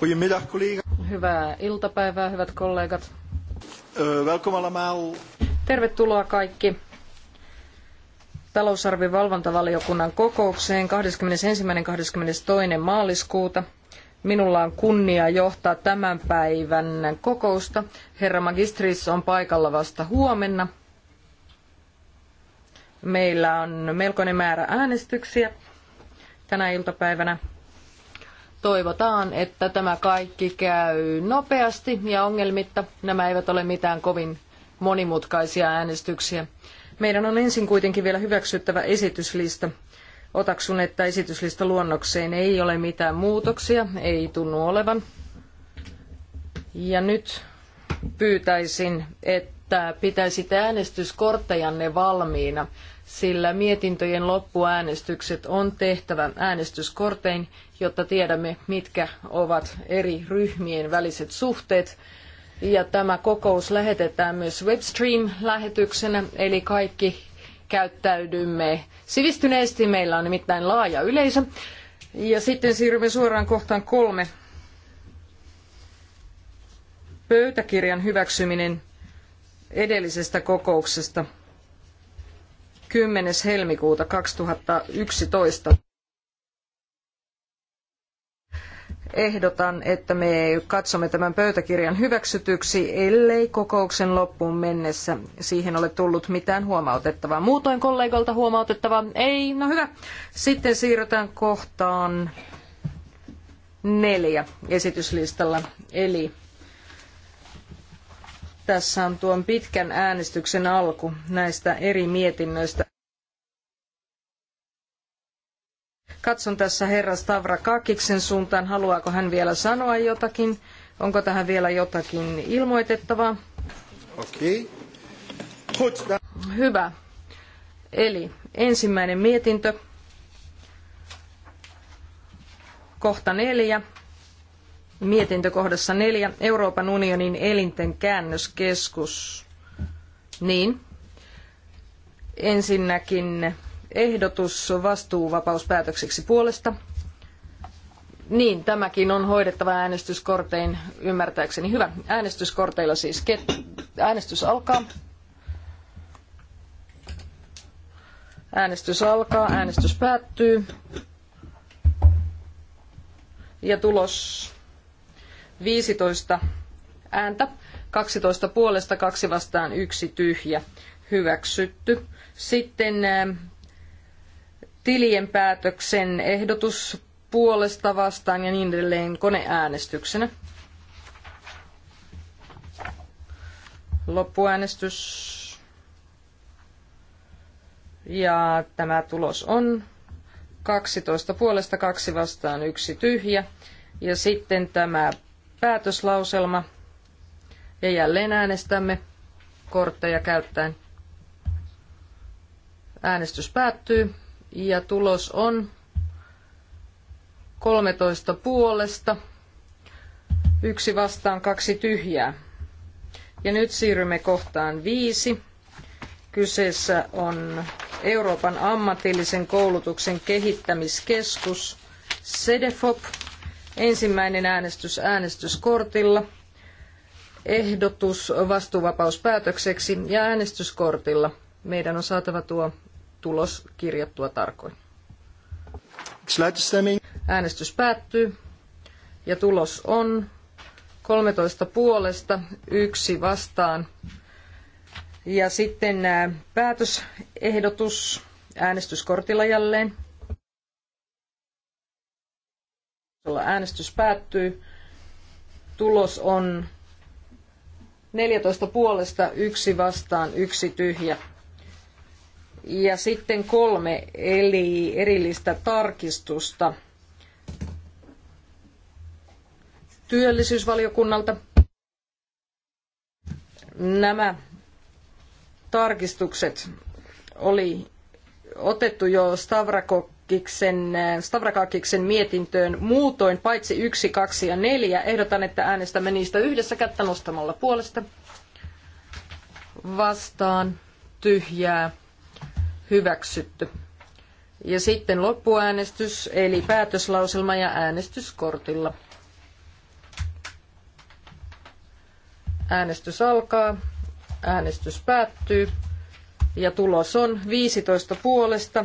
Goedemiddag, collega. Hyvää iltapäivää, hyvät kollegat. Eh, welkom allemaal. Tervetuloa kaikki talousarvion valvontavaliokunnan kokoukseen 21.–22. maaliskuuta. Minulla on kunnia johtaa tämän päivän kokousta. Herra Magistris on paikalla vasta huomenna. Meillä on melkoinen määrä äänestyksiä tänä iltapäivänä. Toivotaan, että tämä kaikki käy nopeasti ja ongelmitta. Nämä eivät ole mitään kovin monimutkaisia äänestyksiä. Meidän on ensin kuitenkin vielä hyväksyttävä esityslista. Otaksun, että esityslista luonnokseen ei ole mitään muutoksia, ei tunnu olevan. Ja nyt pyytäisin, että pitäisitte äänestyskorttejanne valmiina sillä mietintöjen loppuäänestykset on tehtävä äänestyskortein, jotta tiedämme, mitkä ovat eri ryhmien väliset suhteet. Ja tämä kokous lähetetään myös Webstream-lähetyksenä, eli kaikki käyttäydymme sivistyneesti. Meillä on nimittäin laaja yleisö. Ja sitten siirrymme suoraan kohtaan kolme. Pöytäkirjan hyväksyminen edellisestä kokouksesta. 10. helmikuuta 2011. Ehdotan, että me katsomme tämän pöytäkirjan hyväksytyksi, ellei kokouksen loppuun mennessä siihen ole tullut mitään huomautettavaa. Muutoin kollegoilta huomautettavaa ei. No hyvä. Sitten siirrytään kohtaan neljä esityslistalla, eli tässä on tuon pitkän äänestyksen alku näistä eri mietinnöistä. Katson tässä herra Stavra Kakiksen suuntaan. Haluaako hän vielä sanoa jotakin? Onko tähän vielä jotakin ilmoitettavaa? Okei. Okay. Hyvä. Eli ensimmäinen mietintö. Kohta neljä mietintökohdassa neljä Euroopan unionin elinten käännöskeskus. Niin. Ensinnäkin ehdotus vastuuvapauspäätökseksi puolesta. Niin, tämäkin on hoidettava äänestyskortein, ymmärtääkseni. Hyvä. Äänestyskorteilla siis ket... äänestys alkaa. Äänestys alkaa, äänestys päättyy. Ja tulos 15 ääntä, 12 puolesta, kaksi vastaan, yksi tyhjä. Hyväksytty. Sitten tilien päätöksen ehdotus puolesta vastaan ja niin edelleen koneäänestyksenä. Loppuäänestys. Ja tämä tulos on 12 puolesta, kaksi vastaan, yksi tyhjä. Ja sitten tämä päätöslauselma ja jälleen äänestämme kortteja käyttäen. Äänestys päättyy ja tulos on 13 puolesta, yksi vastaan, kaksi tyhjää. Ja nyt siirrymme kohtaan viisi. Kyseessä on Euroopan ammatillisen koulutuksen kehittämiskeskus, SEDEFOP, Ensimmäinen äänestys äänestyskortilla. Ehdotus vastuuvapauspäätökseksi ja äänestyskortilla. Meidän on saatava tuo tulos kirjattua tarkoin. Äänestys päättyy ja tulos on 13 puolesta, yksi vastaan. Ja sitten päätösehdotus äänestyskortilla jälleen. Äänestys päättyy. Tulos on 14 puolesta, yksi vastaan, yksi tyhjä. Ja sitten kolme eli erillistä tarkistusta työllisyysvaliokunnalta. Nämä tarkistukset oli otettu jo Stavrakok Kakiksen, Stavrakakiksen mietintöön muutoin paitsi yksi, kaksi ja neljä. Ehdotan, että äänestämme niistä yhdessä kättä nostamalla puolesta. Vastaan tyhjää hyväksytty. Ja sitten loppuäänestys, eli päätöslauselma ja äänestyskortilla. Äänestys alkaa, äänestys päättyy ja tulos on 15 puolesta,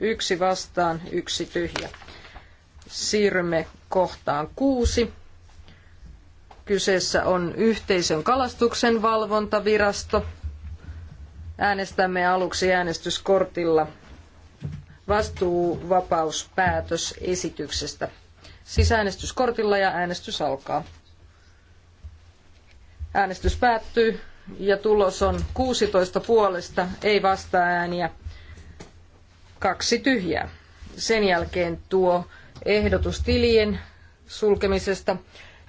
Yksi vastaan, yksi tyhjä. Siirrymme kohtaan kuusi. Kyseessä on yhteisön kalastuksen valvontavirasto. Äänestämme aluksi äänestyskortilla vastuuvapauspäätösesityksestä. esityksestä. Siis äänestyskortilla ja äänestys alkaa. Äänestys päättyy ja tulos on 16 puolesta, ei vasta ääniä, kaksi tyhjää. Sen jälkeen tuo ehdotus tilien sulkemisesta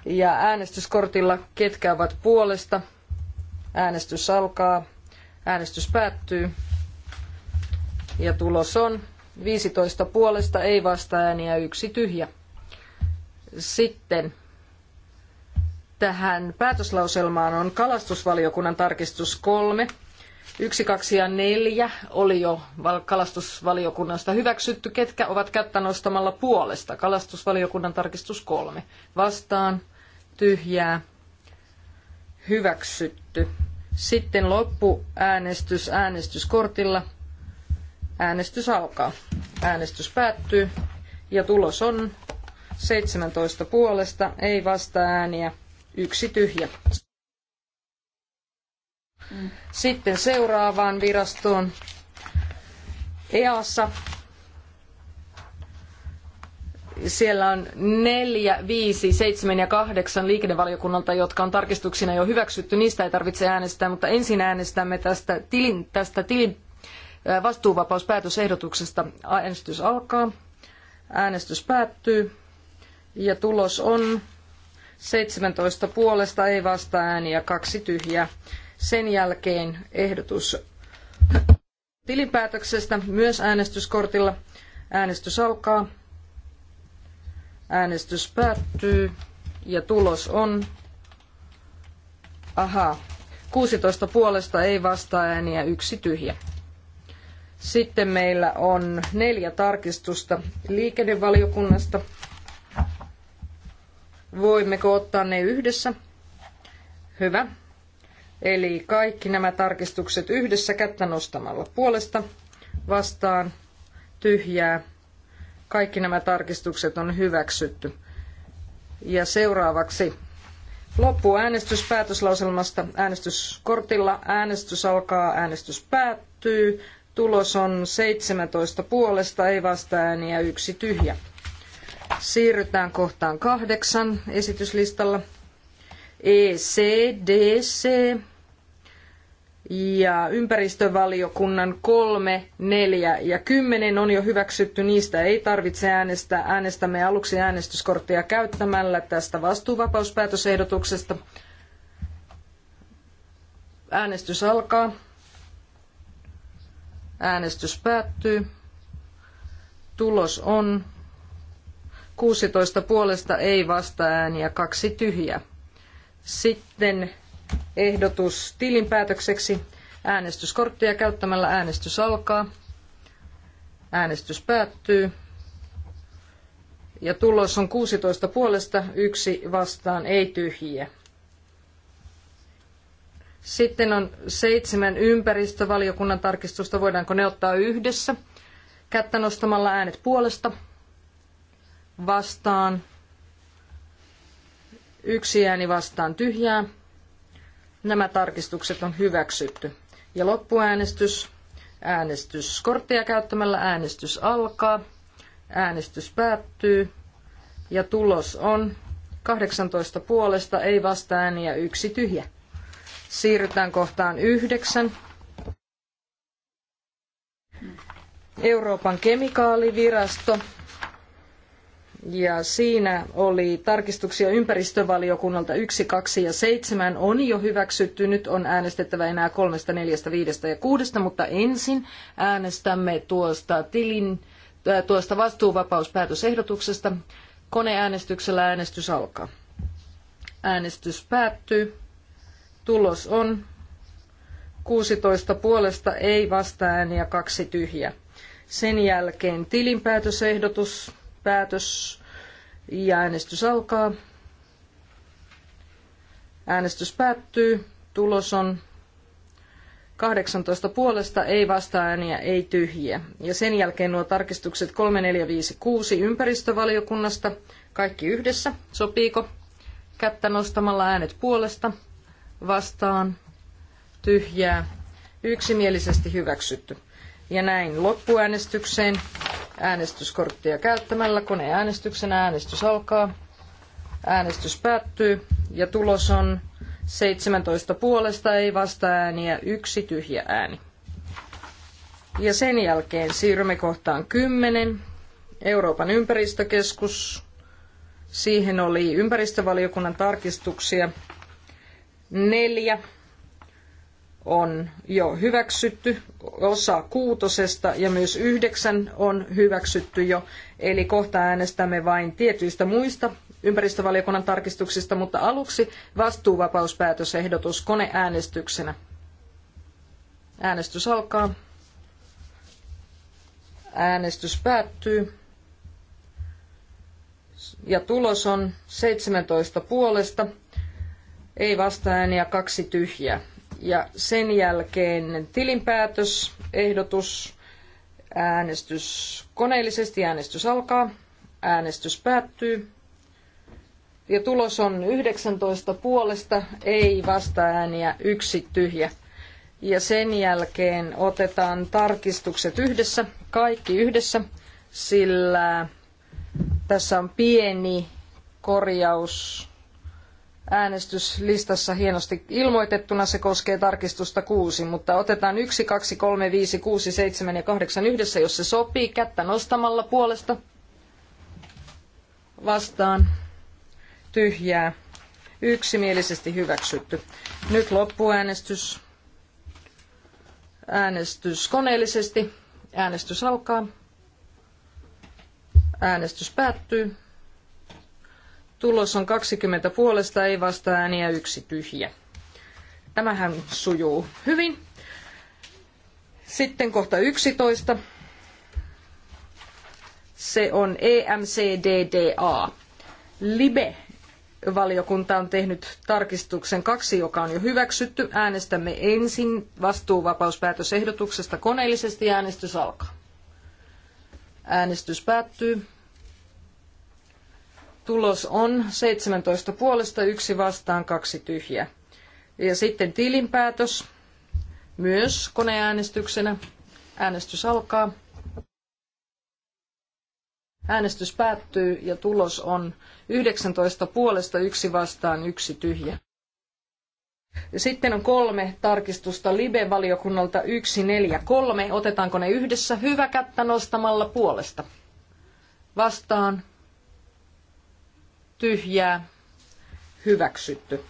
ja äänestyskortilla ketkä ovat puolesta. Äänestys alkaa, äänestys päättyy ja tulos on 15 puolesta, ei vasta ääniä, yksi tyhjä. Sitten tähän päätöslauselmaan on kalastusvaliokunnan tarkistus kolme Yksi, kaksi ja neljä oli jo kalastusvaliokunnasta hyväksytty. Ketkä ovat kättä nostamalla puolesta? Kalastusvaliokunnan tarkistus kolme. Vastaan tyhjää hyväksytty. Sitten loppuäänestys äänestyskortilla. Äänestys alkaa. Äänestys päättyy ja tulos on 17 puolesta, ei vasta ääniä, yksi tyhjä. Sitten seuraavaan virastoon EAssa. Siellä on neljä, viisi, seitsemän ja kahdeksan liikennevaliokunnalta, jotka on tarkistuksina jo hyväksytty. Niistä ei tarvitse äänestää, mutta ensin äänestämme tästä tilin, tästä tilin vastuuvapauspäätösehdotuksesta. Äänestys alkaa. Äänestys päättyy. Ja tulos on 17 puolesta, ei vasta ääniä, kaksi tyhjää. Sen jälkeen ehdotus tilinpäätöksestä myös äänestyskortilla. Äänestys alkaa. Äänestys päättyy ja tulos on... Aha, 16 puolesta ei vastaa ääniä, yksi tyhjä. Sitten meillä on neljä tarkistusta liikennevaliokunnasta. Voimmeko ottaa ne yhdessä? Hyvä. Eli kaikki nämä tarkistukset yhdessä kättä nostamalla puolesta vastaan tyhjää. Kaikki nämä tarkistukset on hyväksytty. Ja seuraavaksi loppuu äänestys päätöslauselmasta äänestyskortilla. Äänestys alkaa, äänestys päättyy. Tulos on 17 puolesta, ei vasta ääniä, yksi tyhjä. Siirrytään kohtaan kahdeksan esityslistalla. ECDC ja ympäristövaliokunnan kolme, neljä ja kymmenen on jo hyväksytty. Niistä ei tarvitse äänestää. Äänestämme aluksi äänestyskorttia käyttämällä tästä vastuuvapauspäätösehdotuksesta. Äänestys alkaa. Äänestys päättyy. Tulos on 16 puolesta ei vasta ääniä, kaksi tyhjää. Sitten ehdotus tilinpäätökseksi. Äänestyskorttia käyttämällä äänestys alkaa. Äänestys päättyy. Ja tulos on 16 puolesta, yksi vastaan, ei tyhjiä. Sitten on seitsemän ympäristövaliokunnan tarkistusta. Voidaanko ne ottaa yhdessä? Kättä nostamalla äänet puolesta, vastaan, Yksi ääni vastaan tyhjää. Nämä tarkistukset on hyväksytty. Ja loppuäänestys. Äänestyskorttia käyttämällä äänestys alkaa. Äänestys päättyy. Ja tulos on 18 puolesta, ei vasta ääniä, yksi tyhjä. Siirrytään kohtaan yhdeksän. Euroopan kemikaalivirasto ja siinä oli tarkistuksia ympäristövaliokunnalta yksi, kaksi ja seitsemän on jo hyväksytty. Nyt on äänestettävä enää kolmesta, neljästä, viidestä ja kuudesta, mutta ensin äänestämme tuosta, tilin, äh, tuosta vastuuvapauspäätösehdotuksesta. Koneäänestyksellä äänestys alkaa. Äänestys päättyy. Tulos on 16 puolesta, ei vastaääniä, kaksi tyhjää. Sen jälkeen tilinpäätösehdotus päätös ja äänestys alkaa. Äänestys päättyy. Tulos on 18 puolesta, ei vastaääniä, ei tyhjiä. Ja sen jälkeen nuo tarkistukset 3, 4, 5, 6 ympäristövaliokunnasta, kaikki yhdessä, sopiiko? Kättä nostamalla äänet puolesta, vastaan, tyhjää, yksimielisesti hyväksytty. Ja näin loppuäänestykseen. Äänestyskorttia käyttämällä koneäänestyksen äänestys alkaa. Äänestys päättyy ja tulos on 17 puolesta, ei vasta ääniä, yksi tyhjä ääni. Ja sen jälkeen siirrymme kohtaan 10. Euroopan ympäristökeskus. Siihen oli ympäristövaliokunnan tarkistuksia neljä on jo hyväksytty, osa kuutosesta ja myös yhdeksän on hyväksytty jo, eli kohta äänestämme vain tietyistä muista ympäristövaliokunnan tarkistuksista, mutta aluksi vastuuvapauspäätösehdotus koneäänestyksenä. Äänestys alkaa. Äänestys päättyy. Ja tulos on 17 puolesta, ei vastaääniä, kaksi tyhjää. Ja sen jälkeen tilinpäätös, ehdotus, äänestys koneellisesti, äänestys alkaa, äänestys päättyy. Ja tulos on 19 puolesta, ei vastaääniä, yksi tyhjä. Ja sen jälkeen otetaan tarkistukset yhdessä, kaikki yhdessä, sillä tässä on pieni korjaus äänestyslistassa hienosti ilmoitettuna. Se koskee tarkistusta kuusi, mutta otetaan yksi, kaksi, kolme, viisi, kuusi, seitsemän ja kahdeksan yhdessä, jos se sopii. Kättä nostamalla puolesta vastaan tyhjää. Yksimielisesti hyväksytty. Nyt loppuäänestys. Äänestys koneellisesti. Äänestys alkaa. Äänestys päättyy. Tulos on 20 puolesta, ei vasta ääniä, yksi tyhjä. Tämähän sujuu hyvin. Sitten kohta 11. Se on EMCDDA. Libe valiokunta on tehnyt tarkistuksen kaksi, joka on jo hyväksytty. Äänestämme ensin vastuuvapauspäätösehdotuksesta koneellisesti ja äänestys alkaa. Äänestys päättyy. Tulos on 17 puolesta, yksi vastaan, kaksi tyhjää. Ja sitten tilinpäätös myös koneäänestyksenä. Äänestys alkaa. Äänestys päättyy ja tulos on 19 puolesta, yksi vastaan, yksi tyhjä. Sitten on kolme tarkistusta Libe-valiokunnalta 143. Otetaanko ne yhdessä? Hyvä kättä nostamalla puolesta. Vastaan tyhjää, hyväksytty.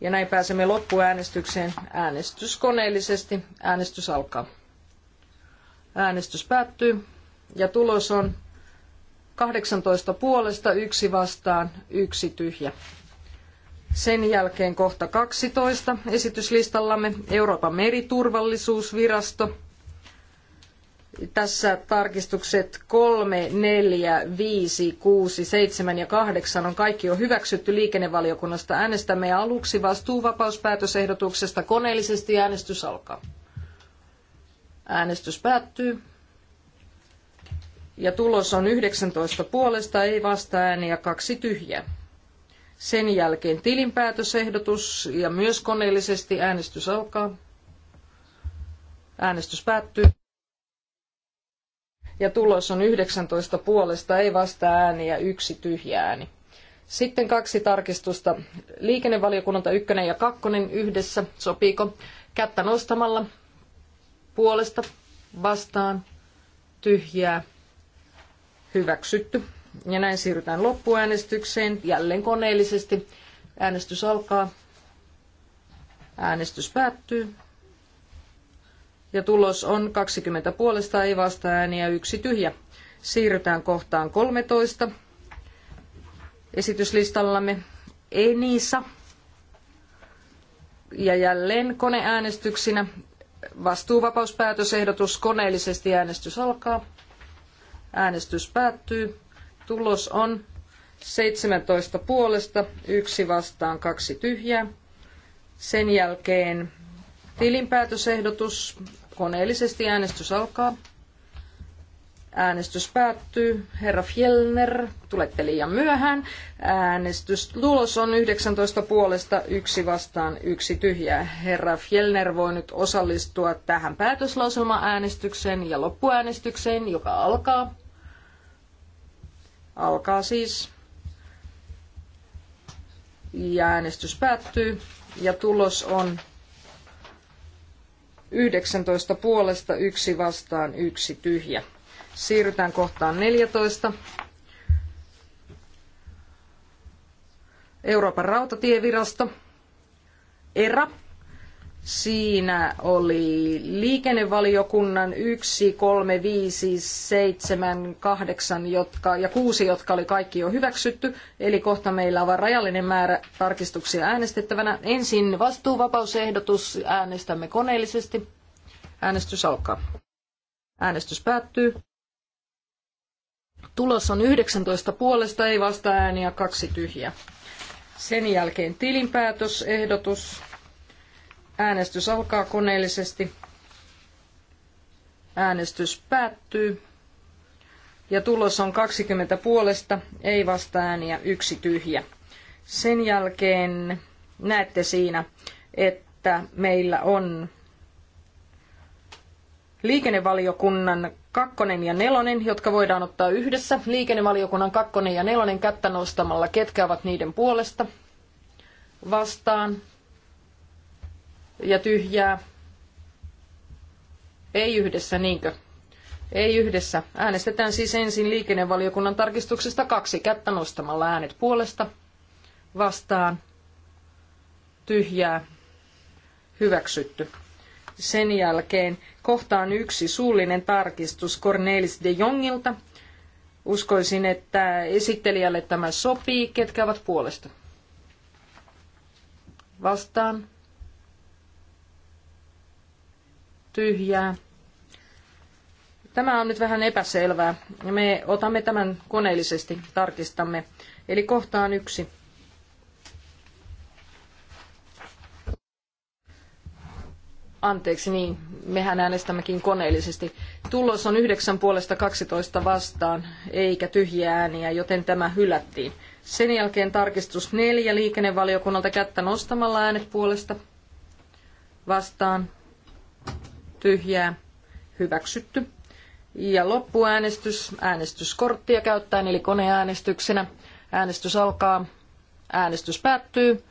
Ja näin pääsemme loppuäänestykseen äänestyskoneellisesti. Äänestys alkaa. Äänestys päättyy ja tulos on 18 puolesta, yksi vastaan, yksi tyhjä. Sen jälkeen kohta 12 esityslistallamme Euroopan meriturvallisuusvirasto – tässä tarkistukset 3, 4, 5, 6, 7 ja 8 on kaikki jo hyväksytty liikennevaliokunnasta. Äänestämme aluksi vastuuvapauspäätösehdotuksesta koneellisesti äänestys alkaa. Äänestys päättyy. Ja tulos on 19 puolesta, ei vasta ääniä, kaksi tyhjää. Sen jälkeen tilinpäätösehdotus ja myös koneellisesti äänestys alkaa. Äänestys päättyy ja tulos on 19 puolesta, ei vasta ääniä, yksi tyhjä ääni. Sitten kaksi tarkistusta. Liikennevaliokunnalta ykkönen ja kakkonen yhdessä. Sopiiko? Kättä nostamalla. Puolesta vastaan. Tyhjää. Hyväksytty. Ja näin siirrytään loppuäänestykseen. Jälleen koneellisesti. Äänestys alkaa. Äänestys päättyy. Ja tulos on 20 puolesta, ei vasta ääniä, yksi tyhjä. Siirrytään kohtaan 13 esityslistallamme. Enisa. Ja jälleen koneäänestyksinä vastuuvapauspäätösehdotus koneellisesti äänestys alkaa. Äänestys päättyy. Tulos on 17 puolesta, yksi vastaan, kaksi tyhjää. Sen jälkeen Tilinpäätösehdotus. Koneellisesti äänestys alkaa. Äänestys päättyy. Herra Fjellner, tulette liian myöhään. tulos on 19 puolesta, yksi vastaan, yksi tyhjää. Herra Fjellner voi nyt osallistua tähän päätöslauselma-äänestykseen ja loppuäänestykseen, joka alkaa. Alkaa siis. Ja äänestys päättyy. Ja tulos on 19 puolesta, yksi vastaan, yksi tyhjä. Siirrytään kohtaan 14. Euroopan rautatievirasto. ERA. Siinä oli liikennevaliokunnan 1, 3, 5, 7, 8 jotka, ja 6, jotka oli kaikki jo hyväksytty. Eli kohta meillä on vain rajallinen määrä tarkistuksia äänestettävänä. Ensin vastuuvapausehdotus äänestämme koneellisesti. Äänestys alkaa. Äänestys päättyy. Tulos on 19 puolesta, ei vasta ääniä, kaksi tyhjää. Sen jälkeen tilinpäätösehdotus. Äänestys alkaa koneellisesti. Äänestys päättyy. Ja tulos on 20 puolesta, ei vasta ääniä, yksi tyhjä. Sen jälkeen näette siinä, että meillä on liikennevaliokunnan kakkonen ja nelonen, jotka voidaan ottaa yhdessä. Liikennevaliokunnan kakkonen ja nelonen kättä nostamalla, ketkä ovat niiden puolesta vastaan, ja tyhjää. Ei yhdessä, niinkö? Ei yhdessä. Äänestetään siis ensin liikennevaliokunnan tarkistuksesta kaksi kättä nostamalla äänet puolesta. Vastaan. Tyhjää. Hyväksytty. Sen jälkeen kohtaan yksi suullinen tarkistus Cornelis de Jongilta. Uskoisin, että esittelijälle tämä sopii. Ketkä ovat puolesta? Vastaan. tyhjää. Tämä on nyt vähän epäselvää. Me otamme tämän koneellisesti, tarkistamme. Eli kohtaan yksi. Anteeksi, niin, mehän äänestämmekin koneellisesti. Tulos on 9 puolesta 12 vastaan, eikä tyhjiä ääniä, joten tämä hylättiin. Sen jälkeen tarkistus neljä liikennevaliokunnalta kättä nostamalla äänet puolesta vastaan tyhjää, hyväksytty. Ja loppuäänestys, äänestyskorttia käyttäen, eli koneäänestyksenä. Äänestys alkaa, äänestys päättyy.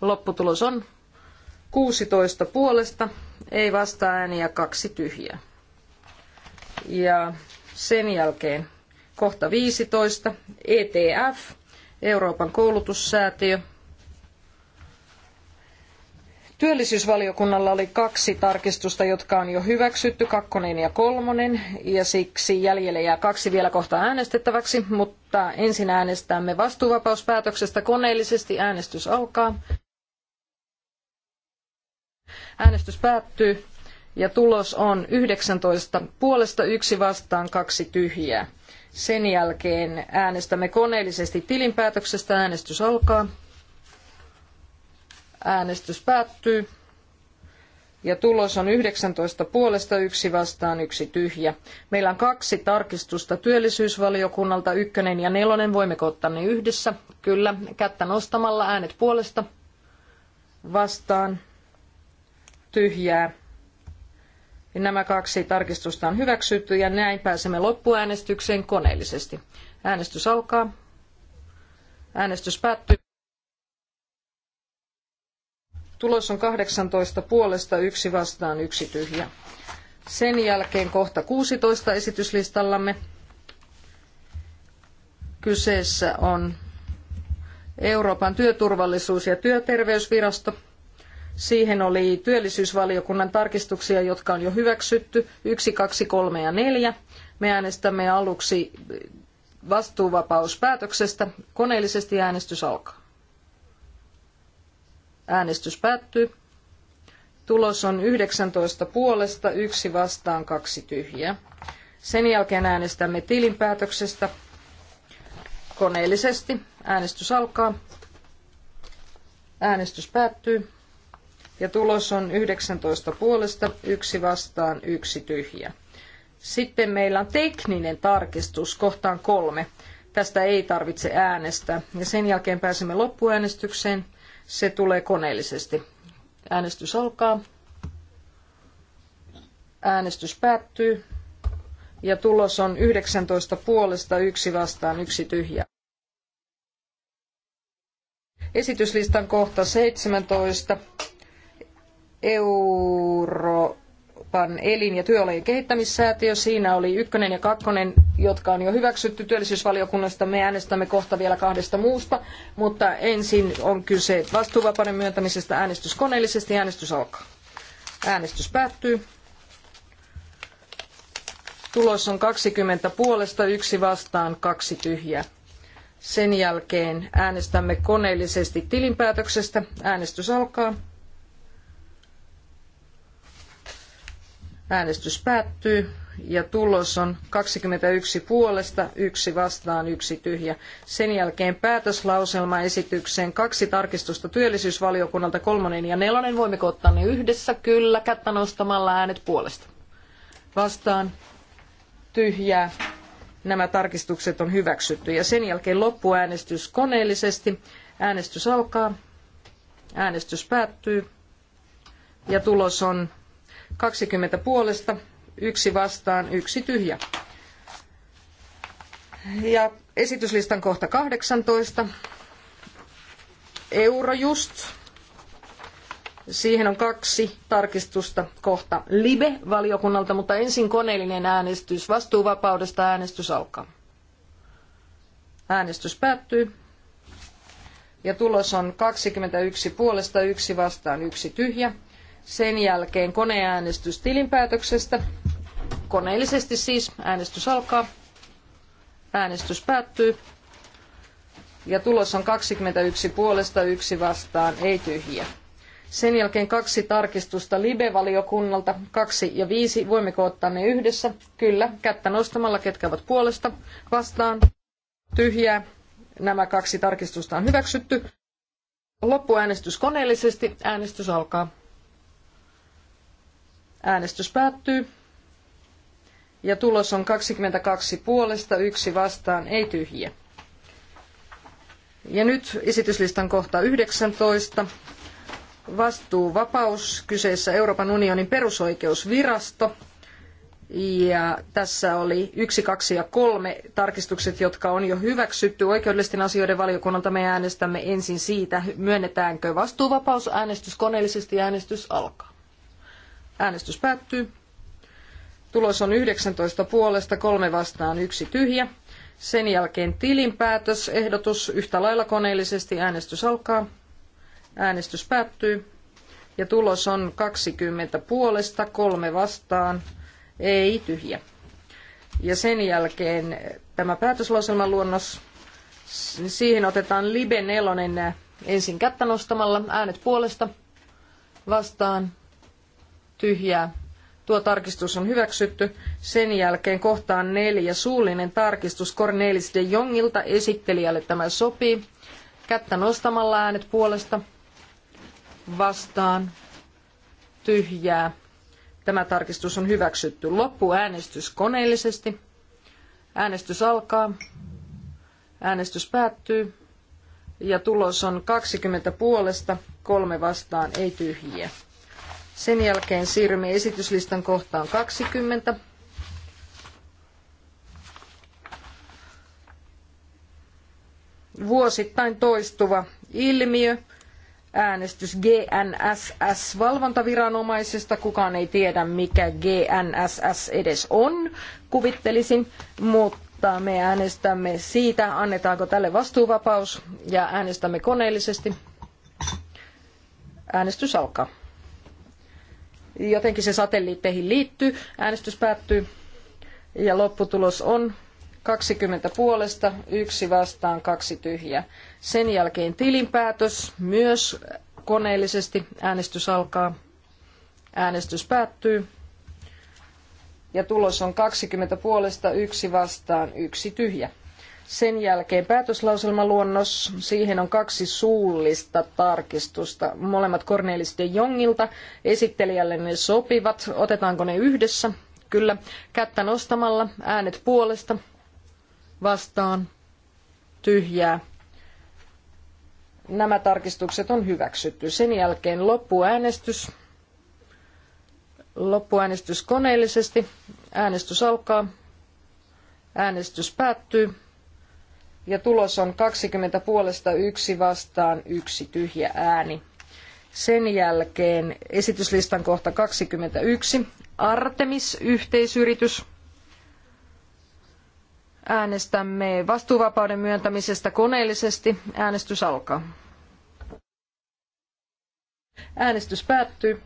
Lopputulos on 16 puolesta, ei vasta ääniä, kaksi tyhjää. Ja sen jälkeen kohta 15, ETF, Euroopan koulutussäätiö, Työllisyysvaliokunnalla oli kaksi tarkistusta, jotka on jo hyväksytty, kakkonen ja kolmonen, ja siksi jäljelle jää kaksi vielä kohta äänestettäväksi, mutta ensin äänestämme vastuuvapauspäätöksestä koneellisesti. Äänestys alkaa. Äänestys päättyy ja tulos on 19 puolesta yksi vastaan kaksi tyhjää. Sen jälkeen äänestämme koneellisesti tilinpäätöksestä. Äänestys alkaa. Äänestys päättyy. Ja tulos on 19 puolesta, yksi vastaan, yksi tyhjä. Meillä on kaksi tarkistusta työllisyysvaliokunnalta, ykkönen ja nelonen. Voimmeko ottaa ne yhdessä? Kyllä, kättä nostamalla äänet puolesta, vastaan, tyhjää. Ja nämä kaksi tarkistusta on hyväksytty ja näin pääsemme loppuäänestykseen koneellisesti. Äänestys alkaa. Äänestys päättyy. Tulos on 18 puolesta, yksi vastaan, yksi tyhjä. Sen jälkeen kohta 16 esityslistallamme. Kyseessä on Euroopan työturvallisuus- ja työterveysvirasto. Siihen oli työllisyysvaliokunnan tarkistuksia, jotka on jo hyväksytty, yksi, kaksi, kolme ja neljä. Me äänestämme aluksi vastuuvapauspäätöksestä. Koneellisesti äänestys alkaa. Äänestys päättyy. Tulos on 19 puolesta, yksi vastaan, kaksi tyhjää. Sen jälkeen äänestämme tilinpäätöksestä koneellisesti. Äänestys alkaa. Äänestys päättyy. Ja tulos on 19 puolesta, yksi vastaan, yksi tyhjä. Sitten meillä on tekninen tarkistus kohtaan kolme. Tästä ei tarvitse äänestää. Ja sen jälkeen pääsemme loppuäänestykseen. Se tulee koneellisesti. Äänestys alkaa. Äänestys päättyy. Ja tulos on 19 puolesta, yksi vastaan, yksi tyhjä. Esityslistan kohta 17. Euro Euroopan elin- ja työolojen kehittämissäätiö. Siinä oli ykkönen ja kakkonen, jotka on jo hyväksytty työllisyysvaliokunnasta. Me äänestämme kohta vielä kahdesta muusta, mutta ensin on kyse vastuuvapauden myöntämisestä äänestyskoneellisesti. Äänestys alkaa. Äänestys päättyy. Tulos on 20 puolesta, yksi vastaan, kaksi tyhjää. Sen jälkeen äänestämme koneellisesti tilinpäätöksestä. Äänestys alkaa. Äänestys päättyy ja tulos on 21 puolesta, yksi vastaan, yksi tyhjä. Sen jälkeen päätöslauselmaesitykseen kaksi tarkistusta työllisyysvaliokunnalta, kolmonen ja nelonen. Voimmeko ottaa ne yhdessä? Kyllä, kättä nostamalla äänet puolesta. Vastaan, tyhjää. Nämä tarkistukset on hyväksytty ja sen jälkeen loppuäänestys koneellisesti. Äänestys alkaa, äänestys päättyy ja tulos on 20 puolesta, yksi vastaan, yksi tyhjä. Ja esityslistan kohta 18. Eurojust. Siihen on kaksi tarkistusta kohta Libe-valiokunnalta, mutta ensin koneellinen äänestys. Vastuuvapaudesta äänestys alkaa. Äänestys päättyy. Ja tulos on 21 puolesta, yksi vastaan, yksi tyhjä. Sen jälkeen koneäänestys tilinpäätöksestä. Koneellisesti siis äänestys alkaa. Äänestys päättyy. Ja tulos on 21 puolesta, yksi vastaan, ei tyhjiä. Sen jälkeen kaksi tarkistusta Libe-valiokunnalta, kaksi ja viisi. Voimmeko ottaa ne yhdessä? Kyllä, kättä nostamalla, ketkä ovat puolesta, vastaan, tyhjää. Nämä kaksi tarkistusta on hyväksytty. Loppuäänestys koneellisesti. Äänestys alkaa. Äänestys päättyy. Ja tulos on 22 puolesta, yksi vastaan, ei tyhjiä. Ja nyt esityslistan kohta 19. Vastuuvapaus kyseessä Euroopan unionin perusoikeusvirasto. Ja tässä oli yksi, kaksi ja kolme tarkistukset, jotka on jo hyväksytty oikeudellisten asioiden valiokunnalta. Me äänestämme ensin siitä, myönnetäänkö vastuuvapaus äänestys koneellisesti ja äänestys alkaa. Äänestys päättyy. Tulos on 19 puolesta, kolme vastaan, yksi tyhjä. Sen jälkeen tilinpäätös, ehdotus yhtä lailla koneellisesti, äänestys alkaa. Äänestys päättyy. Ja tulos on 20 puolesta, kolme vastaan, ei tyhjä. Ja sen jälkeen tämä päätöslauselman luonnos, siihen otetaan Libe Nelonen ensin kättä nostamalla, äänet puolesta, vastaan, tyhjää. Tuo tarkistus on hyväksytty. Sen jälkeen kohtaan neljä suullinen tarkistus Cornelis de Jongilta esittelijälle tämä sopii. Kättä nostamalla äänet puolesta vastaan tyhjää. Tämä tarkistus on hyväksytty. loppu äänestys koneellisesti. Äänestys alkaa. Äänestys päättyy. Ja tulos on 20 puolesta, kolme vastaan, ei tyhjiä. Sen jälkeen siirrymme esityslistan kohtaan 20. Vuosittain toistuva ilmiö, äänestys GNSS-valvontaviranomaisesta. Kukaan ei tiedä, mikä GNSS edes on, kuvittelisin, mutta me äänestämme siitä, annetaanko tälle vastuuvapaus ja äänestämme koneellisesti. Äänestys alkaa jotenkin se satelliitteihin liittyy. Äänestys päättyy ja lopputulos on 20 puolesta, yksi vastaan, kaksi tyhjää. Sen jälkeen tilinpäätös myös koneellisesti. Äänestys alkaa. Äänestys päättyy. Ja tulos on 20 puolesta, yksi vastaan, yksi tyhjä. Sen jälkeen päätöslauselmaluonnos, siihen on kaksi suullista tarkistusta, molemmat Cornelis de Jongilta. Esittelijälle ne sopivat, otetaanko ne yhdessä? Kyllä, kättä nostamalla, äänet puolesta, vastaan, tyhjää. Nämä tarkistukset on hyväksytty. Sen jälkeen loppuäänestys. Loppuäänestys koneellisesti. Äänestys alkaa. Äänestys päättyy ja tulos on 20 puolesta yksi vastaan yksi tyhjä ääni. Sen jälkeen esityslistan kohta 21, Artemis-yhteisyritys. Äänestämme vastuuvapauden myöntämisestä koneellisesti. Äänestys alkaa. Äänestys päättyy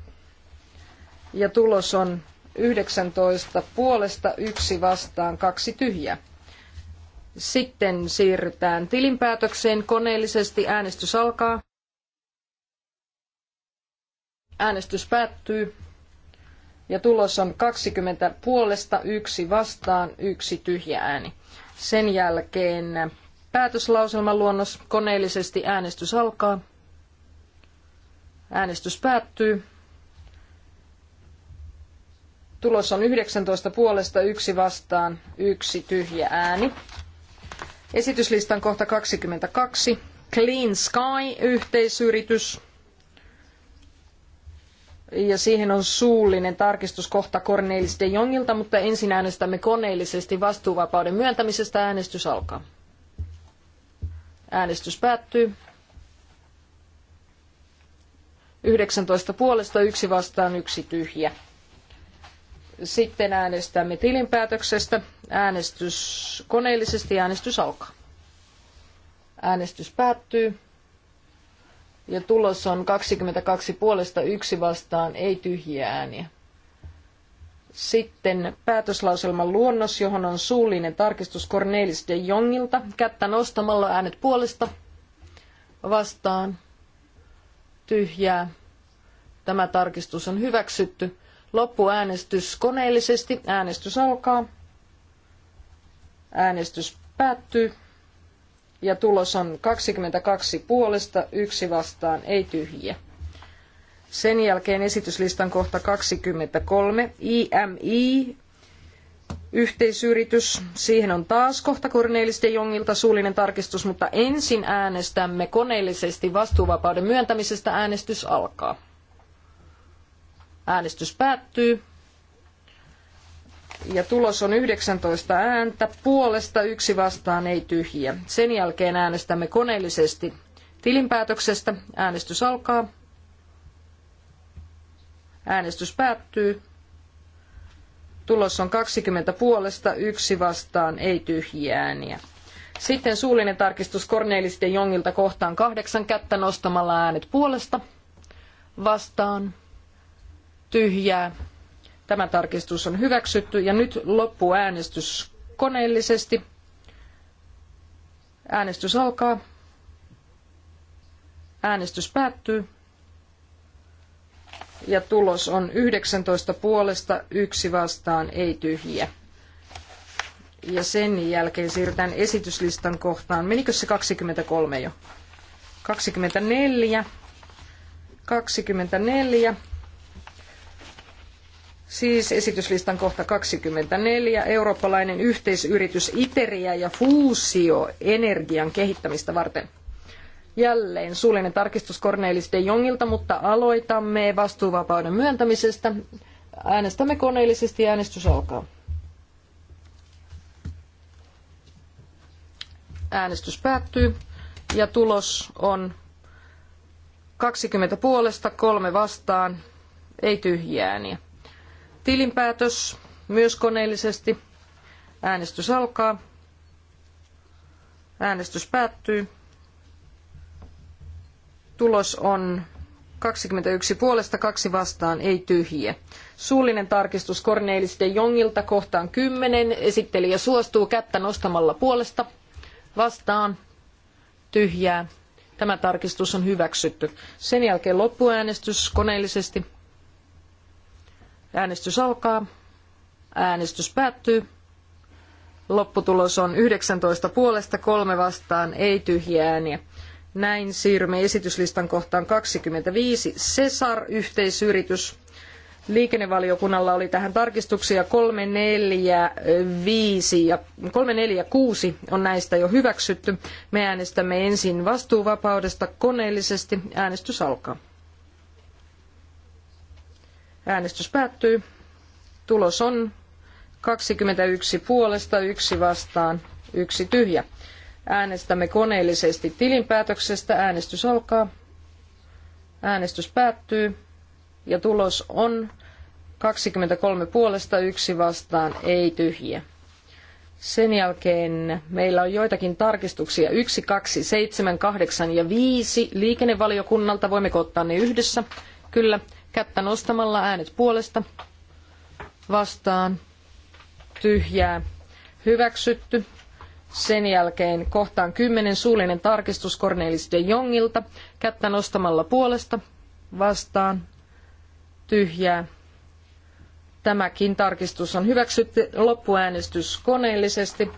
ja tulos on 19 puolesta, yksi vastaan, kaksi tyhjää. Sitten siirrytään tilinpäätökseen koneellisesti. Äänestys alkaa. Äänestys päättyy. Ja tulos on 20 puolesta, yksi vastaan, yksi tyhjä ääni. Sen jälkeen päätöslauselmaluonnos koneellisesti äänestys alkaa. Äänestys päättyy. Tulos on 19 puolesta, yksi vastaan, yksi tyhjä ääni. Esityslistan kohta 22. Clean Sky-yhteisyritys. Ja siihen on suullinen tarkistus kohta Cornelis de Jongilta, mutta ensin äänestämme koneellisesti vastuuvapauden myöntämisestä. Äänestys alkaa. Äänestys päättyy. 19 puolesta, yksi vastaan, yksi tyhjä. Sitten äänestämme tilinpäätöksestä. Äänestys koneellisesti äänestys alkaa. Äänestys päättyy. Ja tulos on 22 puolesta yksi vastaan, ei tyhjiä ääniä. Sitten päätöslauselman luonnos, johon on suullinen tarkistus Cornelis de Jongilta. Kättä nostamalla äänet puolesta vastaan tyhjää. Tämä tarkistus on hyväksytty. Loppuäänestys koneellisesti. Äänestys alkaa. Äänestys päättyy. Ja tulos on 22 puolesta, yksi vastaan, ei tyhjiä. Sen jälkeen esityslistan kohta 23, IMI, yhteisyritys. Siihen on taas kohta Cornelis de Jongilta suullinen tarkistus, mutta ensin äänestämme koneellisesti vastuuvapauden myöntämisestä. Äänestys alkaa. Äänestys päättyy. Ja tulos on 19 ääntä, puolesta yksi vastaan ei tyhjiä. Sen jälkeen äänestämme koneellisesti tilinpäätöksestä. Äänestys alkaa. Äänestys päättyy. Tulos on 20 puolesta, yksi vastaan, ei tyhjiä ääniä. Sitten suullinen tarkistus Cornelis de Jongilta kohtaan kahdeksan kättä nostamalla äänet puolesta. Vastaan tyhjää. Tämä tarkistus on hyväksytty ja nyt loppuäänestys koneellisesti. Äänestys alkaa. Äänestys päättyy. Ja tulos on 19 puolesta, yksi vastaan, ei tyhjiä. Ja sen jälkeen siirrytään esityslistan kohtaan. Menikö se 23 jo? 24. 24. Siis esityslistan kohta 24, eurooppalainen yhteisyritys Iteriä ja fuusio energian kehittämistä varten. Jälleen suullinen tarkistus Cornelis de Jongilta, mutta aloitamme vastuuvapauden myöntämisestä. Äänestämme koneellisesti ja äänestys alkaa. Äänestys päättyy ja tulos on 20 puolesta, kolme vastaan, ei tyhjää ääniä. Niin. Tilinpäätös myös koneellisesti. Äänestys alkaa. Äänestys päättyy. Tulos on 21 puolesta, kaksi vastaan, ei tyhjiä. Suullinen tarkistus Cornelis de Jongilta kohtaan 10. Esittelijä suostuu kättä nostamalla puolesta. Vastaan, tyhjää. Tämä tarkistus on hyväksytty. Sen jälkeen loppuäänestys koneellisesti. Äänestys alkaa. Äänestys päättyy. Lopputulos on 19 puolesta, kolme vastaan, ei tyhjiä ääniä. Näin siirrymme esityslistan kohtaan 25. Cesar-yhteisyritys. Liikennevaliokunnalla oli tähän tarkistuksia 3, 4, 5 ja 3, 4, 6 on näistä jo hyväksytty. Me äänestämme ensin vastuuvapaudesta koneellisesti. Äänestys alkaa. Äänestys päättyy. Tulos on 21 puolesta, yksi vastaan, yksi tyhjä. Äänestämme koneellisesti tilinpäätöksestä. Äänestys alkaa. Äänestys päättyy. Ja tulos on 23 puolesta, yksi vastaan, ei tyhjiä. Sen jälkeen meillä on joitakin tarkistuksia 1, 2, 7, 8 ja 5 liikennevaliokunnalta. Voimmeko ottaa ne yhdessä? Kyllä. Kättä nostamalla äänet puolesta. Vastaan. Tyhjää. Hyväksytty. Sen jälkeen kohtaan 10 suullinen tarkistus Cornelis de Jongilta. Kättä nostamalla puolesta. Vastaan. Tyhjää. Tämäkin tarkistus on hyväksytty. Loppuäänestys koneellisesti.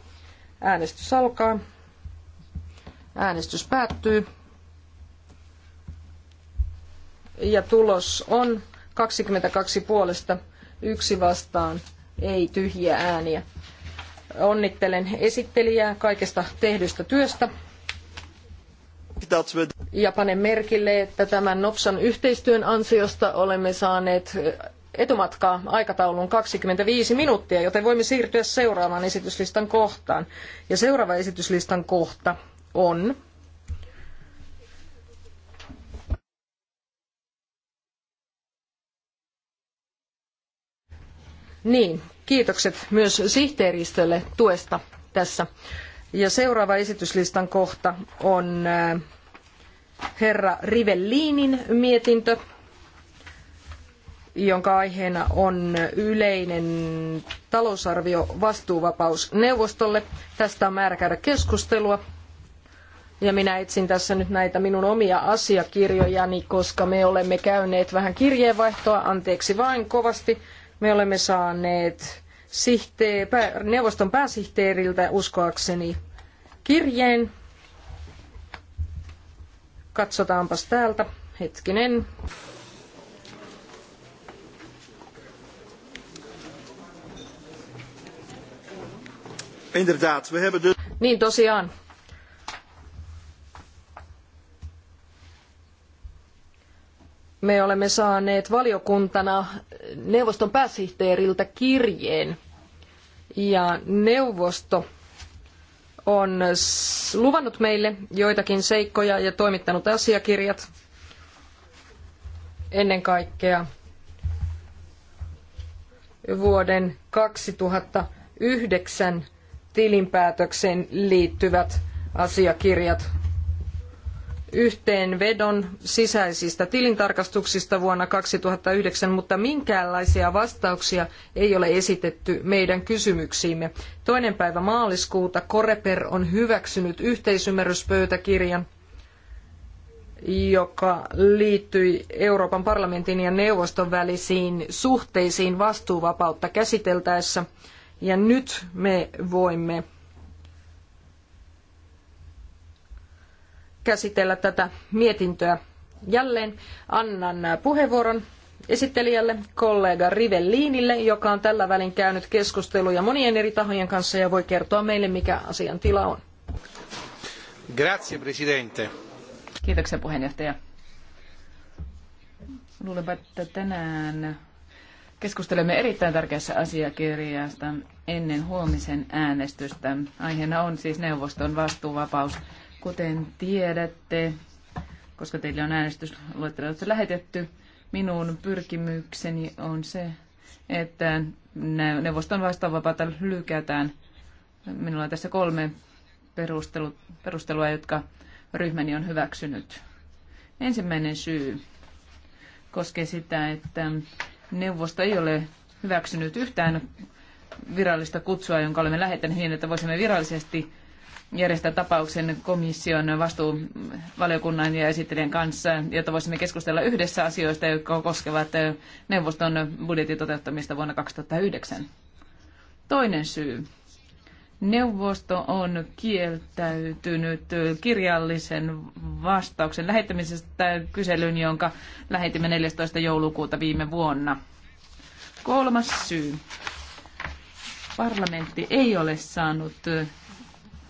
Äänestys alkaa. Äänestys päättyy ja tulos on 22 puolesta, yksi vastaan, ei tyhjiä ääniä. Onnittelen esittelijää kaikesta tehdystä työstä. Ja panen merkille, että tämän Nopsan yhteistyön ansiosta olemme saaneet etumatkaa aikataulun 25 minuuttia, joten voimme siirtyä seuraavaan esityslistan kohtaan. Ja seuraava esityslistan kohta on Niin, kiitokset myös sihteeristölle tuesta tässä. Ja seuraava esityslistan kohta on äh, herra Rivellinin mietintö, jonka aiheena on yleinen talousarvio vastuuvapaus neuvostolle. Tästä on määrä käydä keskustelua. Ja minä etsin tässä nyt näitä minun omia asiakirjojani, koska me olemme käyneet vähän kirjeenvaihtoa, anteeksi vain kovasti me olemme saaneet sihtee, neuvoston pääsihteeriltä uskoakseni kirjeen. Katsotaanpas täältä. Hetkinen. Inderdaad, we hebben de... Niin tosiaan, me olemme saaneet valiokuntana neuvoston pääsihteeriltä kirjeen ja neuvosto on luvannut meille joitakin seikkoja ja toimittanut asiakirjat ennen kaikkea vuoden 2009 tilinpäätökseen liittyvät asiakirjat yhteenvedon sisäisistä tilintarkastuksista vuonna 2009, mutta minkäänlaisia vastauksia ei ole esitetty meidän kysymyksiimme. Toinen päivä maaliskuuta Koreper on hyväksynyt yhteisymmärryspöytäkirjan, joka liittyi Euroopan parlamentin ja neuvoston välisiin suhteisiin vastuuvapautta käsiteltäessä. Ja nyt me voimme käsitellä tätä mietintöä. Jälleen annan puheenvuoron esittelijälle, kollega Rivelliinille, joka on tällä välin käynyt keskusteluja monien eri tahojen kanssa ja voi kertoa meille, mikä asian tila on. Grazie, presidente. Kiitoksia puheenjohtaja. Luulenpa, että tänään keskustelemme erittäin tärkeässä asiakirjasta ennen huomisen äänestystä. Aiheena on siis neuvoston vastuuvapaus Kuten tiedätte, koska teille on äänestysluettelot lähetetty, minun pyrkimykseni on se, että neuvoston vastaanvapaata lykätään. Minulla on tässä kolme perustelua, jotka ryhmäni on hyväksynyt. Ensimmäinen syy koskee sitä, että neuvosto ei ole hyväksynyt yhtään virallista kutsua, jonka olemme lähettäneet niin, että voisimme virallisesti järjestää tapauksen komission vastuuvaliokunnan ja esittelijän kanssa, jotta voisimme keskustella yhdessä asioista, jotka koskevat neuvoston budjetin toteuttamista vuonna 2009. Toinen syy. Neuvosto on kieltäytynyt kirjallisen vastauksen lähettämisestä kyselyyn, jonka lähetimme 14. joulukuuta viime vuonna. Kolmas syy. Parlamentti ei ole saanut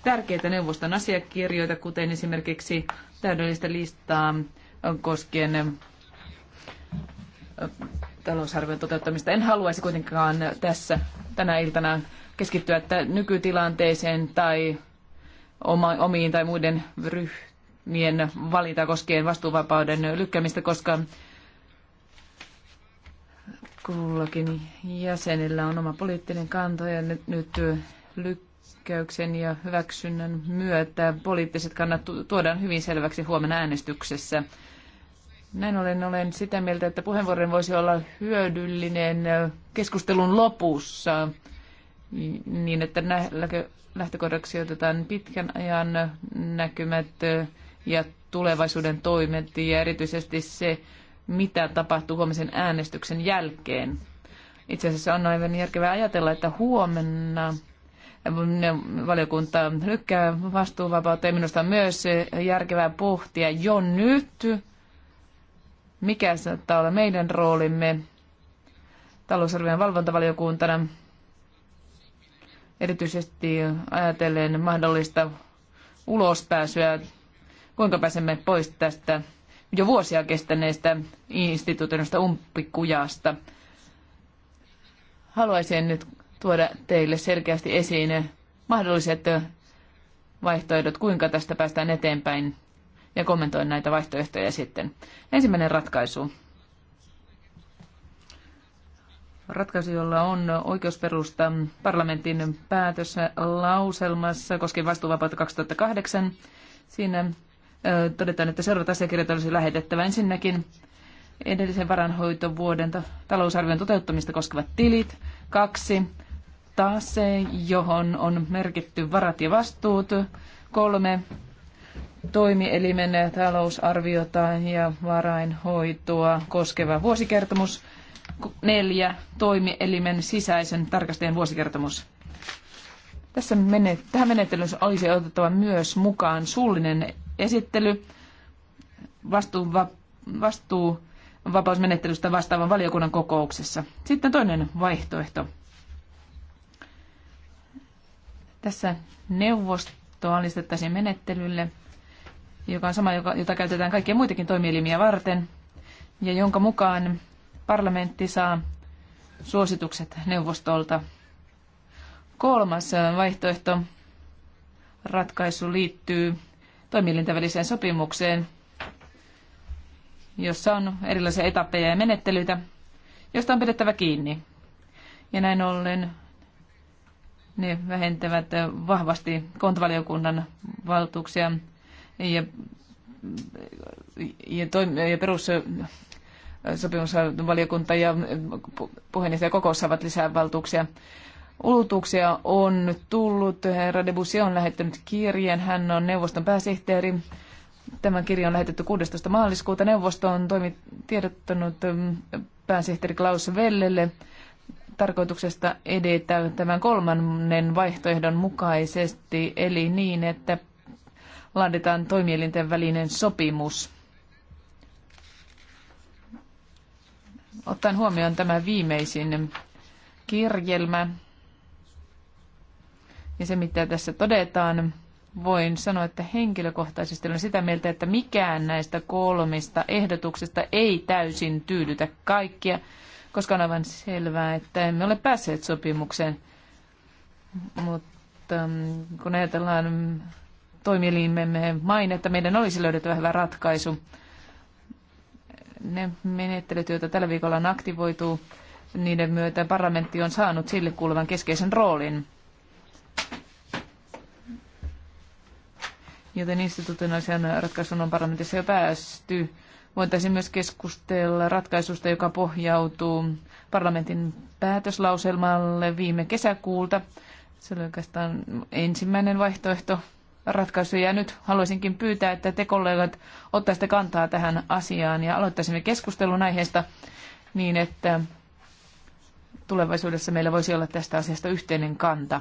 tärkeitä neuvoston asiakirjoja, kuten esimerkiksi täydellistä listaa koskien talousarvion toteuttamista. En haluaisi kuitenkaan tässä tänä iltana keskittyä nykytilanteeseen tai oma, omiin tai muiden ryhmien valinta koskien vastuuvapauden lykkäämistä, koska kullakin jäsenellä on oma poliittinen kanto ja nyt, nyt lykkää käyksen ja hyväksynnän myötä poliittiset kannat tuodaan hyvin selväksi huomenna äänestyksessä. Näin ollen olen sitä mieltä, että puheenvuoron voisi olla hyödyllinen keskustelun lopussa niin, että lähtökohdaksi otetaan pitkän ajan näkymät ja tulevaisuuden toimet ja erityisesti se, mitä tapahtuu huomisen äänestyksen jälkeen. Itse asiassa on aivan järkevää ajatella, että huomenna valiokunta lykkää vastuuvapautta ja Minusta on myös järkevää pohtia jo nyt, mikä saattaa olla meidän roolimme talousarvion valvontavaliokuntana, erityisesti ajatellen mahdollista ulospääsyä, kuinka pääsemme pois tästä jo vuosia kestäneestä instituutioista umpikujasta. Haluaisin nyt tuoda teille selkeästi esiin mahdolliset vaihtoehdot, kuinka tästä päästään eteenpäin ja kommentoin näitä vaihtoehtoja sitten. Ensimmäinen ratkaisu. Ratkaisu, jolla on oikeusperusta parlamentin päätös lauselmassa koskien vastuuvapautta 2008. Siinä todetaan, että seuraavat asiakirjat olisi lähetettävä ensinnäkin edellisen varanhoitovuoden talousarvion toteuttamista koskevat tilit. Kaksi, tase, johon on merkitty varat ja vastuut, kolme toimielimen talousarviota ja varainhoitoa koskeva vuosikertomus, neljä toimielimen sisäisen tarkastajan vuosikertomus. Tässä menet- tähän menettelyyn olisi otettava myös mukaan suullinen esittely vastuuva- vastuuvapausmenettelystä vastaavan valiokunnan kokouksessa. Sitten toinen vaihtoehto. Tässä neuvosto alistettaisiin menettelylle, joka on sama, jota käytetään kaikkia muitakin toimielimiä varten, ja jonka mukaan parlamentti saa suositukset neuvostolta. Kolmas vaihtoehto ratkaisu liittyy toimielintä väliseen sopimukseen, jossa on erilaisia etappeja ja menettelyitä, josta on pidettävä kiinni. Ja näin ollen ne vähentävät vahvasti kontvaliokunnan valtuuksia ja, ja, ja perus sopimusvaliokunta ja puheenjohtaja kokous saavat lisää valtuuksia. Ulutuksia on tullut. Herra Debussy on lähettänyt kirjeen. Hän on neuvoston pääsihteeri. Tämä kirja on lähetetty 16. maaliskuuta. Neuvosto on toimi tiedottanut mm, pääsihteeri Klaus Vellelle tarkoituksesta edetä tämän kolmannen vaihtoehdon mukaisesti, eli niin, että laaditaan toimielinten välinen sopimus. Ottaen huomioon tämä viimeisin kirjelmä ja se, mitä tässä todetaan, voin sanoa, että henkilökohtaisesti olen sitä mieltä, että mikään näistä kolmesta ehdotuksesta ei täysin tyydytä kaikkia koska on aivan selvää, että emme ole päässeet sopimukseen. Mutta mm, kun ajatellaan toimielimemme mainetta, meidän olisi löydettävä hyvä ratkaisu. Ne menettelyt, joita tällä viikolla on aktivoitu, niiden myötä parlamentti on saanut sille kuuluvan keskeisen roolin. Joten institutionaalisen ratkaisun on parlamentissa jo päästy voitaisiin myös keskustella ratkaisusta, joka pohjautuu parlamentin päätöslauselmalle viime kesäkuulta. Se oli oikeastaan ensimmäinen vaihtoehto ratkaisu. Ja nyt haluaisinkin pyytää, että te kollegat ottaisitte kantaa tähän asiaan ja aloittaisimme keskustelun aiheesta niin, että tulevaisuudessa meillä voisi olla tästä asiasta yhteinen kanta.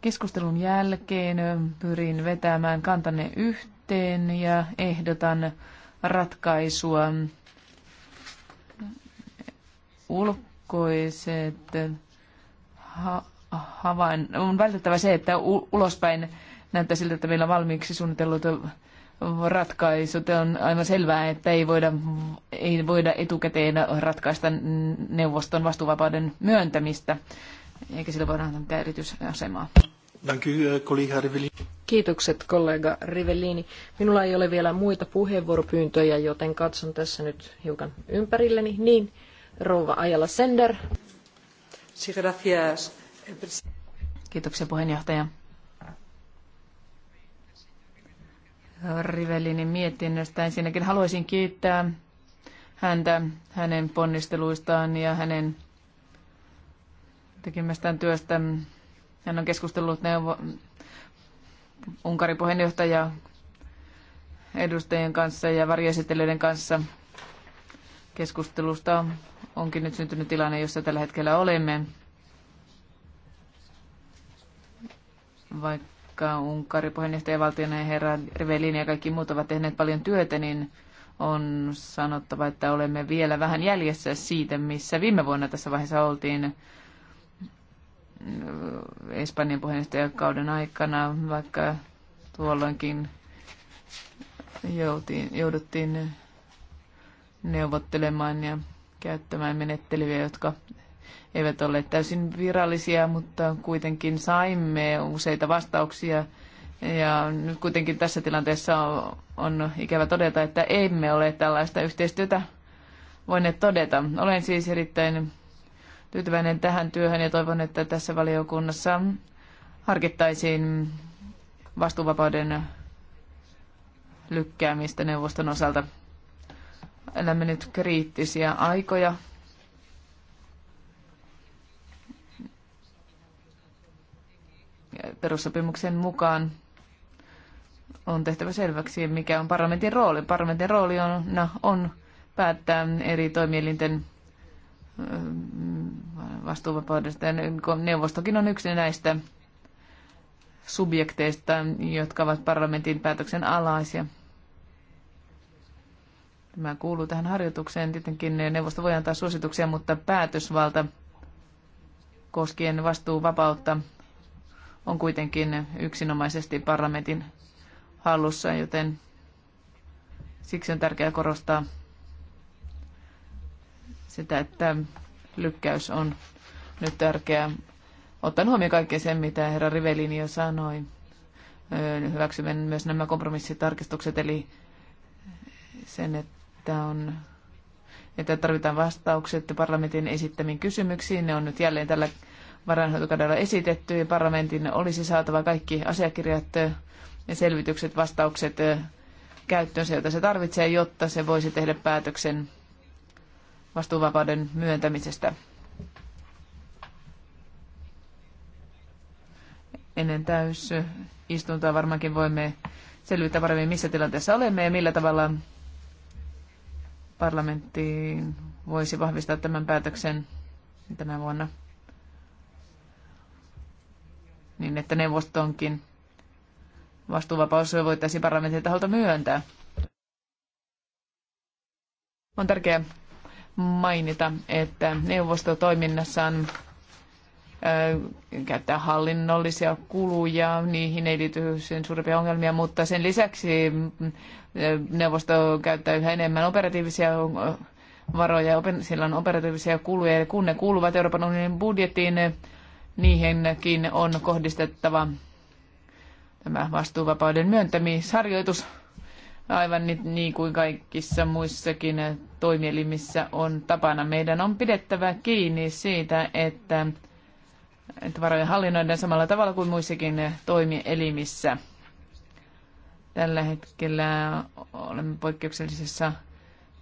Keskustelun jälkeen pyrin vetämään kantanne yhteen ja ehdotan ratkaisua. Ulkoiset ha- havain... On vältettävä se, että ulospäin näyttää siltä, että meillä on valmiiksi suunnitellut ratkaisut. On aivan selvää, että ei voida, ei voida etukäteen ratkaista neuvoston vastuuvapauden myöntämistä, eikä sillä voida antaa mitään erityisasemaa. Uh, Kiitokset kollega Rivellini. Minulla ei ole vielä muita puheenvuoropyyntöjä, joten katson tässä nyt hiukan ympärilleni. Niin, rouva Ajala Sender. Eh, Kiitoksia puheenjohtaja. Rivellinin mietinnöstä ensinnäkin haluaisin kiittää häntä hänen ponnisteluistaan ja hänen tekemästään työstä hän on keskustellut neuvo- Unkarin puheenjohtaja edustajien kanssa ja varjoesittelyiden kanssa. Keskustelusta onkin nyt syntynyt tilanne, jossa tällä hetkellä olemme. Vaikka Unkarin puheenjohtaja, ja herra Rivelin ja kaikki muut ovat tehneet paljon työtä, niin on sanottava, että olemme vielä vähän jäljessä siitä, missä viime vuonna tässä vaiheessa oltiin. Espanjan puheenjohtajakauden aikana, vaikka tuolloinkin joutiin, jouduttiin neuvottelemaan ja käyttämään menettelyjä, jotka eivät olleet täysin virallisia, mutta kuitenkin saimme useita vastauksia. Ja nyt kuitenkin tässä tilanteessa on, on ikävä todeta, että emme ole tällaista yhteistyötä voineet todeta. Olen siis erittäin tyytyväinen tähän työhön ja toivon, että tässä valiokunnassa harkittaisiin vastuuvapauden lykkäämistä neuvoston osalta. Elämme nyt kriittisiä aikoja. Perussopimuksen mukaan on tehtävä selväksi, mikä on parlamentin rooli. Parlamentin rooli on, on päättää eri toimielinten Öö, vastuuvapaudesta. Ja neuvostokin on yksi näistä subjekteista, jotka ovat parlamentin päätöksen alaisia. Tämä kuuluu tähän harjoitukseen. Tietenkin neuvosto voi antaa suosituksia, mutta päätösvalta koskien vastuuvapautta on kuitenkin yksinomaisesti parlamentin hallussa, joten siksi on tärkeää korostaa sitä, että lykkäys on nyt tärkeää. Ottaen huomioon kaikkea sen, mitä herra Rivelini jo sanoi. Hyväksymme myös nämä kompromissitarkistukset, eli sen, että, on, että tarvitaan vastaukset parlamentin esittämiin kysymyksiin. Ne on nyt jälleen tällä varainhoitokaudella esitetty ja parlamentin olisi saatava kaikki asiakirjat ja selvitykset, vastaukset se, jota se tarvitsee, jotta se voisi tehdä päätöksen vastuuvapauden myöntämisestä. Ennen täysistuntoa varmaankin voimme selvittää paremmin, missä tilanteessa olemme ja millä tavalla parlamentti voisi vahvistaa tämän päätöksen tänä vuonna niin, että neuvostonkin vastuuvapaus voitaisiin parlamentin taholta myöntää. On tärkeää mainita, että neuvosto toiminnassaan käyttää hallinnollisia kuluja, niihin ei liity sen suurempia ongelmia, mutta sen lisäksi neuvosto käyttää yhä enemmän operatiivisia varoja, sillä on operatiivisia kuluja, ja kun ne kuuluvat Euroopan unionin budjettiin, niihinkin on kohdistettava tämä vastuuvapauden myöntämisharjoitus aivan niin kuin kaikissa muissakin toimielimissä on tapana. Meidän on pidettävä kiinni siitä, että, että varoja hallinnoidaan samalla tavalla kuin muissakin toimielimissä. Tällä hetkellä olemme poikkeuksellisessa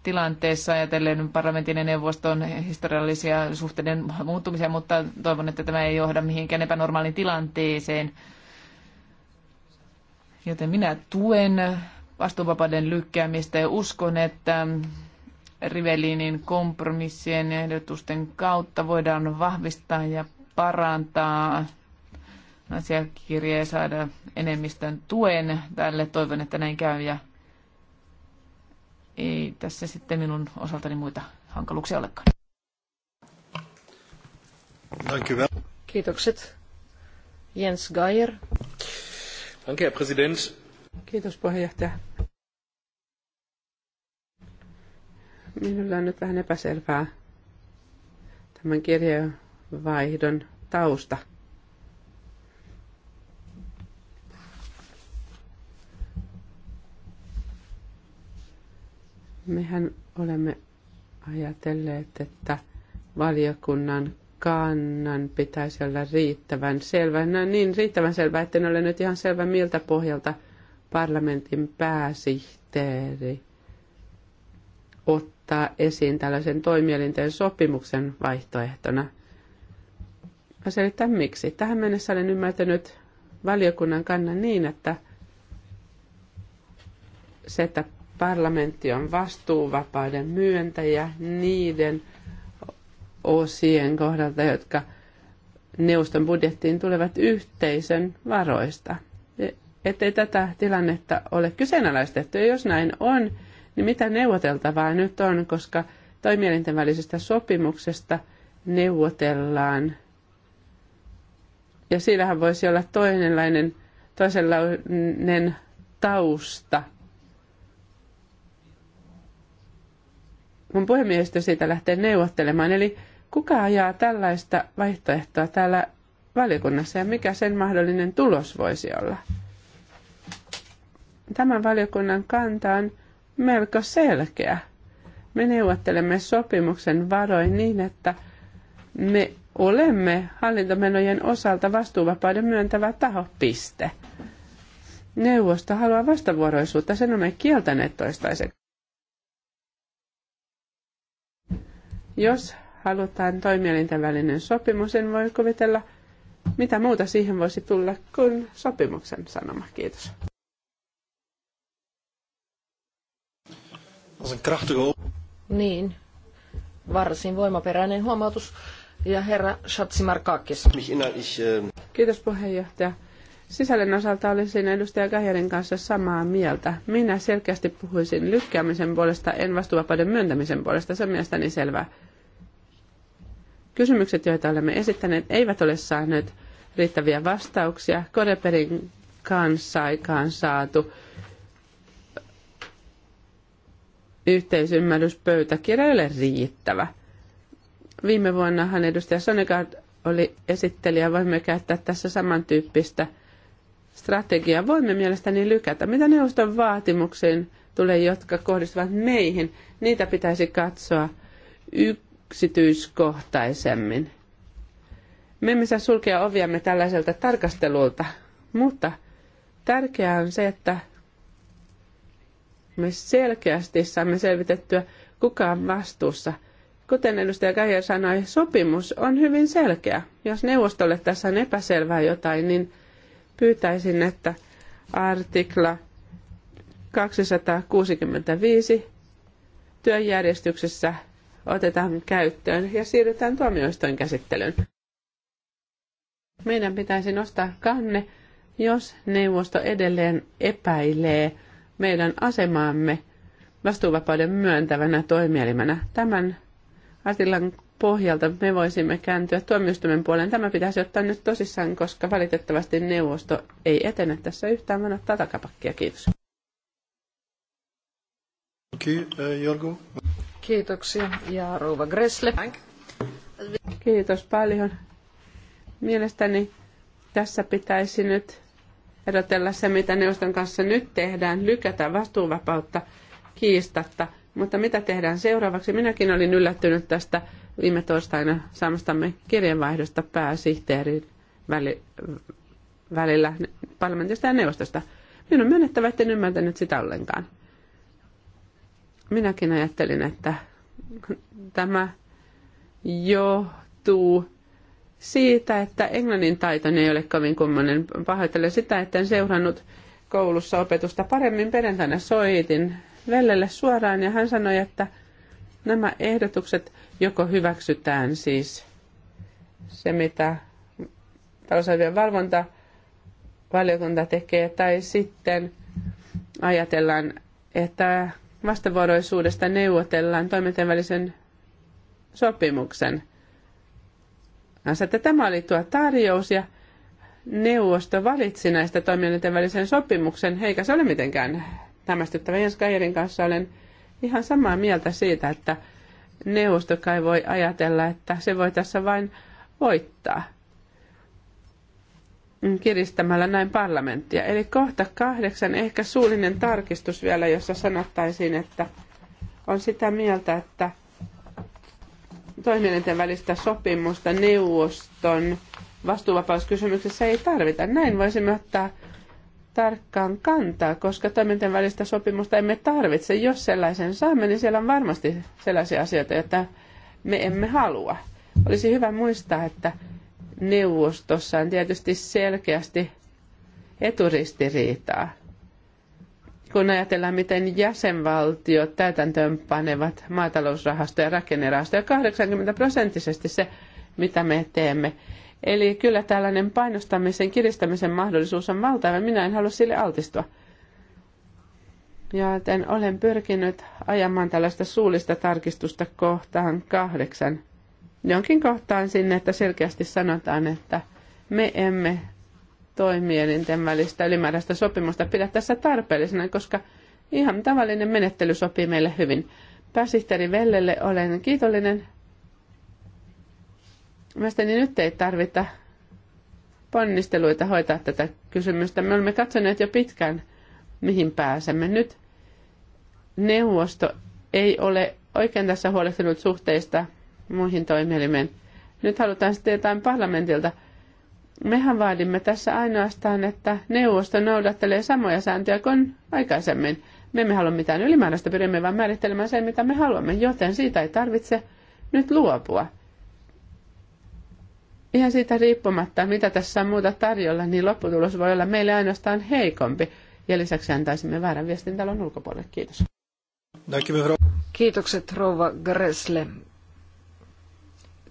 tilanteessa ajatellen parlamentin ja neuvoston historiallisia suhteiden muuttumisia, mutta toivon, että tämä ei johda mihinkään epänormaaliin tilanteeseen. Joten minä tuen vastuuvapauden lykkäämistä ja uskon, että Rivelinin kompromissien ehdotusten kautta voidaan vahvistaa ja parantaa asiakirjaa ja saada enemmistön tuen tälle. Toivon, että näin käy ja ei tässä sitten minun osaltani muita hankaluuksia olekaan. Kiitokset. Jens Geier. Danke, Herr Präsident. Kiitos puheenjohtaja. Minulla on nyt vähän epäselvää tämän kirjeenvaihdon tausta. Mehän olemme ajatelleet, että valiokunnan kannan pitäisi olla riittävän selvä. No niin, riittävän selvä, en ole nyt ihan selvä miltä pohjalta – parlamentin pääsihteeri ottaa esiin tällaisen toimielinten sopimuksen vaihtoehtona. Mä selitän miksi. Tähän mennessä olen ymmärtänyt valiokunnan kannan niin, että se, että parlamentti on vastuuvapauden myöntäjä niiden osien kohdalta, jotka neuvoston budjettiin tulevat yhteisön varoista ettei tätä tilannetta ole kyseenalaistettu. Ja jos näin on, niin mitä neuvoteltavaa nyt on, koska toimielinten välisestä sopimuksesta neuvotellaan. Ja siillähän voisi olla toinenlainen, toisenlainen tausta. Mun puhemiehistö siitä lähtee neuvottelemaan, eli kuka ajaa tällaista vaihtoehtoa täällä valiokunnassa ja mikä sen mahdollinen tulos voisi olla? tämän valiokunnan kanta on melko selkeä. Me neuvottelemme sopimuksen varoin niin, että me olemme hallintomenojen osalta vastuuvapauden myöntävä taho, piste. Neuvosto haluaa vastavuoroisuutta, sen olemme kieltäneet toistaiseksi. Jos halutaan toimielinten välinen sopimus, en voi kuvitella, mitä muuta siihen voisi tulla kuin sopimuksen sanoma. Kiitos. Niin, varsin voimaperäinen huomautus. Ja herra Shatsimarkakis. Äh, Kiitos puheenjohtaja. Sisällön osalta olisin edustaja Kajarin kanssa samaa mieltä. Minä selkeästi puhuisin lykkäämisen puolesta, en vastuuvapauden myöntämisen puolesta. Se on mielestäni selvää. Kysymykset, joita olemme esittäneet, eivät ole saaneet riittäviä vastauksia. Koreperin kanssa aikaan saatu yhteisymmärryspöytäkirja ei ole riittävä. Viime vuonnahan edustaja Sonegard oli esittelijä, voimme käyttää tässä samantyyppistä strategiaa. Voimme mielestäni lykätä. Mitä neuvoston vaatimuksiin tulee, jotka kohdistuvat meihin, niitä pitäisi katsoa yksityiskohtaisemmin. Me emme saa sulkea oviamme tällaiselta tarkastelulta, mutta tärkeää on se, että me selkeästi saamme selvitettyä, kuka on vastuussa. Kuten edustaja Gajer sanoi, sopimus on hyvin selkeä. Jos neuvostolle tässä on epäselvää jotain, niin pyytäisin, että artikla 265 työjärjestyksessä otetaan käyttöön ja siirrytään tuomioistuin käsittelyyn. Meidän pitäisi nostaa kanne, jos neuvosto edelleen epäilee – meidän asemaamme vastuuvapauden myöntävänä toimielimenä. Tämän artiklan pohjalta me voisimme kääntyä tuomioistuimen puoleen. Tämä pitäisi ottaa nyt tosissaan, koska valitettavasti neuvosto ei etene tässä yhtään mennä kapakkia Kiitos. Eh, Kiitoksia. Ja Rouva Gressle. Kiitos paljon. Mielestäni tässä pitäisi nyt erotella se, mitä neuvoston kanssa nyt tehdään, lykätä vastuuvapautta kiistatta. Mutta mitä tehdään seuraavaksi? Minäkin olin yllättynyt tästä viime torstaina saamastamme kirjeenvaihdosta pääsihteerin väli, välillä parlamentista ja neuvostosta. Minun on myönnettävä, en ymmärtänyt sitä ollenkaan. Minäkin ajattelin, että tämä johtuu siitä, että englannin taitoni ei ole kovin kummonen. Pahoittelen sitä, että en seurannut koulussa opetusta paremmin. Perjantaina soitin Vellelle suoraan ja hän sanoi, että nämä ehdotukset joko hyväksytään siis se, mitä talousarvion valiokunta tekee, tai sitten ajatellaan, että vastavuoroisuudesta neuvotellaan toimintojen välisen sopimuksen – että tämä oli tuo tarjous ja neuvosto valitsi näistä toimijoiden välisen sopimuksen, eikä se ole mitenkään hämmästyttävä. Jens Kajerin kanssa olen ihan samaa mieltä siitä, että neuvosto kai voi ajatella, että se voi tässä vain voittaa kiristämällä näin parlamenttia. Eli kohta kahdeksan, ehkä suullinen tarkistus vielä, jossa sanottaisiin, että on sitä mieltä, että toimielinten välistä sopimusta neuvoston vastuuvapauskysymyksessä ei tarvita. Näin voisimme ottaa tarkkaan kantaa, koska toimielinten välistä sopimusta emme tarvitse. Jos sellaisen saamme, niin siellä on varmasti sellaisia asioita, joita me emme halua. Olisi hyvä muistaa, että neuvostossa on tietysti selkeästi eturistiriitaa kun ajatellaan, miten jäsenvaltiot täytäntöön panevat maatalousrahastoja ja rakennerahastoja, 80 prosenttisesti se, mitä me teemme. Eli kyllä tällainen painostamisen, kiristämisen mahdollisuus on valtava. Minä en halua sille altistua. Joten olen pyrkinyt ajamaan tällaista suullista tarkistusta kohtaan kahdeksan. Jonkin kohtaan sinne, että selkeästi sanotaan, että me emme toimielinten välistä ylimääräistä sopimusta pidä tässä tarpeellisena, koska ihan tavallinen menettely sopii meille hyvin. Pääsihteeri Vellelle olen kiitollinen. Mielestäni nyt ei tarvita ponnisteluita hoitaa tätä kysymystä. Me olemme katsoneet jo pitkään, mihin pääsemme. Nyt neuvosto ei ole oikein tässä huolehtinut suhteista muihin toimielimeen. Nyt halutaan sitten jotain parlamentilta – Mehän vaadimme tässä ainoastaan, että neuvosto noudattelee samoja sääntöjä kuin aikaisemmin. Me emme halua mitään ylimääräistä, pyrimme vain määrittelemään sen, mitä me haluamme, joten siitä ei tarvitse nyt luopua. Ihan siitä riippumatta, mitä tässä on muuta tarjolla, niin lopputulos voi olla meille ainoastaan heikompi. Ja lisäksi antaisimme väärän viestin talon ulkopuolelle. Kiitos. Kiitokset rouva Gresle.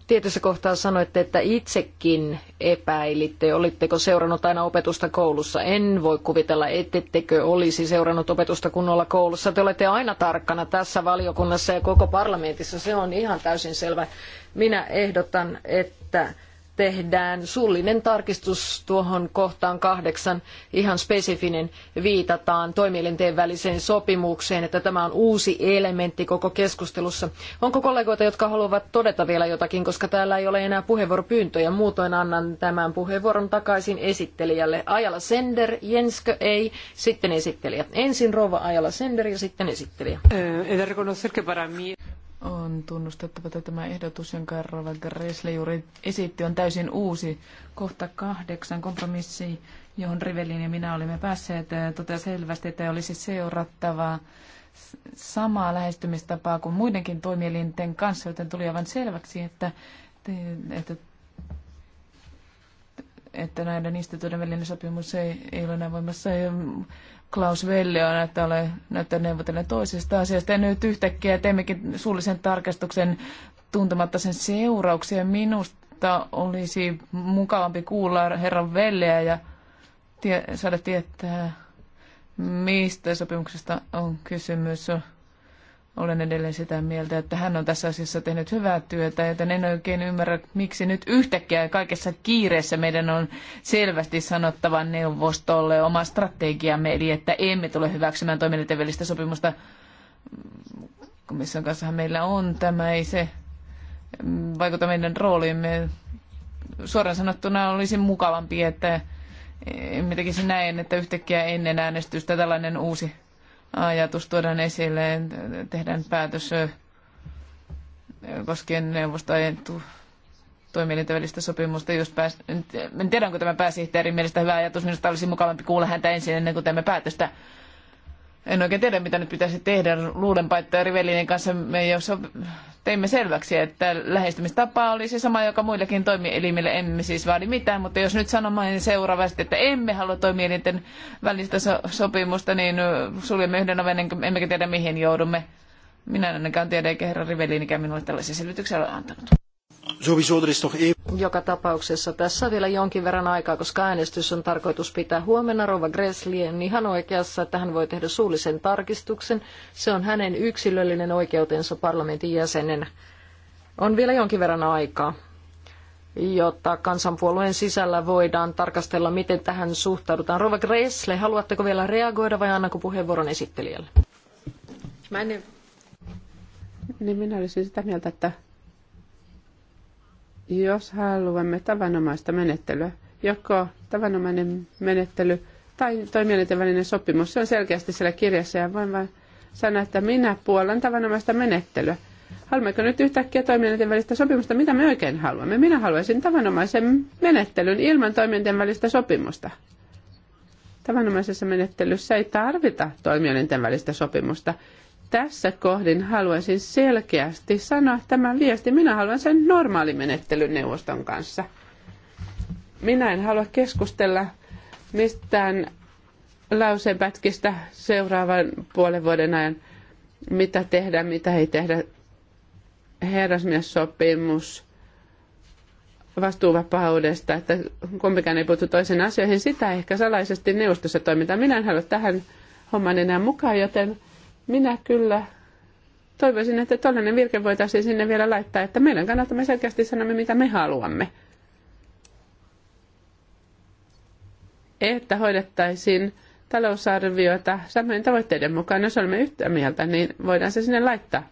Tietyssä kohtaa sanoitte, että itsekin epäilitte, olitteko seurannut aina opetusta koulussa. En voi kuvitella, ettettekö olisi seurannut opetusta kunnolla koulussa. Te olette aina tarkkana tässä valiokunnassa ja koko parlamentissa, se on ihan täysin selvä. Minä ehdotan, että tehdään suullinen tarkistus tuohon kohtaan kahdeksan, ihan spesifinen, viitataan toimielinten väliseen sopimukseen, että tämä on uusi elementti koko keskustelussa. Onko kollegoita, jotka haluavat todeta vielä jotakin, koska täällä ei ole enää puheenvuoropyyntöjä, muutoin annan tämän puheenvuoron takaisin esittelijälle. Ajala Sender, Jenskö ei, sitten esittelijä. Ensin rouva Ajala Sender ja sitten esittelijä. Eh, on tunnustettava, että tämä ehdotus, jonka Rova Gressle juuri esitti, on täysin uusi. Kohta kahdeksan kompromissi, johon Rivelin ja minä olimme päässeet, eh, toteaa selvästi, että olisi seurattava samaa lähestymistapaa kuin muidenkin toimielinten kanssa, joten tuli aivan selväksi, että, että että näiden instituutioiden välinen sopimus ei, ei ole enää voimassa. Ja Klaus Velle on näyttää, ole, näyttää neuvotellen toisesta asiasta. Ja nyt yhtäkkiä teemmekin suullisen tarkastuksen tuntematta sen seurauksia. Minusta olisi mukavampi kuulla herran Velleä ja tie, saada tietää, mistä sopimuksesta on kysymys. Olen edelleen sitä mieltä, että hän on tässä asiassa tehnyt hyvää työtä, joten en oikein ymmärrä, miksi nyt yhtäkkiä kaikessa kiireessä meidän on selvästi sanottava neuvostolle oma strategiamme, eli että emme tule hyväksymään toimielinten välistä sopimusta. Komission kanssa meillä on tämä, ei se vaikuta meidän rooliimme. Suoraan sanottuna olisi mukavampi, että emme tekisi näin, että yhtäkkiä ennen äänestystä tällainen uusi ajatus tuodaan esille, tehdään päätös koskien neuvostojen toimielinten välistä sopimusta. Jos pääs, en tiedä, onko tämä pääsihteerin mielestä hyvä ajatus, minusta olisi mukavampi kuulla häntä ensin ennen kuin teemme päätöstä. En oikein tiedä, mitä nyt pitäisi tehdä. Luulenpa, että Rivellinen kanssa me ei ole teimme selväksi, että lähestymistapa oli se sama, joka muillekin toimielimille emme siis vaadi mitään, mutta jos nyt sanomme seuraavasti, että emme halua toimielinten välistä so- sopimusta, niin suljemme yhden oven, emmekä tiedä mihin joudumme. Minä en ainakaan tiedä, eikä herra Rivelinikään minulle tällaisia selvityksiä ole antanut. Er Joka tapauksessa tässä on vielä jonkin verran aikaa, koska äänestys on tarkoitus pitää huomenna. Rova Gresli on ihan oikeassa, että hän voi tehdä suullisen tarkistuksen. Se on hänen yksilöllinen oikeutensa parlamentin jäsenenä. On vielä jonkin verran aikaa jotta kansanpuolueen sisällä voidaan tarkastella, miten tähän suhtaudutaan. Rova Gressle, haluatteko vielä reagoida vai annanko puheenvuoron esittelijälle? Mä en... Niin minä olisin sitä mieltä, että jos haluamme tavanomaista menettelyä, joko tavanomainen menettely tai toimielinten välinen sopimus, se on selkeästi siellä kirjassa ja voin vain sanoa, että minä puolan tavanomaista menettelyä. Haluammeko nyt yhtäkkiä toimielinten välistä sopimusta? Mitä me oikein haluamme? Minä haluaisin tavanomaisen menettelyn ilman toimielinten välistä sopimusta. Tavanomaisessa menettelyssä ei tarvita toimielinten välistä sopimusta tässä kohdin haluaisin selkeästi sanoa tämän viesti. Minä haluan sen normaalimenettelyn neuvoston kanssa. Minä en halua keskustella mistään lausepätkistä seuraavan puolen vuoden ajan, mitä tehdä, mitä ei tehdä. Herrasmiessopimus vastuuvapaudesta, että kumpikään ei puutu toisen asioihin, sitä ehkä salaisesti neuvostossa toimitaan. Minä en halua tähän homman enää mukaan, joten minä kyllä toivoisin, että tällainen virke voitaisiin sinne vielä laittaa, että meidän kannalta me selkeästi sanomme, mitä me haluamme. Että hoidettaisiin talousarviota samojen tavoitteiden mukaan, jos olemme yhtä mieltä, niin voidaan se sinne laittaa.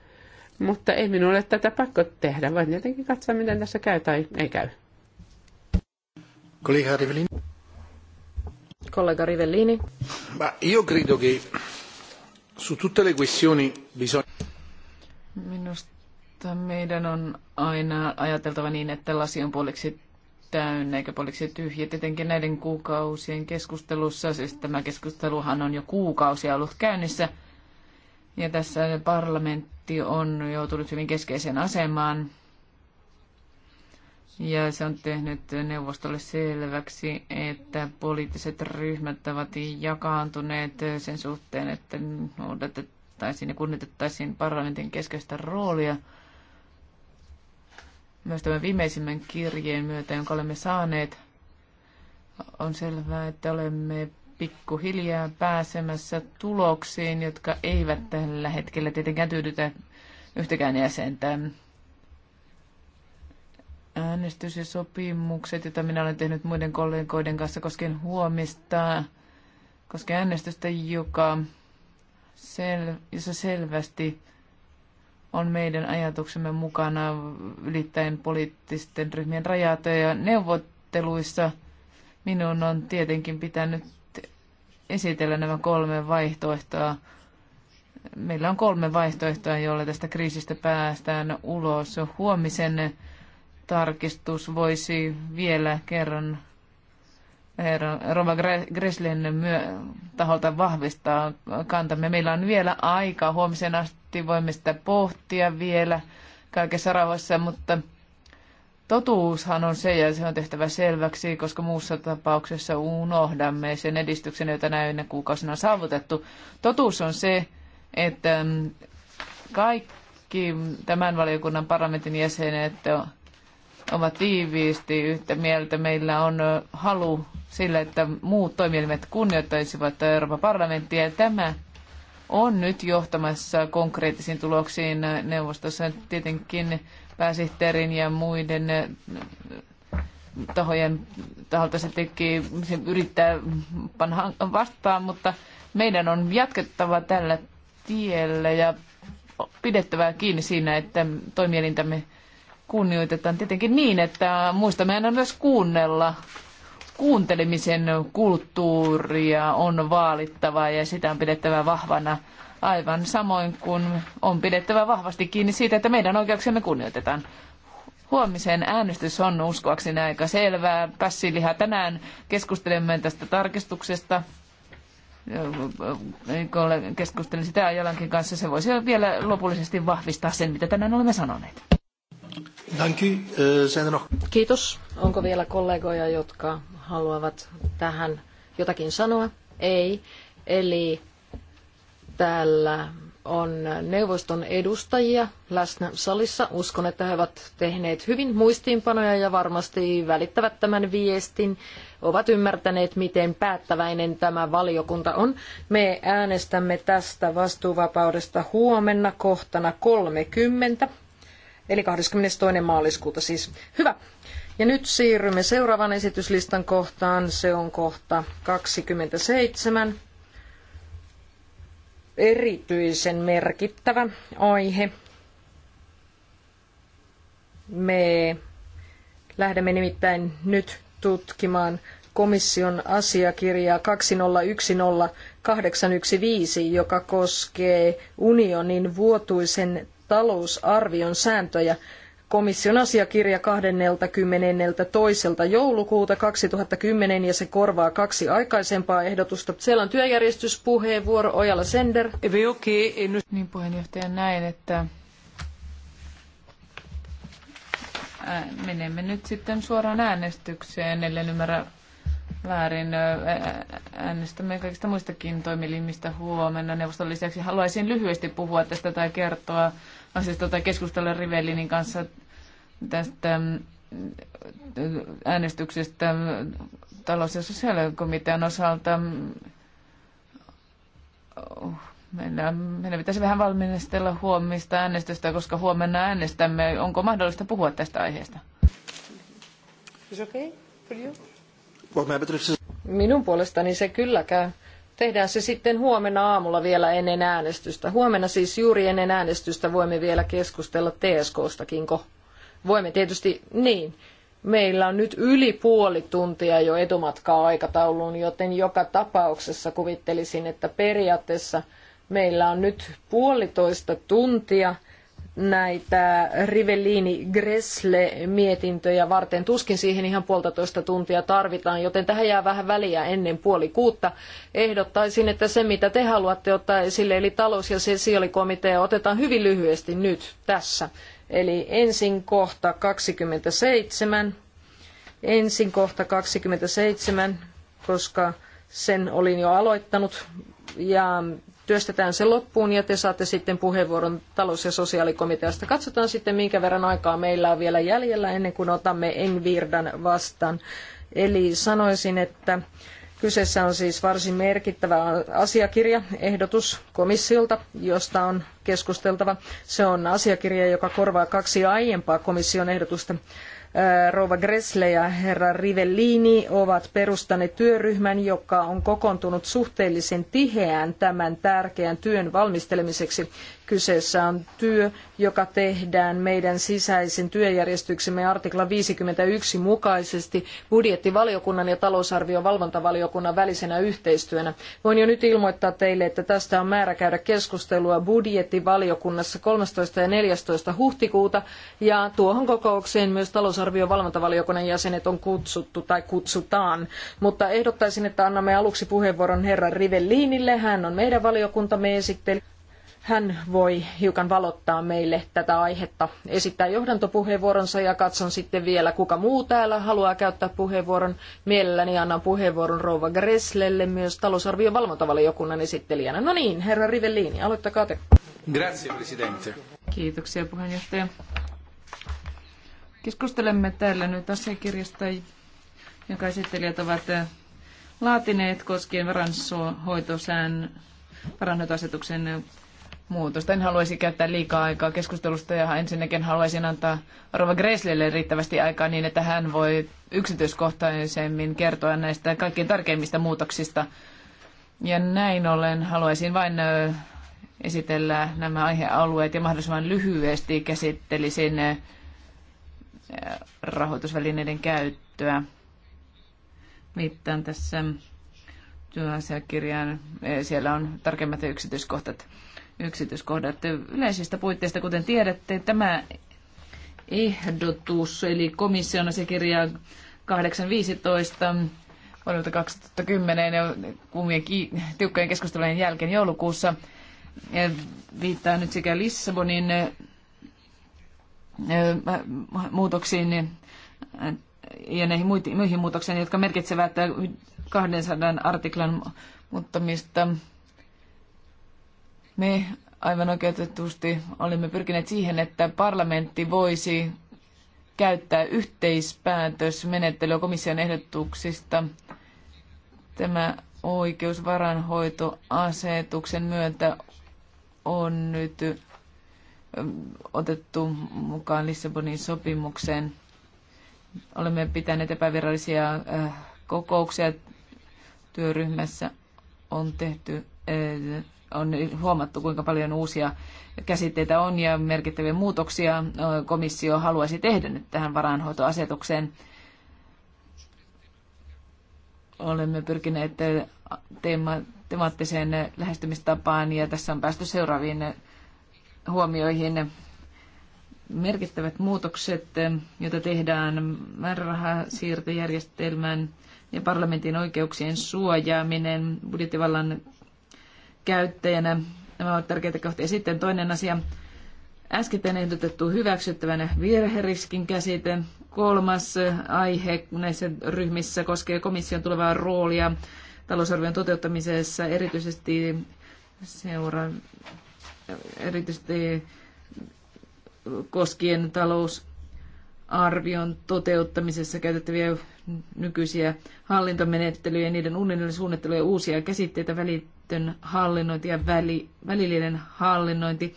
Mutta ei minulle tätä pakko tehdä, vaan tietenkin katsoa, miten tässä käy tai ei käy. Kollega Rivellini. Kollega Rivellini. Ma io credo che Su tutte le questioni bisogna... Minusta meidän on aina ajateltava niin, että lasi on puoliksi täynnä eikä puoliksi tyhjä. Tietenkin näiden kuukausien keskustelussa, siis tämä keskusteluhan on jo kuukausia ollut käynnissä, ja tässä parlamentti on joutunut hyvin keskeiseen asemaan ja se on tehnyt neuvostolle selväksi, että poliittiset ryhmät ovat jakaantuneet sen suhteen, että odotettaisiin ja kunnitettaisiin parlamentin keskeistä roolia. Myös tämän viimeisimmän kirjeen myötä, jonka olemme saaneet, on selvää, että olemme pikkuhiljaa pääsemässä tuloksiin, jotka eivät tällä hetkellä tietenkään tyydytä yhtäkään jäsentä äänestys ja sopimukset, joita minä olen tehnyt muiden kollegoiden kanssa koskien huomista, koskien äänestystä, joka sel, jossa selvästi on meidän ajatuksemme mukana ylittäen poliittisten ryhmien rajat ja neuvotteluissa minun on tietenkin pitänyt esitellä nämä kolme vaihtoehtoa. Meillä on kolme vaihtoehtoa, joilla tästä kriisistä päästään ulos. Huomisen tarkistus voisi vielä kerran Rova Greslen myö- taholta vahvistaa kantamme. Meillä on vielä aika. Huomisen asti voimme sitä pohtia vielä kaikessa rauhassa, mutta totuushan on se, ja se on tehtävä selväksi, koska muussa tapauksessa unohdamme sen edistyksen, jota näinä kuukausina on saavutettu. Totuus on se, että kaikki tämän valiokunnan parlamentin jäsenet ovat tiiviisti yhtä mieltä. Meillä on halu sille, että muut toimielimet kunnioittaisivat Euroopan parlamenttia. Ja tämä on nyt johtamassa konkreettisiin tuloksiin neuvostossa tietenkin pääsihteerin ja muiden tahojen taholta se teki, se yrittää panna vastaan, mutta meidän on jatkettava tällä tiellä ja pidettävä kiinni siinä, että toimielintämme kunnioitetaan tietenkin niin, että muistamme aina myös kuunnella. Kuuntelemisen kulttuuria on vaalittava ja sitä on pidettävä vahvana aivan samoin kuin on pidettävä vahvasti kiinni siitä, että meidän oikeuksiamme kunnioitetaan. Huomisen äänestys on uskoakseni aika selvää. Pässiliha tänään keskustelemme tästä tarkistuksesta. Keskustelin sitä Jalankin kanssa. Se voisi vielä lopullisesti vahvistaa sen, mitä tänään olemme sanoneet. Uh, Kiitos. Onko vielä kollegoja, jotka haluavat tähän jotakin sanoa? Ei. Eli täällä on neuvoston edustajia läsnä salissa. Uskon, että he ovat tehneet hyvin muistiinpanoja ja varmasti välittävät tämän viestin, ovat ymmärtäneet, miten päättäväinen tämä valiokunta on. Me äänestämme tästä vastuuvapaudesta huomenna kohtana 30. Eli 22. maaliskuuta siis. Hyvä. Ja nyt siirrymme seuraavan esityslistan kohtaan. Se on kohta 27. Erityisen merkittävä aihe. Me lähdemme nimittäin nyt tutkimaan komission asiakirjaa 2010 joka koskee unionin vuotuisen talousarvion sääntöjä komission asiakirja 22. joulukuuta 2010 ja se korvaa kaksi aikaisempaa ehdotusta. Siellä on työjärjestyspuheenvuoro Ojala Sender. Niin puheenjohtaja näin, että menemme nyt sitten suoraan äänestykseen, ellen ymmärrä väärin. Äänestämme kaikista muistakin toimielimistä huomenna neuvoston lisäksi. Haluaisin lyhyesti puhua tästä tai kertoa asiasta tai keskustella Rivellinin kanssa tästä mm, äänestyksestä talous- ja sosiaalikomitean osalta. Oh, meillä, meidän pitäisi vähän valmistella huomista äänestystä, koska huomenna äänestämme. Onko mahdollista puhua tästä aiheesta? Minun puolestani se kyllä käy. Tehdään se sitten huomenna aamulla vielä ennen äänestystä. Huomenna siis juuri ennen äänestystä voimme vielä keskustella ko. Voimme tietysti, niin, meillä on nyt yli puoli tuntia jo etumatkaa aikatauluun, joten joka tapauksessa kuvittelisin, että periaatteessa meillä on nyt puolitoista tuntia näitä Rivellini Gressle mietintöjä varten. Tuskin siihen ihan puolitoista tuntia tarvitaan, joten tähän jää vähän väliä ennen puoli kuutta. Ehdottaisin, että se mitä te haluatte ottaa esille, eli talous- ja sosiaalikomitea, otetaan hyvin lyhyesti nyt tässä. Eli ensin kohta 27. Ensin kohta 27, koska sen olin jo aloittanut. Ja työstetään se loppuun ja te saatte sitten puheenvuoron talous- ja sosiaalikomiteasta. Katsotaan sitten, minkä verran aikaa meillä on vielä jäljellä ennen kuin otamme Engvirdan vastaan. Eli sanoisin, että kyseessä on siis varsin merkittävä asiakirja, ehdotus komissiolta, josta on keskusteltava. Se on asiakirja, joka korvaa kaksi aiempaa komission ehdotusta. Äh, Rova Gressle ja herra Rivellini ovat perustaneet työryhmän, joka on kokoontunut suhteellisen tiheään tämän tärkeän työn valmistelemiseksi. Kyseessä on työ, joka tehdään meidän sisäisen työjärjestyksemme artikla 51 mukaisesti budjettivaliokunnan ja talousarvion valvontavaliokunnan välisenä yhteistyönä. Voin jo nyt ilmoittaa teille, että tästä on määrä käydä keskustelua budjettivaliokunnassa 13. ja 14. huhtikuuta ja tuohon kokoukseen myös talousarvion valvontavaliokunnan jäsenet on kutsuttu tai kutsutaan. Mutta ehdottaisin, että annamme aluksi puheenvuoron herra Rivellinille. Hän on meidän valiokuntamme esitteli. Hän voi hiukan valottaa meille tätä aihetta, esittää johdantopuheenvuoronsa ja katson sitten vielä, kuka muu täällä haluaa käyttää puheenvuoron. Mielelläni annan puheenvuoron Rouva Greslelle myös talousarvion valvontavaliokunnan esittelijänä. No niin, herra Rivellini, aloittakaa te. Grazie, presidente. Kiitoksia puheenjohtaja. Keskustelemme täällä nyt asiakirjasta, jonka esittelijät ovat eh, laatineet koskien varanhoitosään parannusasetuksen muutosta. En haluaisi käyttää liikaa aikaa keskustelusta ja ensinnäkin haluaisin antaa Rova Greslille riittävästi aikaa niin, että hän voi yksityiskohtaisemmin kertoa näistä kaikkein tärkeimmistä muutoksista. Ja näin ollen haluaisin vain eh, esitellä nämä aihealueet ja mahdollisimman lyhyesti käsittelisin eh, rahoitusvälineiden käyttöä. Viittaan tässä työasiakirjaan. E, siellä on tarkemmat yksityiskohdat. yksityiskohdat yleisistä puitteista, kuten tiedätte, tämä ehdotus, eli komission asiakirja 815 vuodelta 2010 ja kuumien tiukkojen keskustelujen jälkeen joulukuussa. Ja viittaa nyt sekä Lissabonin Äh, muutoksiin niin, äh, ja näihin muihin muutoksiin, jotka merkitsevät 200 äh, artiklan muuttamista. Me aivan oikeutetusti olimme pyrkineet siihen, että parlamentti voisi käyttää yhteispäätösmenettelyä komission ehdotuksista. Tämä oikeusvaranhoitoasetuksen myötä on nyt otettu mukaan Lissabonin sopimukseen. Olemme pitäneet epävirallisia äh, kokouksia työryhmässä. On tehty äh, on huomattu, kuinka paljon uusia käsitteitä on ja merkittäviä muutoksia äh, komissio haluaisi tehdä nyt tähän varainhoitoasetukseen. Olemme pyrkineet teema, temaattiseen lähestymistapaan ja tässä on päästy seuraaviin huomioihin. Merkittävät muutokset, joita tehdään määrärahasiirtojärjestelmään ja parlamentin oikeuksien suojaaminen budjettivallan käyttäjänä. Nämä ovat tärkeitä kohtia. Sitten toinen asia, Äsken ehdotettu hyväksyttävänä virheriskin käsite. Kolmas aihe näissä ryhmissä koskee komission tulevaa roolia talousarvion toteuttamisessa, erityisesti seura- erityisesti koskien talousarvion toteuttamisessa käytettäviä nykyisiä hallintomenettelyjä, niiden unionin suunnitteluja, uusia käsitteitä, välitön hallinnointi ja väli, välillinen hallinnointi.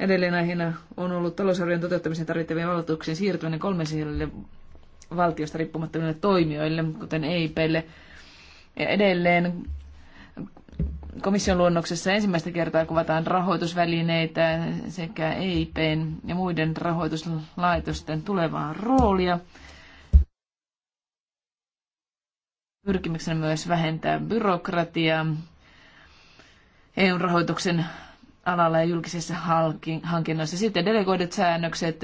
Edelleen aiheena on ollut talousarvion toteuttamiseen tarvittavien valtuuksien siirtyminen kolmesille valtiosta riippumattomille toimijoille, kuten EIPille. Ja edelleen komission luonnoksessa ensimmäistä kertaa kuvataan rahoitusvälineitä sekä EIPn ja muiden rahoituslaitosten tulevaa roolia. Pyrkimyksenä myös vähentää byrokratiaa eu rahoituksen alalla ja julkisessa hankinnoissa. Sitten delegoidut säännökset,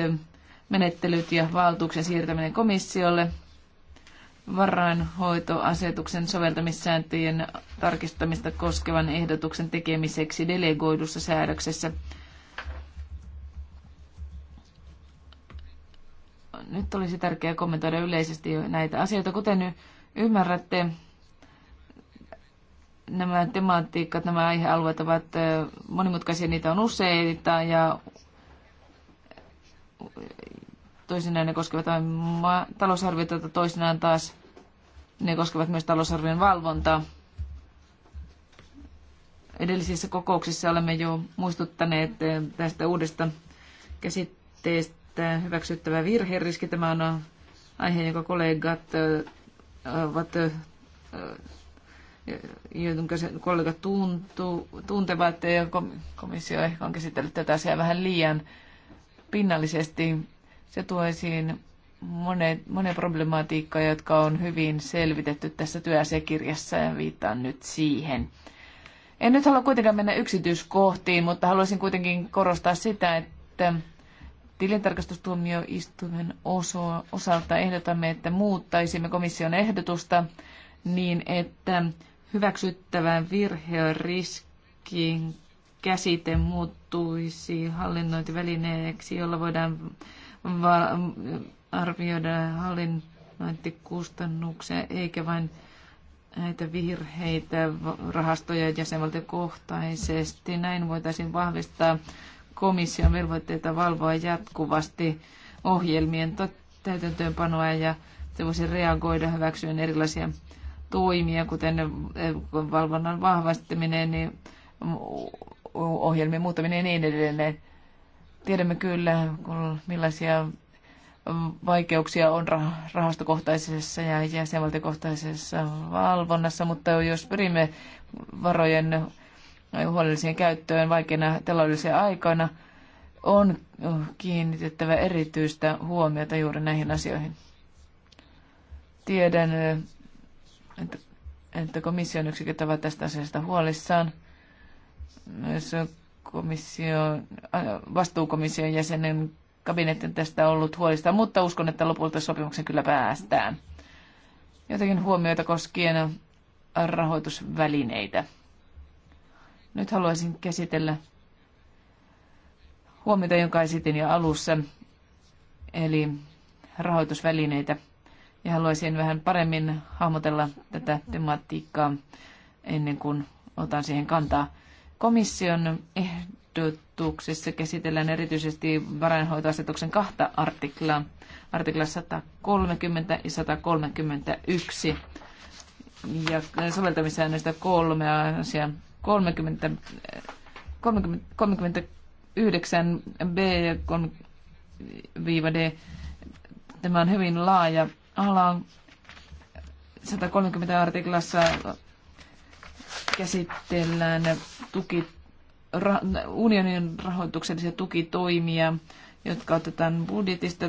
menettelyt ja valtuuksien siirtäminen komissiolle – varainhoitoasetuksen soveltamissääntöjen tarkistamista koskevan ehdotuksen tekemiseksi delegoidussa säädöksessä. Nyt olisi tärkeää kommentoida yleisesti näitä asioita. Kuten ymmärrätte, nämä tematiikat, nämä aihealueet ovat monimutkaisia, niitä on useita ja toisinaan ne koskevat vain talousarviota, että toisinaan taas ne koskevat myös talousarvion valvontaa. Edellisissä kokouksissa olemme jo muistuttaneet eh, tästä uudesta käsitteestä hyväksyttävä virheriski. Tämä on aihe, jonka kollegat eh, ovat eh, jonka kollega tuntuu, tuntevat, ja komissio ehkä on käsitellyt tätä asiaa vähän liian pinnallisesti. Se tuo esiin monen, monen problematiikkaa, jotka on hyvin selvitetty tässä työasiakirjassa ja viittaan nyt siihen. En nyt halua kuitenkaan mennä yksityiskohtiin, mutta haluaisin kuitenkin korostaa sitä, että tilintarkastustuomioistuimen oso, osalta ehdotamme, että muuttaisimme komission ehdotusta niin, että hyväksyttävän virheriskin käsite muuttuisi hallinnointivälineeksi, jolla voidaan arvioida hallinnointikustannuksia, eikä vain näitä virheitä rahastoja jäsenvaltiokohtaisesti. Näin voitaisiin vahvistaa komission velvoitteita valvoa jatkuvasti ohjelmien täytäntöönpanoa ja se voisi reagoida hyväksyen erilaisia toimia, kuten eh, valvonnan vahvistaminen, niin mm, ohjelmien muuttaminen ja niin edelleen. Tiedämme kyllä, millaisia vaikeuksia on rahastokohtaisessa ja jäsenvaltiokohtaisessa valvonnassa, mutta jos pyrimme varojen huolelliseen käyttöön vaikeina taloudellisia aikoina, on kiinnitettävä erityistä huomiota juuri näihin asioihin. Tiedän, että, että komission yksiköt ovat tästä asiasta huolissaan. Myös komission, äh, vastuukomission jäsenen kabinetin tästä ollut huolista, mutta uskon, että lopulta sopimuksen kyllä päästään. Jotakin huomioita koskien rahoitusvälineitä. Nyt haluaisin käsitellä huomiota, jonka esitin jo alussa, eli rahoitusvälineitä. Ja haluaisin vähän paremmin hahmotella tätä tematiikkaa ennen kuin otan siihen kantaa. Komission ehdotuksessa käsitellään erityisesti varainhoitoasetuksen kahta artiklaa, artikla 130 ja 131, ja soveltamissäännöistä kolme asiaa, 30, 30, 39 b ja 3-d. Tämä on hyvin laaja ala. 130 artiklassa käsitellään tuki, ra, unionin rahoituksellisia tukitoimia, jotka otetaan budjetista.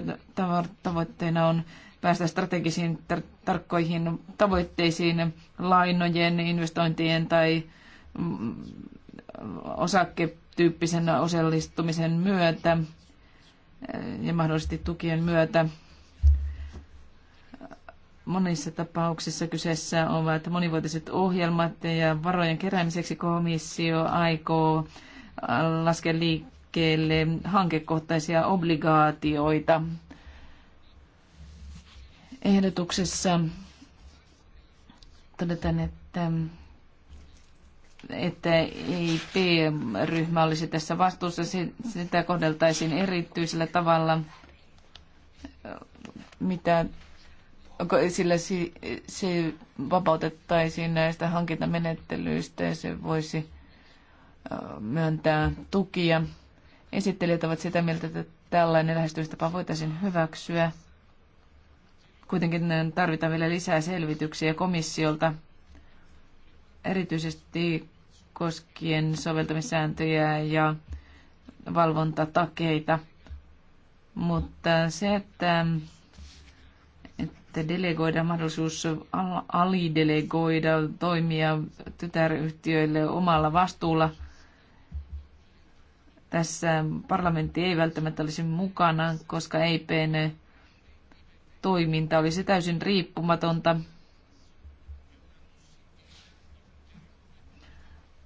Tavoitteena on päästä strategisiin tar- tarkkoihin tavoitteisiin lainojen, investointien tai mm, osaketyyppisen osallistumisen myötä ja mahdollisesti tukien myötä. Monissa tapauksissa kyseessä ovat monivuotiset ohjelmat ja varojen keräämiseksi komissio aikoo äh, laskea liikkeelle hankekohtaisia obligaatioita. Ehdotuksessa todetaan, että että EIP-ryhmä olisi tässä vastuussa, sitä kohdeltaisiin erityisellä tavalla, mitä sillä se vapautettaisiin näistä hankintamenettelyistä ja se voisi myöntää tukia. Esittelijät ovat sitä mieltä, että tällainen lähestymistapa voitaisiin hyväksyä. Kuitenkin tarvitaan vielä lisää selvityksiä komissiolta, erityisesti koskien soveltamissääntöjä ja valvontatakeita. Mutta se, että että delegoida mahdollisuus alidelegoida toimia tytäryhtiöille omalla vastuulla. Tässä parlamentti ei välttämättä olisi mukana, koska EIPn toiminta olisi täysin riippumatonta.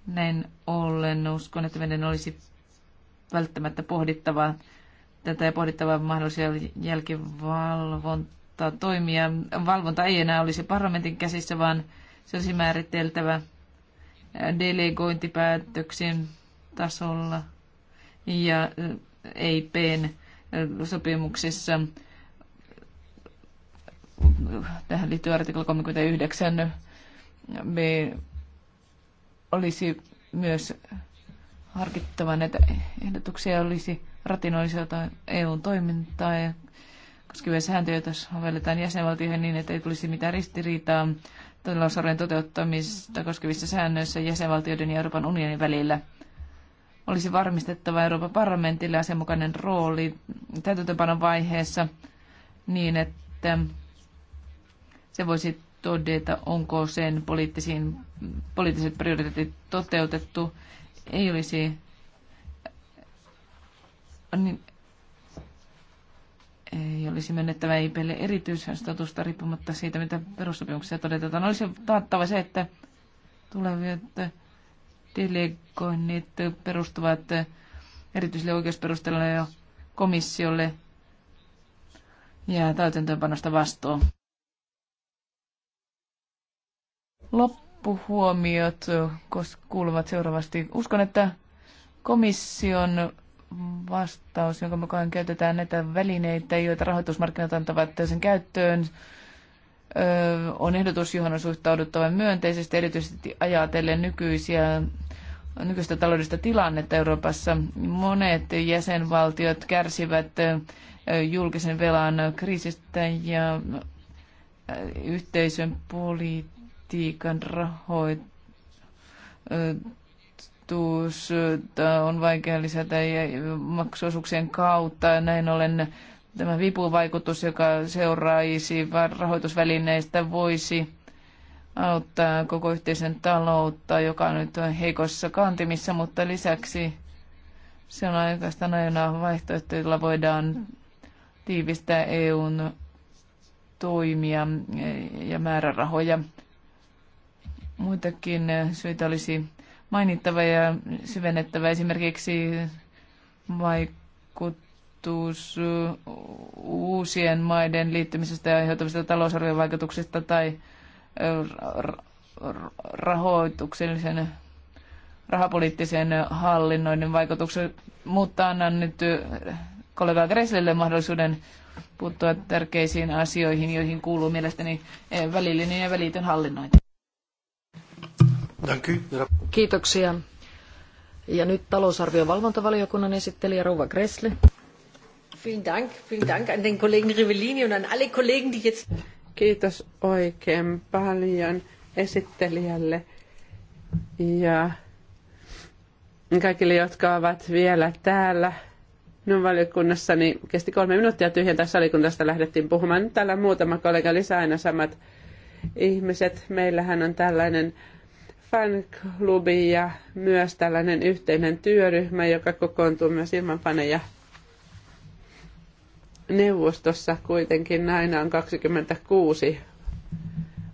Näin ollen uskon, että meidän olisi välttämättä pohdittava tätä ja pohdittava mahdollisia jälkivalvontaa saattaa toimia. Valvonta ei enää olisi parlamentin käsissä, vaan se olisi määriteltävä delegointipäätöksen tasolla ja EIPn eh, e eh, sopimuksessa. Tähän liittyy artikla 39. Me olisi myös harkittava näitä ehdotuksia, olisi ratinoisilta EUn toimintaa ja koskevia sääntöjä, joita sovelletaan jäsenvaltioihin niin, että ei tulisi mitään ristiriitaa talousarvojen toteuttamista koskevissa säännöissä jäsenvaltioiden ja Euroopan unionin välillä. Olisi varmistettava Euroopan parlamentille asianmukainen rooli täytäntöpanon vaiheessa niin, että se voisi todeta, onko sen poliittisiin, poliittiset prioriteetit toteutettu. Ei olisi niin, ei olisi mennettävä IPlle erityisstatusta riippumatta siitä, mitä perussopimuksia todetaan. Olisi taattava se, että tulevat delegoinnit perustuvat erityiselle oikeusperusteelle ja komissiolle ja täytäntöönpanosta vastuu. Loppuhuomiot kuuluvat seuraavasti. Uskon, että komission vastaus, jonka mukaan käytetään näitä välineitä, joita rahoitusmarkkinat antavat sen käyttöön, on ehdotus, johon on suhtauduttava myönteisesti, erityisesti ajatellen nykyisiä nykyistä taloudellista tilannetta Euroopassa. Monet jäsenvaltiot kärsivät julkisen velan kriisistä ja yhteisön politiikan rahoit rahoitus on vaikea lisätä maksuosuuksien kautta. Näin ollen tämä vipuvaikutus, joka seuraisi rahoitusvälineistä, voisi auttaa koko yhteisen taloutta, joka nyt on heikossa kantimissa, mutta lisäksi se on oikeastaan aina vaihtoehto, jolla voidaan tiivistää EUn toimia ja määrärahoja. Muitakin syitä olisi mainittava ja syvennettävä esimerkiksi vaikutus uusien maiden liittymisestä ja aiheutuvista talousarviovaikutuksista tai rahoituksellisen rahapoliittisen hallinnoinnin vaikutukset, mutta annan nyt kollega Greslille mahdollisuuden puuttua tärkeisiin asioihin, joihin kuuluu mielestäni välillinen ja välitön hallinnointi. Kiitoksia. Ja nyt talousarvion valvontavaliokunnan esittelijä Rouva Gressle. Vielen Dank, vielen Dank an den Kollegen Rivellini und an alle Kollegen, die jetzt... Kiitos oikein paljon esittelijälle ja kaikille, jotka ovat vielä täällä minun valiokunnassani kesti kolme minuuttia tyhjentää sali, kun tästä lähdettiin puhumaan. Nyt täällä on muutama kollega lisää aina samat ihmiset. Meillähän on tällainen fanklubi ja myös tällainen yhteinen työryhmä, joka kokoontuu myös ilman Neuvostossa kuitenkin aina on 26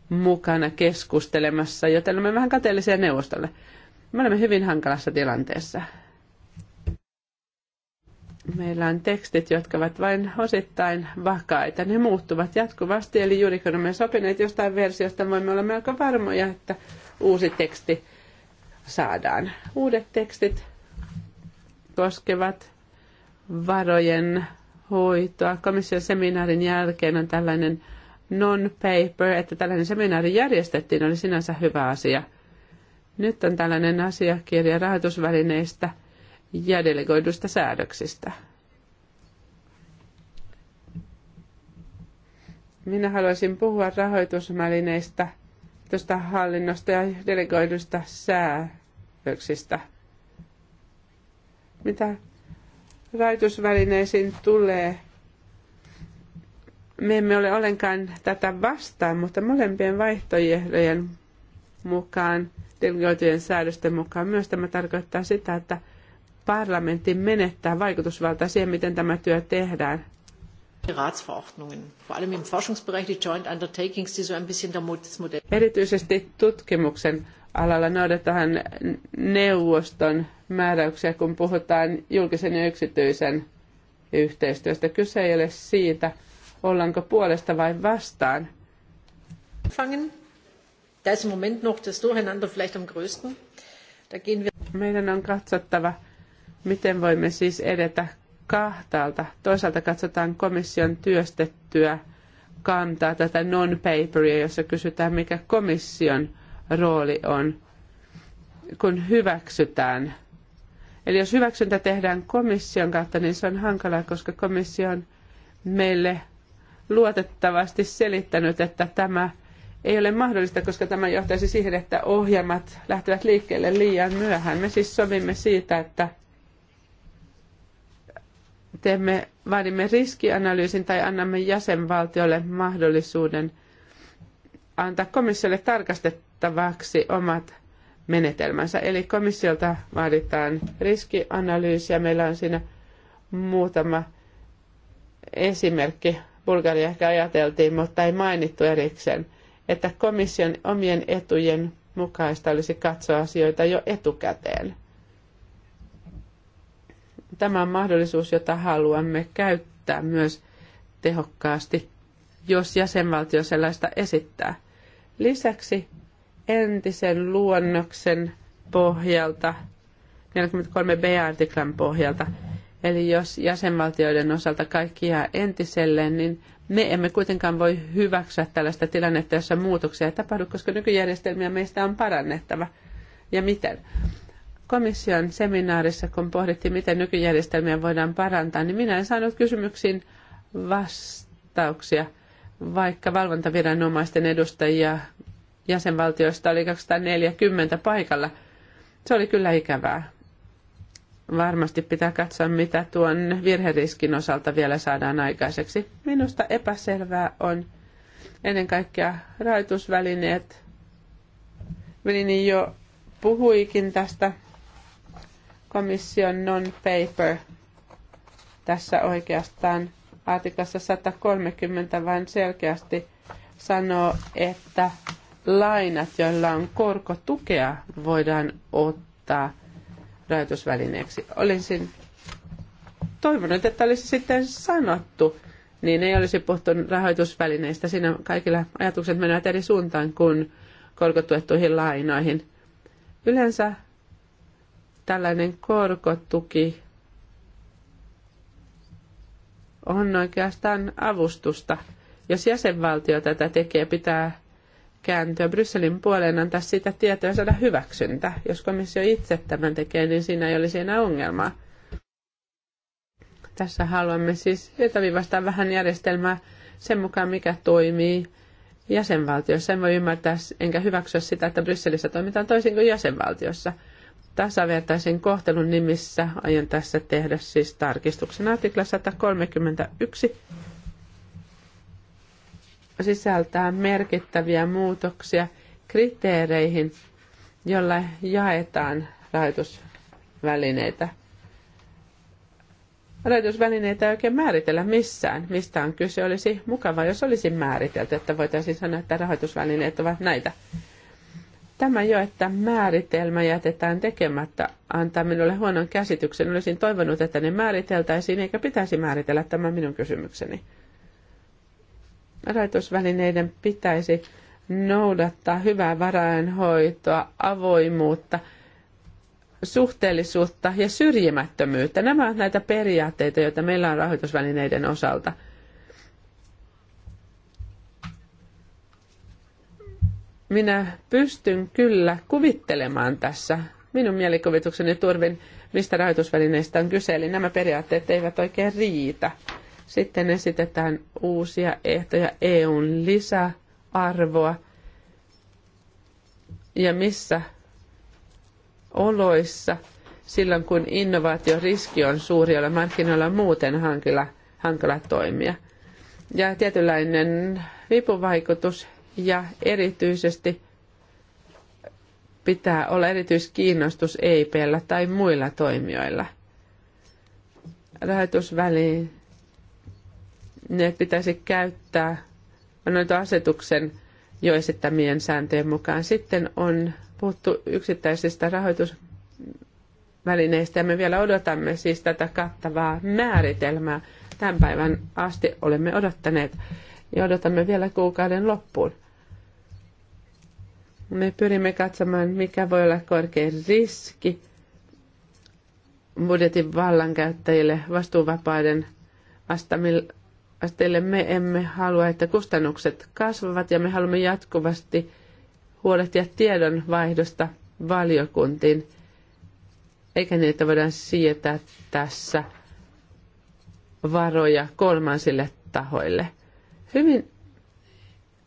mukana keskustelemassa, joten olemme vähän kateellisia neuvostolle. Me olemme hyvin hankalassa tilanteessa. Meillä on tekstit, jotka ovat vain osittain vakaita. Ne muuttuvat jatkuvasti, eli juuri kun olemme sopineet jostain versiosta, voimme olla melko varmoja, että uusi teksti saadaan. Uudet tekstit koskevat varojen hoitoa. Komission seminaarin jälkeen on tällainen non-paper, että tällainen seminaari järjestettiin, oli sinänsä hyvä asia. Nyt on tällainen asiakirja rahoitusvälineistä ja delegoidusta säädöksistä. Minä haluaisin puhua rahoitusvälineistä – tuosta hallinnosta ja delegoidusta säädöksistä. Mitä rajoitusvälineisiin tulee, me emme ole ollenkaan tätä vastaan, mutta molempien vaihtoehdojen mukaan, delegoitujen säädösten mukaan, myös tämä tarkoittaa sitä, että parlamentti menettää vaikutusvaltaa siihen, miten tämä työ tehdään – Ratsverordnungen, vor allem im Forschungsbereich die Joint Undertakings, die so ein bisschen das Modell. Erityisesti tutkimuksen alalla noudatetaan neuvoston määräyksiä, kun puhutaan julkisen ja yksityisen yhteistyöstä. Kyse ei ole siitä, ollaanko puolesta vai vastaan. Fangen. tässä Moment noch das Durcheinander vielleicht am größten. Da gehen wir. Meidän on katsottava, miten voimme siis edetä kahtaalta. Toisaalta katsotaan komission työstettyä kantaa tätä non-paperia, jossa kysytään, mikä komission rooli on, kun hyväksytään. Eli jos hyväksyntä tehdään komission kautta, niin se on hankalaa, koska komissio on meille luotettavasti selittänyt, että tämä ei ole mahdollista, koska tämä johtaisi siihen, että ohjelmat lähtevät liikkeelle liian myöhään. Me siis sovimme siitä, että teemme, vaadimme riskianalyysin tai annamme jäsenvaltiolle mahdollisuuden antaa komissiolle tarkastettavaksi omat menetelmänsä. Eli komissiolta vaaditaan riskianalyysiä. Meillä on siinä muutama esimerkki. Bulgaria ehkä ajateltiin, mutta ei mainittu erikseen, että komission omien etujen mukaista olisi katsoa asioita jo etukäteen. Tämä on mahdollisuus, jota haluamme käyttää myös tehokkaasti, jos jäsenvaltio sellaista esittää. Lisäksi entisen luonnoksen pohjalta, 43b-artiklan pohjalta, eli jos jäsenvaltioiden osalta kaikki jää entiselleen, niin me emme kuitenkaan voi hyväksyä tällaista tilannetta, jossa muutoksia ei tapahdu, koska nykyjärjestelmiä meistä on parannettava. Ja miten? komission seminaarissa, kun pohdittiin, miten nykyjärjestelmiä voidaan parantaa, niin minä en saanut kysymyksiin vastauksia, vaikka valvontaviranomaisten edustajia jäsenvaltioista oli 240 paikalla. Se oli kyllä ikävää. Varmasti pitää katsoa, mitä tuon virheriskin osalta vielä saadaan aikaiseksi. Minusta epäselvää on ennen kaikkea rahoitusvälineet. Velini jo puhuikin tästä komission non-paper tässä oikeastaan artikassa 130 vain selkeästi sanoo, että lainat, joilla on korkotukea, voidaan ottaa rajoitusvälineeksi. Olisin toivonut, että olisi sitten sanottu, niin ei olisi puhuttu rahoitusvälineistä. Siinä kaikilla ajatukset menevät eri suuntaan kuin korkotuettuihin lainoihin. Yleensä tällainen korkotuki on oikeastaan avustusta. Jos jäsenvaltio tätä tekee, pitää kääntyä Brysselin puoleen, antaa siitä tietoa ja saada hyväksyntä. Jos komissio itse tämän tekee, niin siinä ei olisi enää ongelmaa. Tässä haluamme siis virtavivastaa vähän järjestelmää sen mukaan, mikä toimii jäsenvaltiossa. En voi ymmärtää enkä hyväksyä sitä, että Brysselissä toimitaan toisin kuin jäsenvaltiossa – tasavertaisen kohtelun nimissä aion tässä tehdä siis tarkistuksen artikla 131 sisältää merkittäviä muutoksia kriteereihin, jolla jaetaan rahoitusvälineitä. Rahoitusvälineitä ei oikein määritellä missään, mistä on kyse. Olisi mukava, jos olisi määritelty, että voitaisiin sanoa, että rahoitusvälineet ovat näitä. Tämä jo, että määritelmä jätetään tekemättä, antaa minulle huonon käsityksen. Olisin toivonut, että ne määriteltäisiin, eikä pitäisi määritellä tämä minun kysymykseni. Rajoitusvälineiden pitäisi noudattaa hyvää varainhoitoa, avoimuutta, suhteellisuutta ja syrjimättömyyttä. Nämä ovat näitä periaatteita, joita meillä on rahoitusvälineiden osalta – Minä pystyn kyllä kuvittelemaan tässä minun mielikuvitukseni turvin, mistä rahoitusvälineistä on kyse, eli nämä periaatteet eivät oikein riitä. Sitten esitetään uusia ehtoja EUn lisäarvoa ja missä oloissa silloin, kun innovaatioriski on suuri, jolla markkinoilla on muuten hankala, hankala toimia. Ja tietynlainen vipuvaikutus ja erityisesti pitää olla erityiskiinnostus EIPllä tai muilla toimijoilla. Rahoitusväliin ne pitäisi käyttää noita asetuksen jo esittämien sääntöjen mukaan. Sitten on puhuttu yksittäisistä rahoitusvälineistä ja me vielä odotamme siis tätä kattavaa määritelmää. Tämän päivän asti olemme odottaneet ja odotamme vielä kuukauden loppuun. Me pyrimme katsomaan, mikä voi olla korkein riski budjetin vallankäyttäjille vastuuvapaiden asteille. Me emme halua, että kustannukset kasvavat ja me haluamme jatkuvasti huolehtia tiedonvaihdosta valiokuntiin, eikä niitä voidaan sietää tässä varoja kolmansille tahoille. Hyvin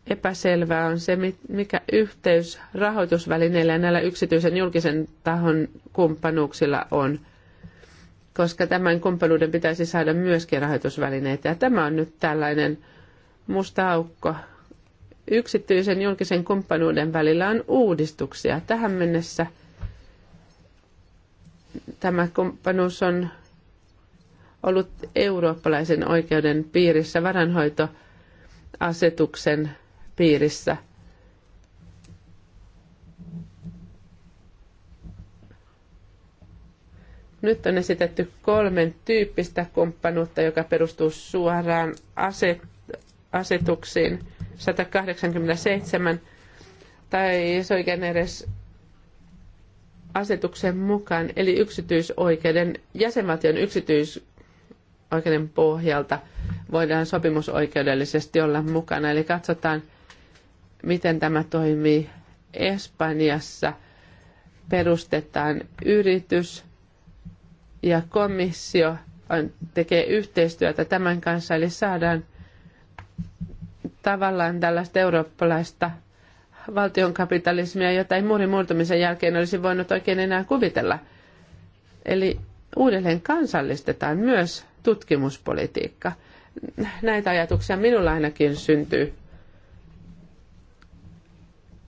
epäselvää on se, mikä yhteys rahoitusvälineillä ja näillä yksityisen julkisen tahon kumppanuuksilla on, koska tämän kumppanuuden pitäisi saada myöskin rahoitusvälineitä. Ja tämä on nyt tällainen musta aukko. Yksityisen julkisen kumppanuuden välillä on uudistuksia. Tähän mennessä tämä kumppanuus on ollut eurooppalaisen oikeuden piirissä varanhoito asetuksen piirissä. Nyt on esitetty kolmen tyyppistä kumppanuutta, joka perustuu suoraan aset- asetuksiin 187 tai jos oikein edes asetuksen mukaan, eli yksityisoikeuden, jäsenvaltion yksityisoikeuden pohjalta voidaan sopimusoikeudellisesti olla mukana. Eli katsotaan, miten tämä toimii. Espanjassa perustetaan yritys ja komissio tekee yhteistyötä tämän kanssa, eli saadaan tavallaan tällaista eurooppalaista valtionkapitalismia, jota ei muurin murtumisen jälkeen olisi voinut oikein enää kuvitella. Eli uudelleen kansallistetaan myös tutkimuspolitiikka. Näitä ajatuksia minulla ainakin syntyy.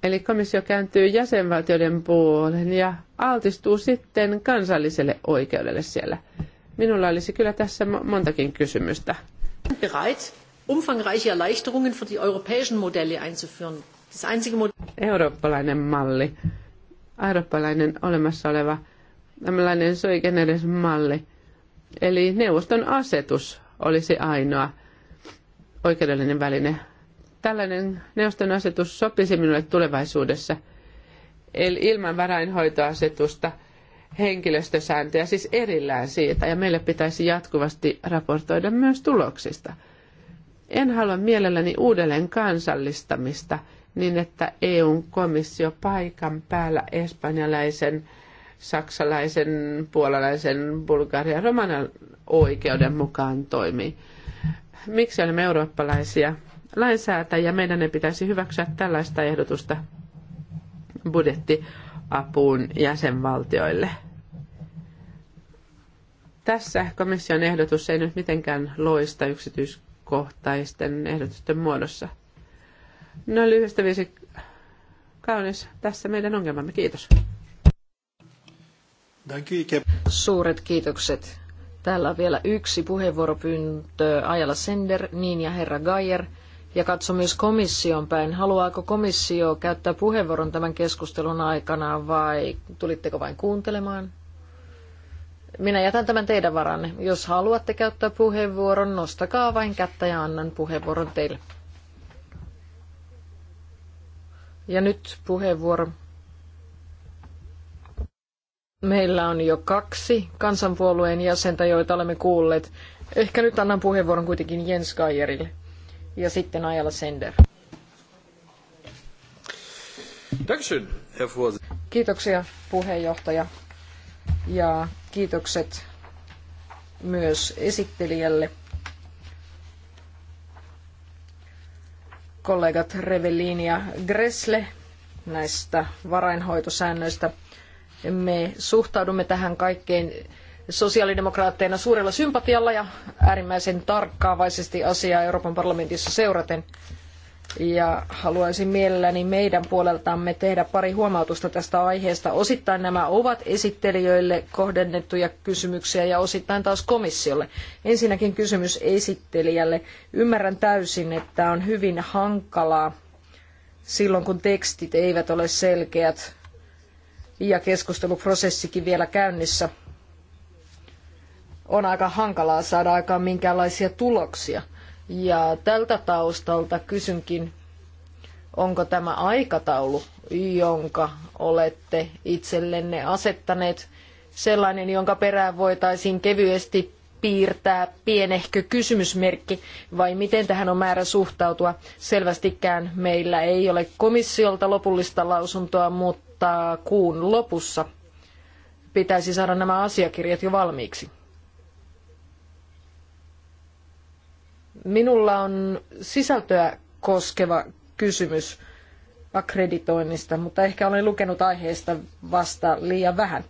Eli komissio kääntyy jäsenvaltioiden puoleen ja altistuu sitten kansalliselle oikeudelle siellä. Minulla olisi kyllä tässä montakin kysymystä. Bereit, umfangreiche Erleichterungen für die europäischen Modelle einzuführen. Das einzige Mod- Eurooppalainen malli, eurooppalainen olemassa oleva tämmöinen sui malli. Eli neuvoston asetus olisi ainoa oikeudellinen väline tällainen neuvoston asetus sopisi minulle tulevaisuudessa. Eli ilman varainhoitoasetusta henkilöstösääntöjä siis erillään siitä ja meille pitäisi jatkuvasti raportoida myös tuloksista. En halua mielelläni uudelleen kansallistamista niin, että EUn komissio paikan päällä espanjalaisen, saksalaisen, puolalaisen, bulgarian, romanan oikeuden mukaan toimii. Miksi olemme eurooppalaisia lainsäätäjä meidän ei pitäisi hyväksyä tällaista ehdotusta budjettiapuun jäsenvaltioille. Tässä komission ehdotus ei nyt mitenkään loista yksityiskohtaisten ehdotusten muodossa. No lyhyesti viisi kaunis. Tässä meidän ongelmamme. Kiitos. Suuret kiitokset. Täällä on vielä yksi puheenvuoropyyntö Ajala Sender, niin ja herra Gayer ja katso myös komission päin. Haluaako komissio käyttää puheenvuoron tämän keskustelun aikana vai tulitteko vain kuuntelemaan? Minä jätän tämän teidän varanne. Jos haluatte käyttää puheenvuoron, nostakaa vain kättä ja annan puheenvuoron teille. Ja nyt puheenvuoro. Meillä on jo kaksi kansanpuolueen jäsentä, joita olemme kuulleet. Ehkä nyt annan puheenvuoron kuitenkin Jens Kajerille ja sitten Ajala Sender. Kiitoksia puheenjohtaja ja kiitokset myös esittelijälle. kollegat Revelin ja Gressle näistä varainhoitosäännöistä. Me suhtaudumme tähän kaikkein sosiaalidemokraatteina suurella sympatialla ja äärimmäisen tarkkaavaisesti asiaa Euroopan parlamentissa seuraten. Ja haluaisin mielelläni meidän puoleltamme tehdä pari huomautusta tästä aiheesta. Osittain nämä ovat esittelijöille kohdennettuja kysymyksiä ja osittain taas komissiolle. Ensinnäkin kysymys esittelijälle. Ymmärrän täysin, että on hyvin hankalaa silloin, kun tekstit eivät ole selkeät ja keskusteluprosessikin vielä käynnissä on aika hankalaa saada aikaan minkäänlaisia tuloksia. Ja tältä taustalta kysynkin, onko tämä aikataulu, jonka olette itsellenne asettaneet, sellainen, jonka perään voitaisiin kevyesti piirtää pienehkö kysymysmerkki, vai miten tähän on määrä suhtautua? Selvästikään meillä ei ole komissiolta lopullista lausuntoa, mutta kuun lopussa pitäisi saada nämä asiakirjat jo valmiiksi. Minulla on sisältöä koskeva kysymys akkreditoinnista, mutta ehkä olen lukenut aiheesta vasta liian vähän.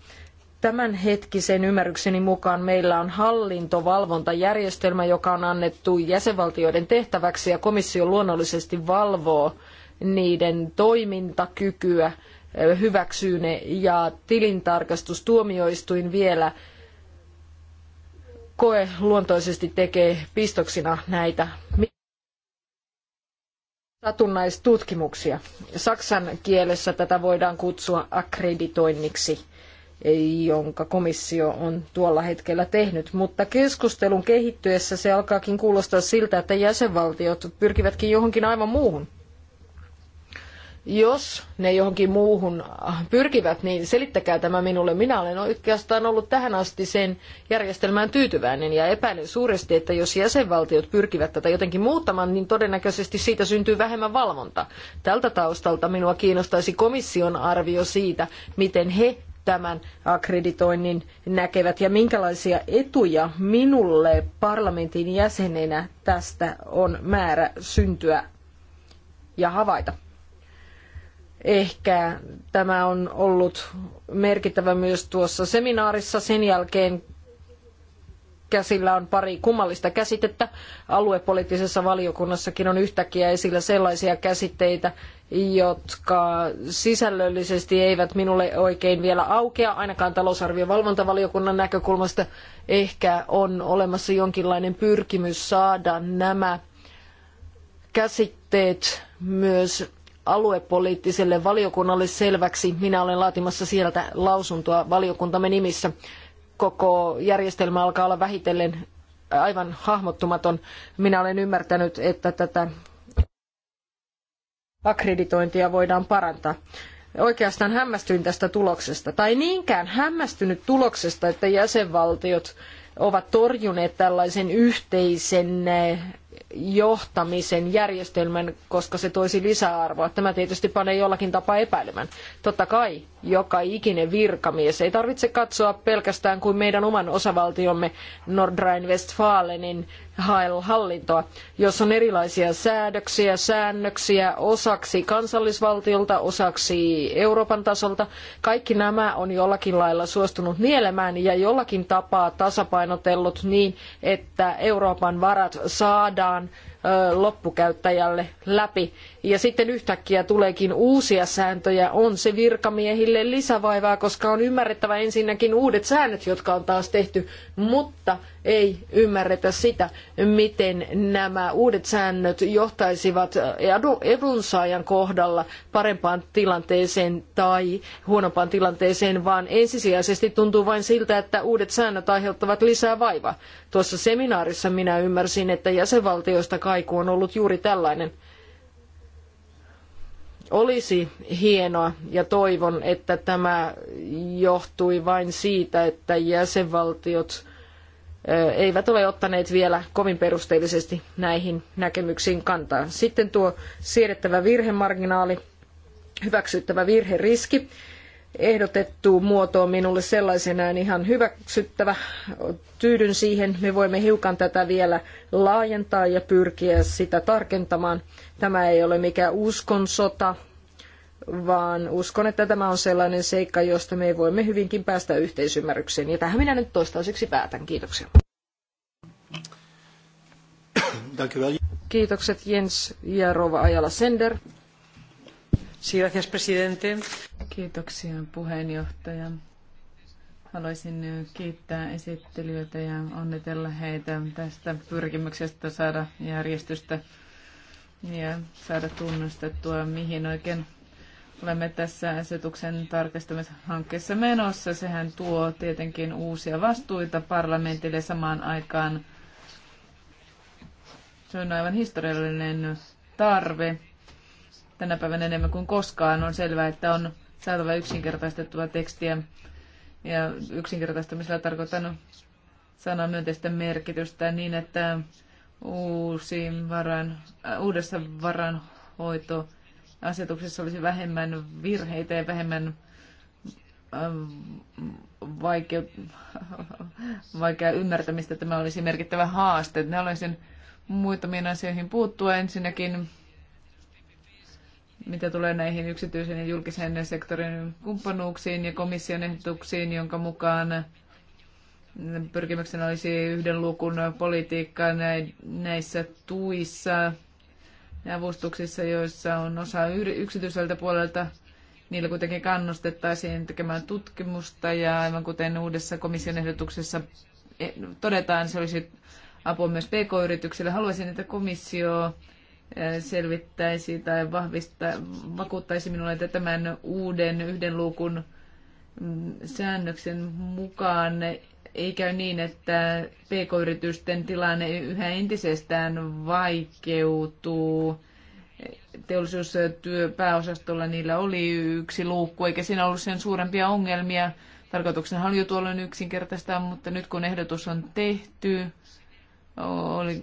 Tämänhetkisen ymmärrykseni mukaan meillä on hallintovalvontajärjestelmä, joka on annettu jäsenvaltioiden tehtäväksi ja komissio luonnollisesti valvoo niiden toimintakykyä, hyväksyy ne ja tilintarkastustuomioistuin vielä koe luontoisesti tekee pistoksina näitä satunnaistutkimuksia. Saksan kielessä tätä voidaan kutsua akkreditoinniksi, jonka komissio on tuolla hetkellä tehnyt. Mutta keskustelun kehittyessä se alkaakin kuulostaa siltä, että jäsenvaltiot pyrkivätkin johonkin aivan muuhun. Jos ne johonkin muuhun pyrkivät, niin selittäkää tämä minulle. Minä olen oikeastaan ollut tähän asti sen järjestelmään tyytyväinen ja epäilen suuresti, että jos jäsenvaltiot pyrkivät tätä jotenkin muuttamaan, niin todennäköisesti siitä syntyy vähemmän valvonta. Tältä taustalta minua kiinnostaisi komission arvio siitä, miten he tämän akkreditoinnin näkevät ja minkälaisia etuja minulle parlamentin jäsenenä tästä on määrä syntyä ja havaita. Ehkä tämä on ollut merkittävä myös tuossa seminaarissa. Sen jälkeen käsillä on pari kummallista käsitettä. Aluepoliittisessa valiokunnassakin on yhtäkkiä esillä sellaisia käsitteitä, jotka sisällöllisesti eivät minulle oikein vielä aukea, ainakaan talousarvion valvontavaliokunnan näkökulmasta. Ehkä on olemassa jonkinlainen pyrkimys saada nämä käsitteet myös aluepoliittiselle valiokunnalle selväksi. Minä olen laatimassa sieltä lausuntoa valiokuntamme nimissä. Koko järjestelmä alkaa olla vähitellen aivan hahmottumaton. Minä olen ymmärtänyt, että tätä akkreditointia voidaan parantaa. Oikeastaan hämmästyin tästä tuloksesta, tai niinkään hämmästynyt tuloksesta, että jäsenvaltiot ovat torjuneet tällaisen yhteisen eh, johtamisen järjestelmän, koska se toisi lisäarvoa. Tämä tietysti panee jollakin tapaa epäilemään. Totta kai joka ikinen virkamies. Ei tarvitse katsoa pelkästään kuin meidän oman osavaltiomme Nordrhein-Westfalenin hallintoa, jossa on erilaisia säädöksiä, säännöksiä osaksi kansallisvaltiolta, osaksi Euroopan tasolta. Kaikki nämä on jollakin lailla suostunut nielemään ja jollakin tapaa tasapainotellut niin, että Euroopan varat saadaan loppukäyttäjälle läpi. Ja sitten yhtäkkiä tuleekin uusia sääntöjä. On se virkamiehille lisävaivaa, koska on ymmärrettävä ensinnäkin uudet säännöt, jotka on taas tehty, mutta ei ymmärretä sitä, miten nämä uudet säännöt johtaisivat eh, edunsaajan kohdalla parempaan tilanteeseen tai huonompaan tilanteeseen, vaan ensisijaisesti tuntuu vain siltä, että uudet säännöt aiheuttavat lisää vaivaa. Tuossa seminaarissa minä ymmärsin, että jäsenvaltioista kaiku on ollut juuri tällainen olisi hienoa ja toivon, että tämä johtui vain siitä, että jäsenvaltiot eivät ole ottaneet vielä kovin perusteellisesti näihin näkemyksiin kantaa. Sitten tuo siedettävä virhemarginaali, hyväksyttävä virheriski. Ehdotettu muoto on minulle sellaisenaan ihan hyväksyttävä. Tyydyn siihen. Me voimme hiukan tätä vielä laajentaa ja pyrkiä sitä tarkentamaan. Tämä ei ole mikään uskonsota vaan uskon, että tämä on sellainen seikka, josta me voimme hyvinkin päästä yhteisymmärrykseen. Ja tähän minä nyt toistaiseksi päätän. Kiitoksia. Kiitokset Jens ja Rova Ajala Sender. Gracias, presidente. Kiitoksia puheenjohtaja. Haluaisin kiittää esittelijöitä ja onnitella heitä tästä pyrkimyksestä saada järjestystä ja saada tunnustettua, mihin oikein olemme tässä asetuksen tarkistamishankkeessa menossa. Sehän tuo tietenkin uusia vastuita parlamentille samaan aikaan. Se on aivan historiallinen tarve. Tänä päivänä enemmän kuin koskaan on selvää, että on saatava yksinkertaistettua tekstiä. Ja yksinkertaistamisella tarkoitan sanan myönteistä merkitystä niin, että uusi varan, äh, uudessa varanhoito asetuksessa olisi vähemmän virheitä ja vähemmän ähm, vaikea, vaikea ymmärtämistä. että Tämä olisi merkittävä haaste. Ne olisin muutamiin asioihin puuttua ensinnäkin, mitä tulee näihin yksityisen ja julkisen sektorin kumppanuuksiin ja komission ehdotuksiin, jonka mukaan pyrkimyksenä olisi yhden luukun politiikka näissä tuissa ja avustuksissa, joissa on osa yksityiseltä puolelta, niillä kuitenkin kannustettaisiin tekemään tutkimusta ja aivan kuten uudessa komission ehdotuksessa e- todetaan, se olisi apua myös pk-yrityksille. Haluaisin, että komissio e, selvittäisi tai vahvistaa, vakuuttaisi minulle, että tämän uuden yhden luukun mm, säännöksen mukaan ei käy niin, että pk-yritysten tilanne yhä entisestään vaikeutuu. Teollisuustyöpääosastolla niillä oli yksi luukku, eikä siinä ollut sen suurempia ongelmia. Tarkoituksena oli jo tuolloin yksinkertaistaa, mutta nyt kun ehdotus on tehty,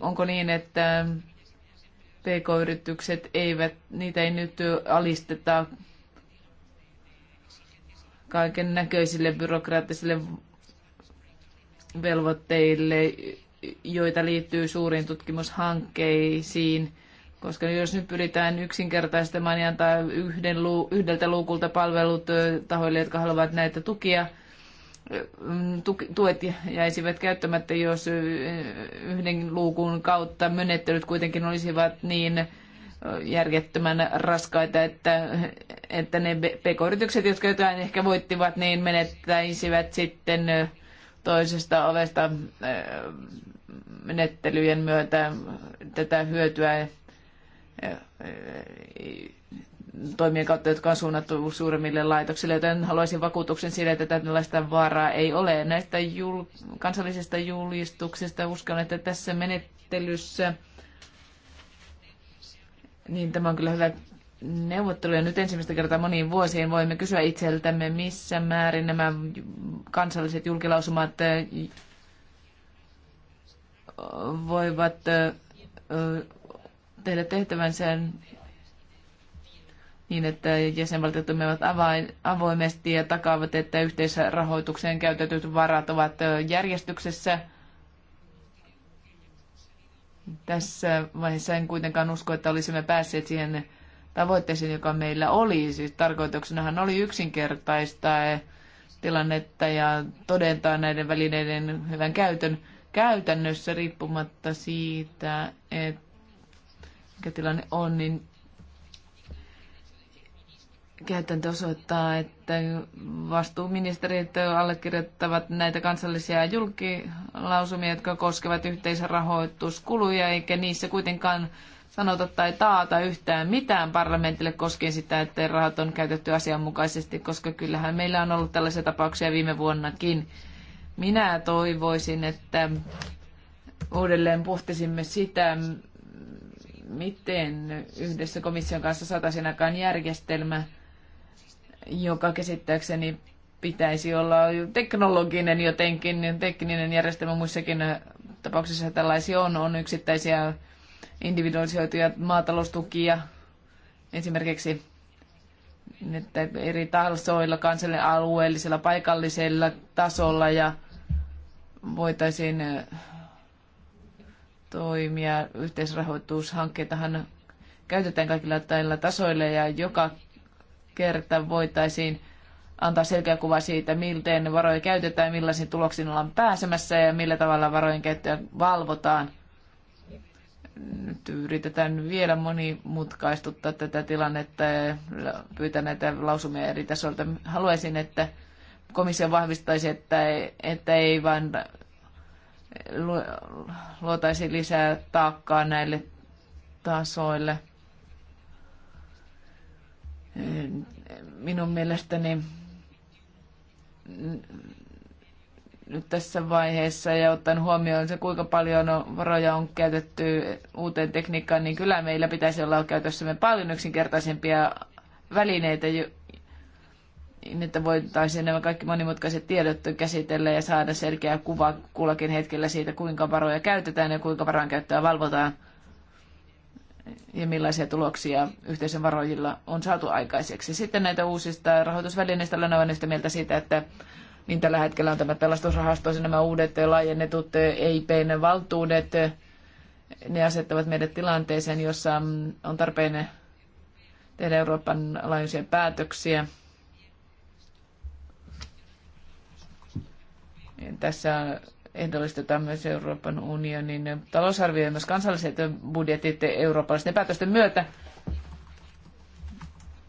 onko niin, että pk-yritykset eivät, niitä ei nyt alisteta kaiken näköisille byrokraattisille velvoitteille, joita liittyy suuriin tutkimushankkeisiin. Koska jos nyt pyritään yksinkertaistamaan ja antaa yhden, yhdeltä luukulta palvelut tahoille, jotka haluavat näitä tukia, mm, tuet jäisivät käyttämättä, jos yhden luukun kautta menettelyt kuitenkin olisivat niin järjettömän raskaita, että, että ne pk-yritykset, jotka jotain ehkä voittivat, niin menettäisivät sitten toisesta ovesta äh, menettelyjen myötä tätä hyötyä äh, äh, toimien kautta, jotka on suunnattu suuremmille laitoksille, joten haluaisin vakuutuksen sille, että tällaista vaaraa ei ole. Näistä jul- kansallisista julistuksista uskon, että tässä menettelyssä niin tämä on kyllä hyvä neuvotteluja nyt ensimmäistä kertaa moniin vuosiin, voimme kysyä itseltämme, missä määrin nämä kansalliset julkilausumat voivat tehdä tehtävänsä niin, että jäsenvaltiot toimivat avoimesti ja takaavat, että yhteisrahoitukseen käytetyt varat ovat järjestyksessä. Tässä vaiheessa en kuitenkaan usko, että olisimme päässeet siihen tavoitteeseen, joka meillä oli. Siis tarkoituksenahan oli yksinkertaistaa tilannetta ja todentaa näiden välineiden hyvän käytön käytännössä riippumatta siitä, että mikä tilanne on, niin käytäntö osoittaa, että vastuuministerit allekirjoittavat näitä kansallisia julkilausumia, jotka koskevat yhteisrahoituskuluja, eikä niissä kuitenkaan sanota tai taata yhtään mitään parlamentille koskien sitä, että rahat on käytetty asianmukaisesti, koska kyllähän meillä on ollut tällaisia tapauksia viime vuonnakin. Minä toivoisin, että uudelleen pohtisimme sitä, miten yhdessä komission kanssa saataisiin aikaan järjestelmä, joka käsittääkseni pitäisi olla teknologinen jotenkin, tekninen järjestelmä muissakin tapauksissa tällaisia on, on yksittäisiä individualisoituja maataloustukia esimerkiksi että eri tasoilla, kansallinen alueellisella, paikallisella tasolla ja voitaisiin toimia. Yhteisrahoitushankkeitahan käytetään kaikilla tällä tasoilla ja joka kerta voitaisiin antaa selkeä kuva siitä, miten varoja käytetään, millaisiin tuloksiin ollaan pääsemässä ja millä tavalla varojen käyttöä valvotaan – nyt yritetään vielä monimutkaistuttaa tätä tilannetta ja pyytää näitä lausumia eri tasolta. Haluaisin, että komissio vahvistaisi, että ei, että ei vain luotaisi lisää taakkaa näille tasoille. Minun mielestäni nyt tässä vaiheessa ja ottaen huomioon se, kuinka paljon varoja on käytetty uuteen tekniikkaan, niin kyllä meillä pitäisi olla käytössämme paljon yksinkertaisempia välineitä, niin että voitaisiin nämä kaikki monimutkaiset tiedot käsitellä ja saada selkeä kuva kullakin hetkellä siitä, kuinka varoja käytetään ja kuinka varan käyttöä valvotaan ja millaisia tuloksia yhteisön varoilla on saatu aikaiseksi. Sitten näitä uusista rahoitusvälineistä olen aivan yhtä mieltä siitä, että niin tällä hetkellä on tämä pelastusrahasto ja siis nämä uudet laajennetut eip eh, e valtuudet. Eh, ne asettavat meidät tilanteeseen, jossa mm, on tarpeen tehdä Euroopan laajuisia päätöksiä. Tässä ehdollistetaan myös Euroopan unionin talousarvio ja myös kansalliset budjetit eurooppalaisten päätösten myötä.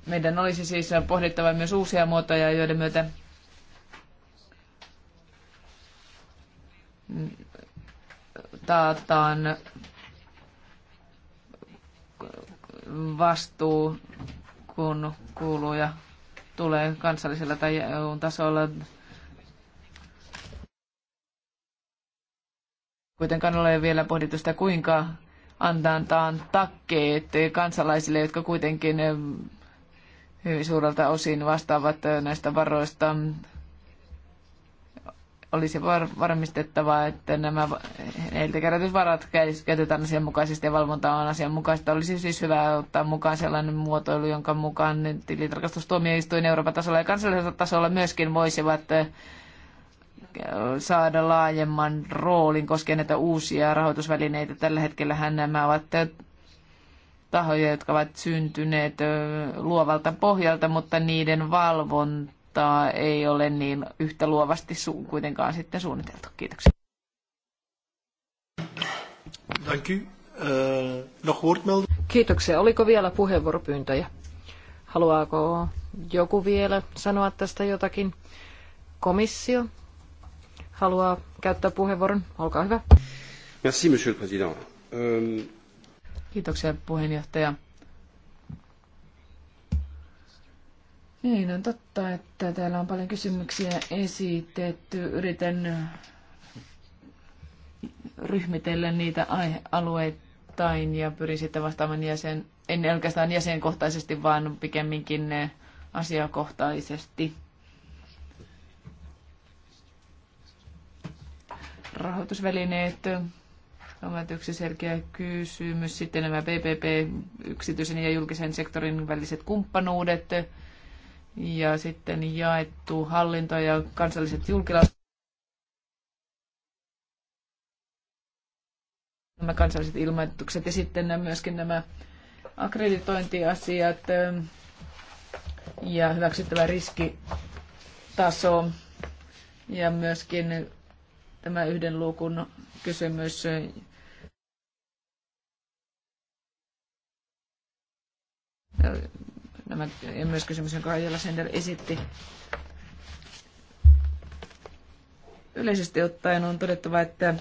Meidän olisi siis pohdittava myös uusia muotoja, joiden myötä taataan vastuu, kun kuuluu ja tulee kansallisella tai EU-tasolla. Kuitenkaan ole vielä pohdittu sitä, kuinka antantaan takkeet kansalaisille, jotka kuitenkin eh, hyvin suurelta osin vastaavat eh, näistä varoista olisi var- varmistettava, että nämä heiltä kerätyt varat käytetään asianmukaisesti ja valvonta on asianmukaista. Olisi siis hyvä ottaa mukaan sellainen muotoilu, jonka mukaan tilintarkastustuomioistuin Euroopan tasolla ja kansallisella tasolla myöskin voisivat eh, saada laajemman roolin koskien näitä uusia rahoitusvälineitä. Tällä hetkellä nämä ovat eh, tahoja, jotka ovat syntyneet eh, luovalta pohjalta, mutta niiden valvonta mutta ei ole niin yhtä luovasti su- kuitenkaan sitten suunniteltu. Kiitoksia. Thank you. Uh, Kiitoksia. Oliko vielä puheenvuoropyyntöjä? Haluaako joku vielä sanoa tästä jotakin? Komissio haluaa käyttää puheenvuoron. Olkaa hyvä. Merci, monsieur le président. Um... Kiitoksia puheenjohtaja. Niin, on totta, että täällä on paljon kysymyksiä esitetty. Yritän ryhmitellä niitä aihealueittain ja pyrin sitten vastaamaan jäsen, en oikeastaan jäsenkohtaisesti, vaan pikemminkin asiakohtaisesti. Rahoitusvälineet ovat yksi selkeä kysymys. Sitten nämä PPP, yksityisen ja julkisen sektorin väliset kumppanuudet ja sitten jaettu hallinto ja kansalliset julkilausut. Nämä kansalliset ilmoitukset ja sitten myöskin nämä akkreditointiasiat ähm, ja hyväksyttävä riskitaso ja myöskin tämä yhden luukun kysymys nämä, ja myös kysymys, jonka Aijala Sender esitti. Yleisesti ottaen on todettava, että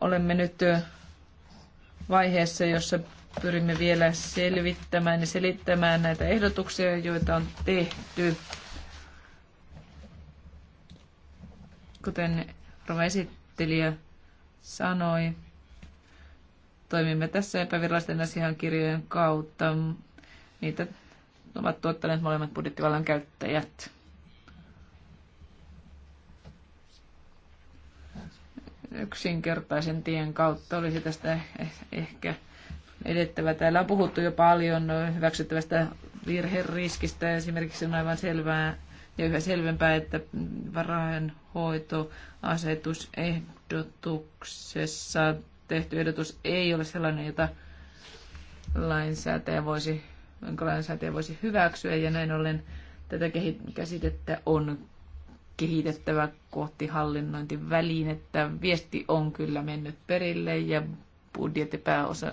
olemme nyt vaiheessa, jossa pyrimme vielä selvittämään ja selittämään näitä ehdotuksia, joita on tehty. Kuten Rova esittelijä sanoi, Toimimme tässä epävirallisten asiakirjojen kautta. Niitä ovat tuottaneet molemmat budjettivallan käyttäjät. Yksinkertaisen tien kautta olisi tästä eh- ehkä edettävä. Täällä on puhuttu jo paljon hyväksyttävästä virheriskistä. Esimerkiksi on aivan selvää ja yhä selvempää, että varainhoitoasetusehdotuksessa tehty ehdotus ei ole sellainen, jota lainsäätäjä voisi, jonka lainsäätäjä voisi hyväksyä, ja näin ollen tätä käsitettä on kehitettävä kohti hallinnointivälinettä. Viesti on kyllä mennyt perille ja budjettipääosa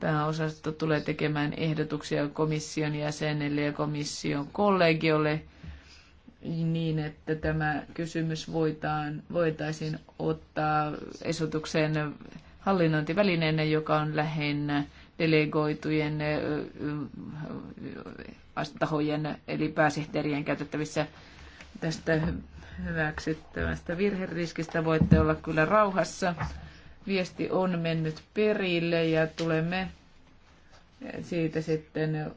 pääosasto tulee tekemään ehdotuksia komission jäsenelle ja komission kollegiolle niin, että tämä kysymys voitaan, voitaisiin ottaa esitykseen hallinnointivälineenä, joka on lähinnä delegoitujen tahojen eli pääsihteerien käytettävissä tästä hyväksyttävästä virheriskistä voitte olla kyllä rauhassa. Viesti on mennyt perille ja tulemme siitä sitten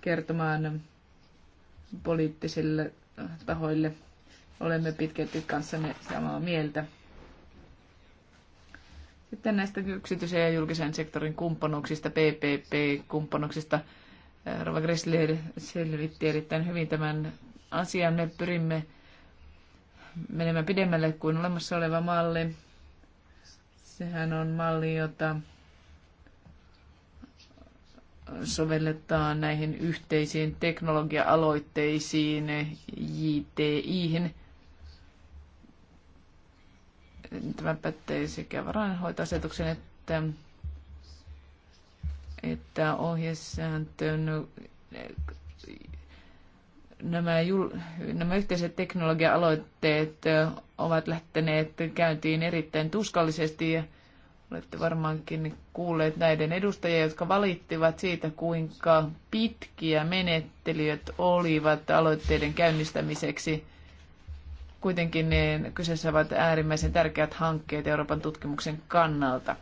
kertomaan poliittisille tahoille. Olemme pitkälti kanssanne samaa mieltä. Sitten näistä yksityisen ja julkisen sektorin kumppanuuksista, PPP-kumppanuuksista. Rova Gressler selvitti erittäin hyvin tämän asian. Me pyrimme menemään pidemmälle kuin olemassa oleva malli. Sehän on malli, jota sovelletaan näihin yhteisiin teknologia-aloitteisiin, JTIhin. Tämä pätee sekä varainhoitoasetuksen että, että ohjesääntöön nämä, jul, nämä yhteiset teknologia-aloitteet ovat lähteneet käyntiin erittäin tuskallisesti ja Olette varmaankin kuulleet näiden edustajia, jotka valittivat siitä, kuinka pitkiä menettelyt olivat aloitteiden käynnistämiseksi. Kuitenkin ne kyseessä ovat äärimmäisen tärkeät hankkeet Euroopan tutkimuksen kannalta.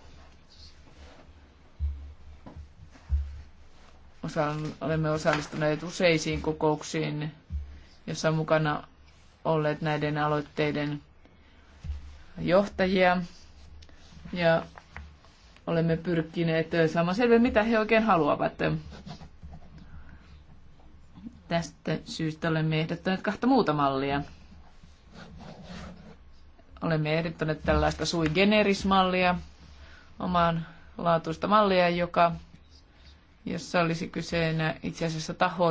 Osa, olemme osallistuneet useisiin kokouksiin, jossa on mukana olleet näiden aloitteiden johtajia ja olemme pyrkineet saamaan selville, mitä he oikein haluavat. Tästä syystä olemme ehdottaneet kahta muuta mallia. Olemme ehdottaneet tällaista sui generis-mallia, oman laatuista mallia, joka, jossa olisi kyseenä itse asiassa taho,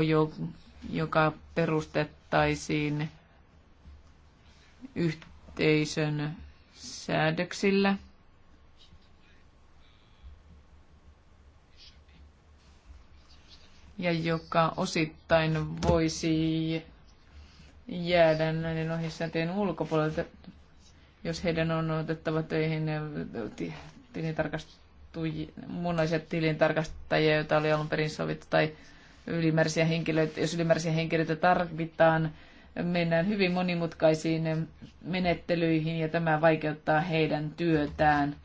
joka perustettaisiin yhteisön säädöksillä – ja joka osittain voisi jäädä näiden ohjesääntöjen ulkopuolelta, jos heidän on otettava töihin muunlaisia tilintarkastajia, joita oli alun perin sovittu, tai ylimääräisiä henkilöitä, jos ylimääräisiä henkilöitä tarvitaan, mennään hyvin monimutkaisiin menettelyihin ja tämä vaikeuttaa heidän työtään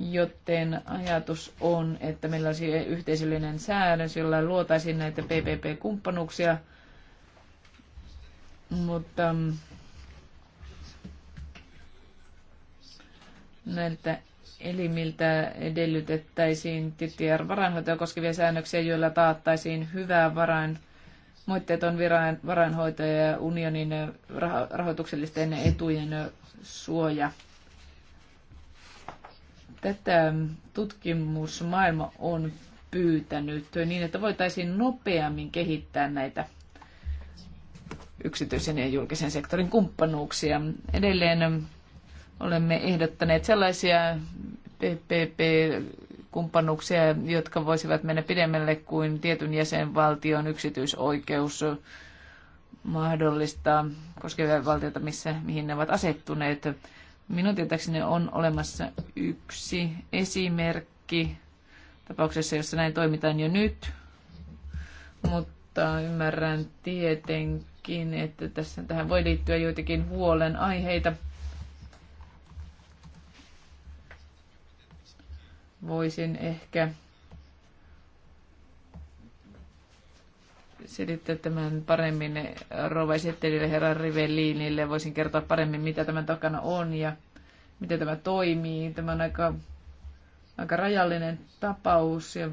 joten ajatus on, että meillä olisi yhteisöllinen säädös, jolla luotaisiin näitä PPP-kumppanuuksia, mutta mm, näiltä elimiltä edellytettäisiin ttr varainhoitoa koskevia säännöksiä, joilla taattaisiin hyvää varain moitteeton varainhoitoja ja unionin eh, rahoituksellisten etujen eh, suoja. Tätä ähm, tutkimusmaailma on pyytänyt niin, että voitaisiin nopeammin kehittää näitä yksityisen ja julkisen sektorin kumppanuuksia. Edelleen ähm, olemme ehdottaneet sellaisia PPP-kumppanuuksia, jotka voisivat mennä pidemmälle kuin tietyn jäsenvaltion yksityisoikeus mahdollistaa koskevia valtioita, missä, mihin ne ovat asettuneet. Minun tietääkseni on olemassa yksi esimerkki tapauksessa, jossa näin toimitaan jo nyt, mutta ymmärrän tietenkin, että tässä, tähän voi liittyä joitakin huolen aiheita. Voisin ehkä selittää tämän paremmin rouva esittelijälle herran Rivellinille. Voisin kertoa paremmin, mitä tämän takana on ja miten tämä toimii. Tämä on aika, aika rajallinen tapaus ja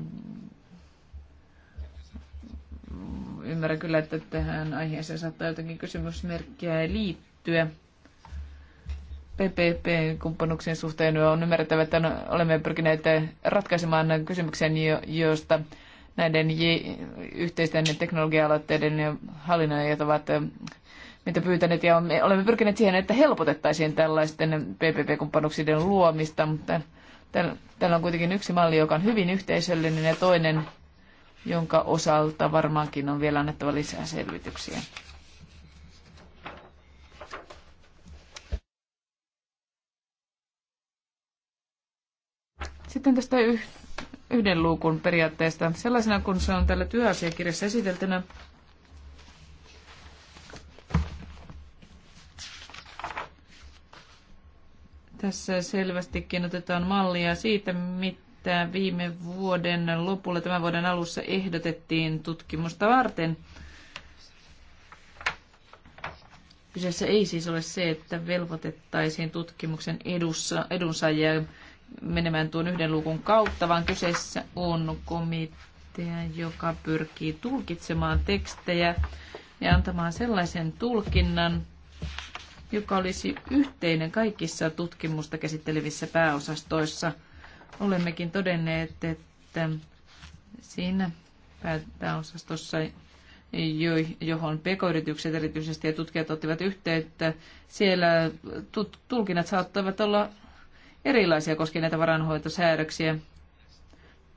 ymmärrän kyllä, että tähän aiheeseen saattaa jotakin kysymysmerkkiä liittyä. PPP-kumppanuksien suhteen on ymmärrettävä, että olemme pyrkineet ratkaisemaan kysymyksen, josta näiden yhteisten teknologia-aloitteiden ja hallinnoijat ovat eh, mitä pyytäneet ja olemme pyrkineet siihen, että helpotettaisiin tällaisten PPP-kumppanuksien luomista. Täällä on kuitenkin yksi malli, joka on hyvin yhteisöllinen ja toinen, jonka osalta varmaankin on vielä annettava lisää selvityksiä. Sitten tästä yhden luukun periaatteesta sellaisena, kun se on tällä työasiakirjassa esiteltynä. Tässä selvästikin otetaan mallia siitä, mitä viime vuoden lopulla, tämän vuoden alussa ehdotettiin tutkimusta varten. Kyseessä ei siis ole se, että velvoitettaisiin tutkimuksen edussa, edunsaajia menemään tuon yhden luukun kautta, vaan kyseessä on komitea, joka pyrkii tulkitsemaan tekstejä ja antamaan sellaisen tulkinnan, joka olisi yhteinen kaikissa tutkimusta käsittelevissä pääosastoissa. Olemmekin todenneet, että siinä pääosastossa, johon pk-yritykset erityisesti ja tutkijat ottivat yhteyttä, siellä tulkinnat saattavat olla erilaisia koskien näitä varanhoitosäädöksiä.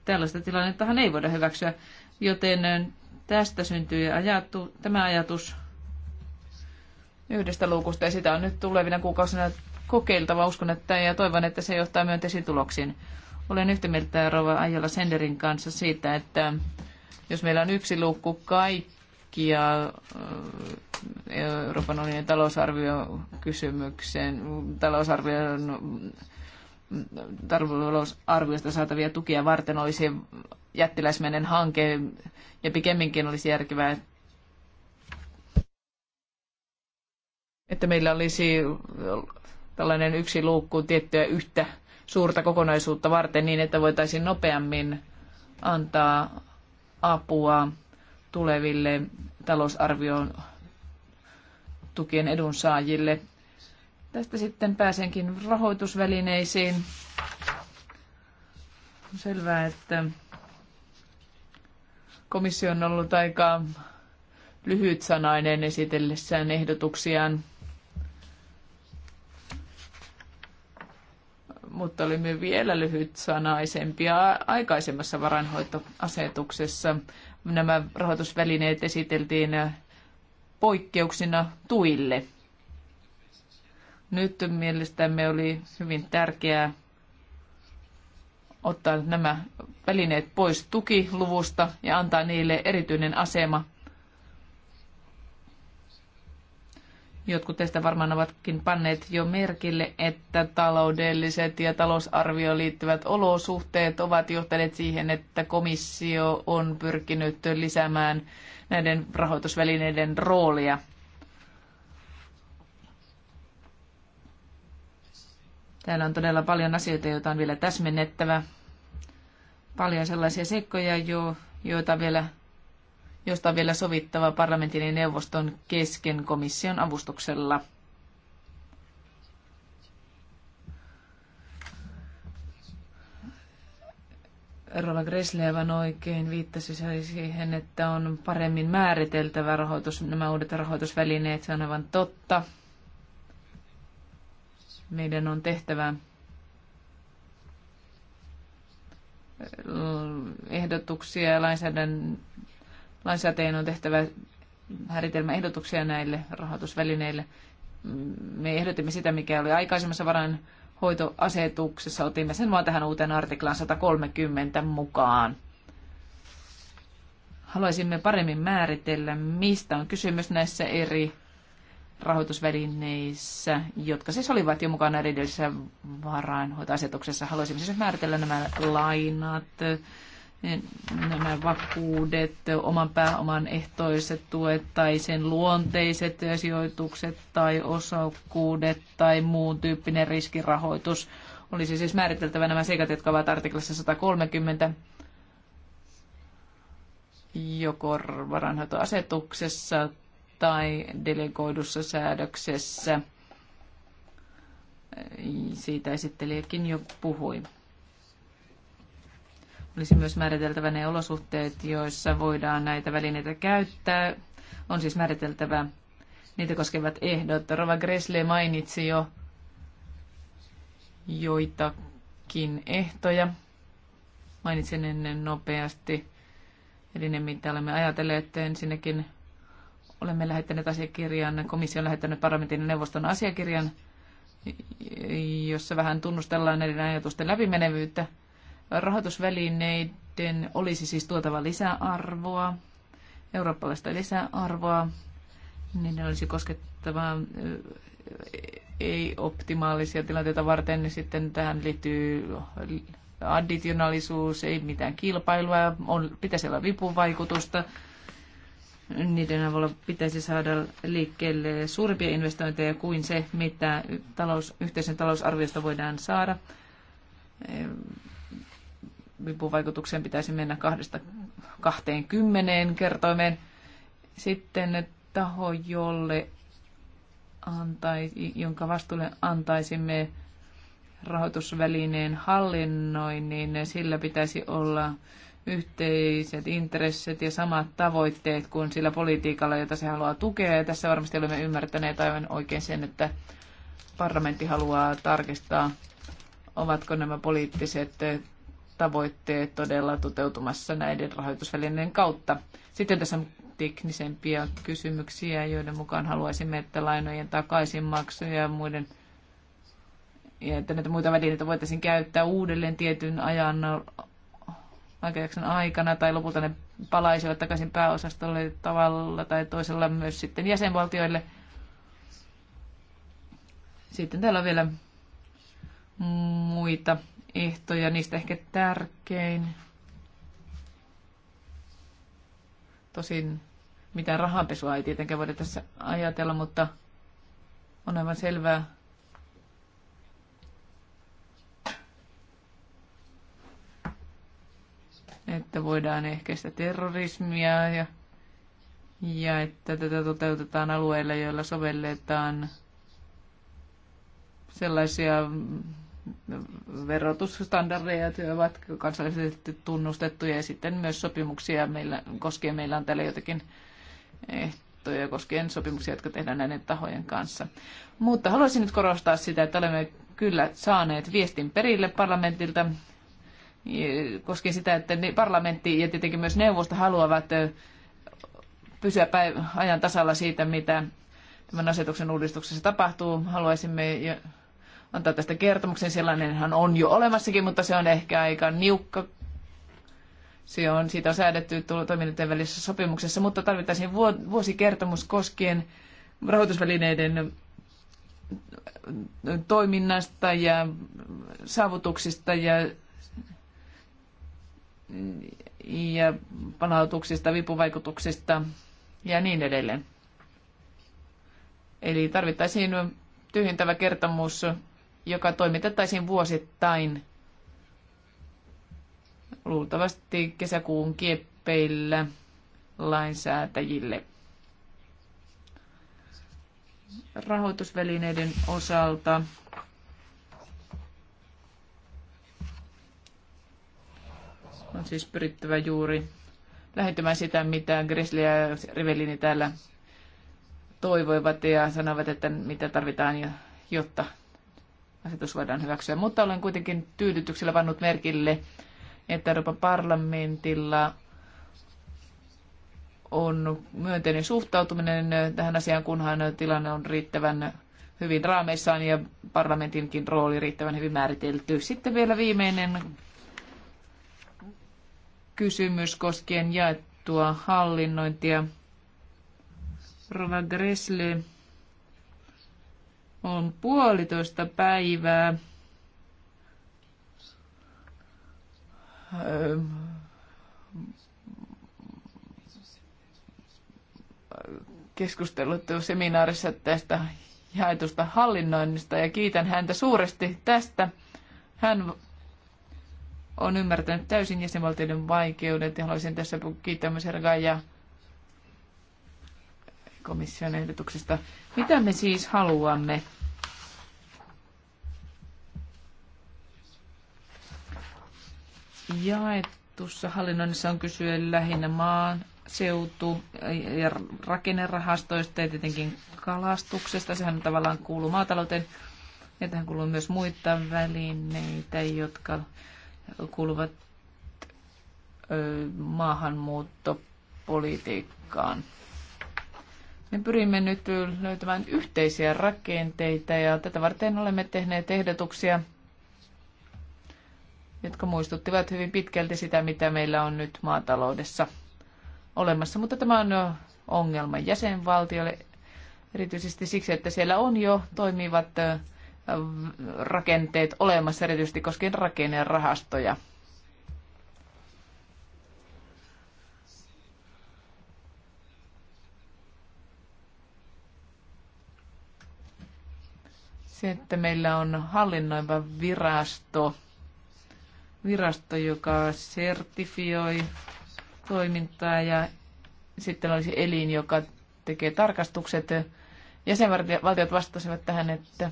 Tällaista tilannettahan ei voida hyväksyä, joten tästä syntyy ajattu, tämä ajatus yhdestä luukusta ja sitä on nyt tulevina kuukausina kokeiltava. Uskon, että ja toivon, että se johtaa myönteisiin tuloksiin. Olen yhtä mieltä Rova Aijala Senderin kanssa siitä, että jos meillä on yksi luukku kaikkia Euroopan unionin kysymykseen, talousarvion talousarviosta saatavia tukia varten olisi jättiläismäinen hanke ja pikemminkin olisi järkevää, että meillä olisi tällainen yksi luukku tiettyä yhtä suurta kokonaisuutta varten niin, että voitaisiin nopeammin antaa apua tuleville talousarvion tukien edunsaajille. Tästä sitten pääsenkin rahoitusvälineisiin. On selvää, että komissio on ollut aika lyhytsanainen esitellessään ehdotuksiaan. Mutta olimme vielä lyhytsanaisempia aikaisemmassa varainhoitoasetuksessa. Nämä rahoitusvälineet esiteltiin poikkeuksina tuille – nyt mielestämme oli hyvin tärkeää ottaa nämä välineet pois tukiluvusta ja antaa niille erityinen asema. Jotkut teistä varmaan ovatkin panneet jo merkille, että taloudelliset ja talousarvioon liittyvät olosuhteet ovat johtaneet siihen, että komissio on pyrkinyt lisäämään näiden rahoitusvälineiden roolia – Täällä on todella paljon asioita, joita on vielä täsmennettävä. Paljon sellaisia seikkoja, jo, joita vielä, joista on vielä sovittava parlamentin ja neuvoston kesken komission avustuksella. Rova Gressle aivan oikein viittasi siihen, että on paremmin määriteltävä rahoitus, nämä uudet rahoitusvälineet, se on aivan totta meidän on tehtävä ehdotuksia ja lainsäätäjien on tehtävä ehdotuksia näille rahoitusvälineille. Me ehdotimme sitä, mikä oli aikaisemmassa hoitoasetuksessa. Otimme sen vaan tähän uuteen artiklaan 130 mukaan. Haluaisimme paremmin määritellä, mistä on kysymys näissä eri rahoitusvälineissä, jotka siis olivat jo mukana edellisessä varainhoitoasetuksessa. Haluaisimme siis määritellä nämä lainat, nämä vakuudet, oman pääoman ehtoiset tuet tai sen luonteiset sijoitukset tai osakkuudet tai muun tyyppinen riskirahoitus. Olisi siis määriteltävä nämä seikat, jotka ovat artiklassa 130 joko varainhoitoasetuksessa tai delegoidussa säädöksessä. Siitä esittelijäkin jo puhui. Olisi myös määriteltävä ne olosuhteet, joissa voidaan näitä välineitä käyttää. On siis määriteltävä niitä koskevat ehdot. Rova Gresle mainitsi jo joitakin ehtoja. Mainitsen ennen nopeasti. Eli ne, mitä olemme ajatelleet, ensinnäkin Olemme lähettäneet asiakirjan, komissio on lähettänyt parlamentin ja neuvoston asiakirjan, jossa vähän tunnustellaan näiden ajatusten läpimenevyyttä. Rahoitusvälineiden olisi siis tuotava lisäarvoa, eurooppalaista lisäarvoa. Niiden olisi koskettava ei-optimaalisia tilanteita varten, niin sitten tähän liittyy additionaalisuus, ei mitään kilpailua, on, pitäisi olla vipuvaikutusta, niiden avulla pitäisi saada liikkeelle suurempia investointeja kuin se, mitä talous, yhteisen talousarviosta voidaan saada. Vipuvaikutukseen pitäisi mennä kahdesta kahteen kymmeneen kertoimeen. Sitten taho, jolle antai, jonka vastuulle antaisimme rahoitusvälineen hallinnoinnin, sillä pitäisi olla yhteiset intressit ja samat tavoitteet kuin sillä politiikalla, jota se haluaa tukea. Ja tässä varmasti olemme ymmärtäneet aivan oikein sen, että parlamentti haluaa tarkistaa, ovatko nämä poliittiset tavoitteet todella toteutumassa näiden rahoitusvälineiden kautta. Sitten tässä on teknisempiä kysymyksiä, joiden mukaan haluaisimme, että lainojen takaisinmaksuja ja muiden ja että näitä muita välineitä voitaisiin käyttää uudelleen tietyn ajan aikajakson aikana tai lopulta ne palaisivat takaisin pääosastolle tavalla tai toisella myös sitten jäsenvaltioille. Sitten täällä on vielä muita ehtoja, niistä ehkä tärkein. Tosin mitään rahanpesua ei tietenkään voida tässä ajatella, mutta on aivan selvää, että voidaan ehkäistä terrorismia ja, ja että tätä toteutetaan alueilla, joilla sovelletaan sellaisia verotusstandardeja, jotka ovat kansallisesti tunnustettuja ja sitten myös sopimuksia meillä, koskien meillä on täällä jotakin ehtoja koskien sopimuksia, jotka tehdään näiden tahojen kanssa. Mutta haluaisin nyt korostaa sitä, että olemme kyllä saaneet viestin perille parlamentilta koskien sitä, että parlamentti ja tietenkin myös neuvosto haluavat pysyä ajan tasalla siitä, mitä tämän asetuksen uudistuksessa tapahtuu. Haluaisimme antaa tästä kertomuksen. Sellainenhan on jo olemassakin, mutta se on ehkä aika niukka. Se on, siitä on säädetty toimintojen välisessä sopimuksessa, mutta tarvittaisiin vuosikertomus koskien rahoitusvälineiden toiminnasta ja saavutuksista ja ja palautuksista, vipuvaikutuksista ja niin edelleen. Eli tarvittaisiin tyhjentävä kertomus, joka toimitettaisiin vuosittain luultavasti kesäkuun kieppeillä lainsäätäjille. Rahoitusvälineiden osalta On siis pyrittävä juuri lähentämään sitä, mitä Grizzly ja Rivellini täällä toivoivat ja sanovat, että mitä tarvitaan, jotta asetus voidaan hyväksyä. Mutta olen kuitenkin tyydytyksellä vannut merkille, että Euroopan parlamentilla on myönteinen suhtautuminen tähän asiaan, kunhan tilanne on riittävän hyvin raameissaan ja parlamentinkin rooli riittävän hyvin määritelty. Sitten vielä viimeinen kysymys koskien jaettua hallinnointia. Rova Gressle on puolitoista päivää öö, keskustellut seminaarissa tästä jaetusta hallinnoinnista ja kiitän häntä suuresti tästä. Hän on ymmärtänyt täysin jäsenvaltioiden vaikeudet ja haluaisin tässä kiittää myös Ergaja komission ehdotuksesta. Mitä me siis haluamme? Jaetussa hallinnoinnissa on kysyä lähinnä maan seutu ja rakennerahastoista ja tietenkin kalastuksesta. Sehän tavallaan kuuluu maatalouteen ja tähän kuuluu myös muita välineitä, jotka kuuluvat maahanmuuttopolitiikkaan. Me pyrimme nyt löytämään yhteisiä rakenteita ja tätä varten olemme tehneet ehdotuksia, jotka muistuttivat hyvin pitkälti sitä, mitä meillä on nyt maataloudessa olemassa. Mutta tämä on ongelma jäsenvaltiolle erityisesti siksi, että siellä on jo toimivat rakenteet olemassa, erityisesti koskien rahastoja. Se, että meillä on hallinnoiva virasto, virasto, joka sertifioi toimintaa ja sitten olisi elin, joka tekee tarkastukset. Jäsenvaltiot vastasivat tähän, että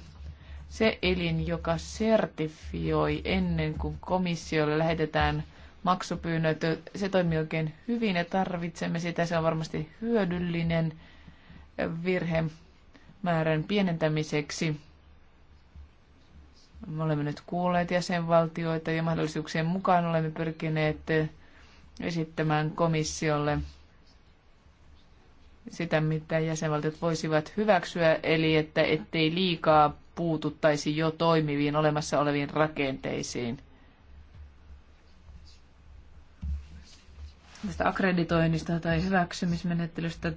se elin, joka sertifioi ennen kuin komissiolle lähetetään maksupyynnöt. Se toimii oikein hyvin ja tarvitsemme sitä. Se on varmasti hyödyllinen virhemäärän pienentämiseksi. Me olemme nyt kuulleet jäsenvaltioita ja mahdollisuuksien mukaan olemme pyrkineet esittämään komissiolle sitä, mitä jäsenvaltiot voisivat hyväksyä, eli että ettei liikaa puututtaisi jo toimiviin olemassa oleviin rakenteisiin. Tästä akkreditoinnista tai hyväksymismenettelystä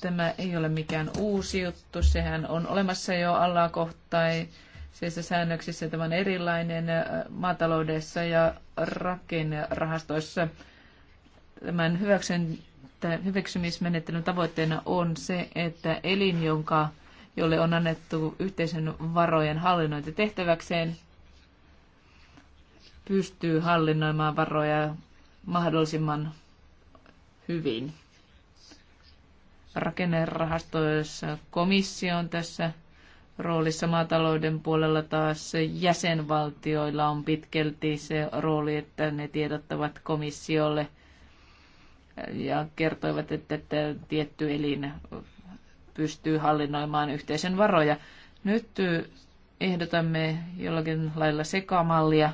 tämä ei ole mikään uusi juttu. Sehän on olemassa jo alakohtai siellä säännöksissä on erilainen maataloudessa ja rakennerahastoissa. Tämän hyväksymismenettelyn tavoitteena on se, että elin, jonka jolle on annettu yhteisen varojen hallinnointi tehtäväkseen, pystyy hallinnoimaan varoja mahdollisimman hyvin. Rakennerahastoissa komissio on tässä roolissa maatalouden puolella taas jäsenvaltioilla on pitkälti se rooli, että ne tiedottavat komissiolle ja kertoivat, että, että tietty elin pystyy hallinnoimaan yhteisen varoja. Nyt ehdotamme jollakin lailla sekamallia.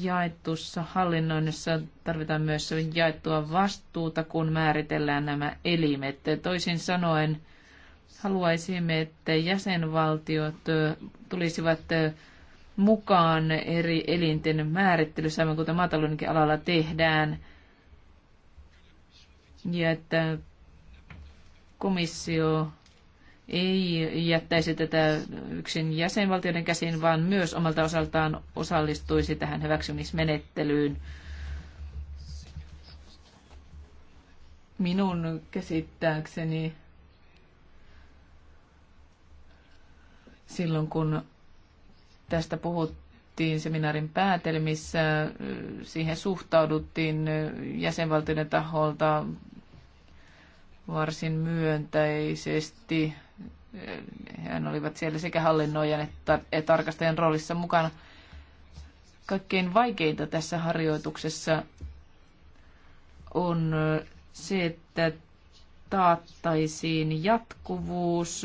Jaetussa hallinnoinnissa tarvitaan myös jaettua vastuuta, kun määritellään nämä elimet. Toisin sanoen haluaisimme, että jäsenvaltiot tulisivat mukaan eri elinten määrittelyssä, aivan kuten maataloudenkin alalla tehdään. Ja että komissio ei jättäisi tätä yksin jäsenvaltioiden käsiin, vaan myös omalta osaltaan osallistuisi tähän hyväksymismenettelyyn. Minun käsittääkseni silloin, kun tästä puhuttiin seminaarin päätelmissä, siihen suhtauduttiin jäsenvaltioiden taholta varsin myönteisesti. Hän olivat siellä sekä hallinnoijan että tarkastajan roolissa mukana. Kaikkein vaikeinta tässä harjoituksessa on se, että taattaisiin jatkuvuus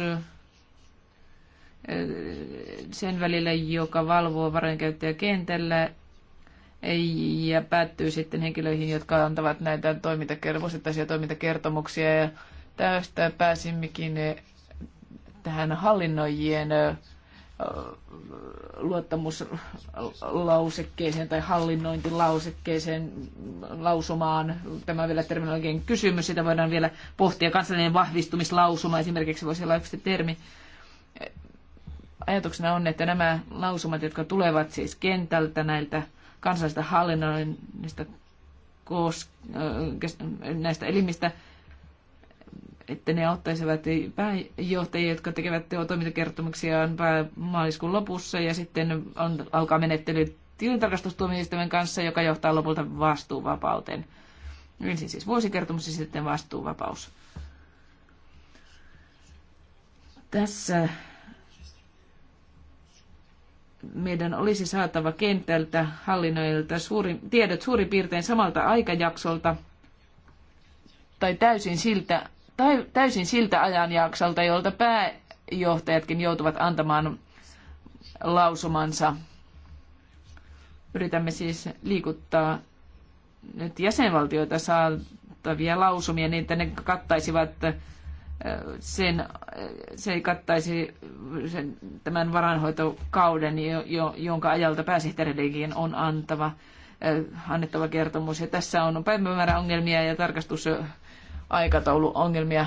sen välillä, joka valvoo varojenkäyttäjä kentällä ei, ja päättyy sitten henkilöihin, jotka antavat näitä toimintakertomuksia, toimintakertomuksia ja tästä pääsimmekin eh, tähän hallinnoijien eh, luottamuslausekkeeseen tai hallinnointilausekkeeseen lausumaan. Tämä on vielä terminologian kysymys, sitä voidaan vielä pohtia. Kansallinen vahvistumislausuma esimerkiksi voisi olla yksi termi. Ajatuksena on, että nämä lausumat, jotka tulevat siis kentältä näiltä kansallisista hallinnoinnista näistä elimistä, että ne auttaisivat pääjohtajia, jotka tekevät toimintakertomuksiaan maaliskuun lopussa ja sitten on, alkaa menettely tilintarkastustuomioistuimen kanssa, joka johtaa lopulta vastuuvapauteen. Ensin siis vuosikertomus ja sitten vastuuvapaus. Tässä meidän olisi saatava kentältä hallinnoilta suuri, tiedot suurin piirtein samalta aikajaksolta tai täysin siltä, tai täysin siltä ajanjaksolta, jolta pääjohtajatkin joutuvat antamaan lausumansa. Yritämme siis liikuttaa nyt jäsenvaltioita saatavia lausumia niin, että ne kattaisivat sen, se ei kattaisi sen, tämän varanhoitokauden, jo, jo, jonka ajalta pääsihteerillekin on antava, eh, annettava kertomus. Ja tässä on ongelmia ja ongelmia.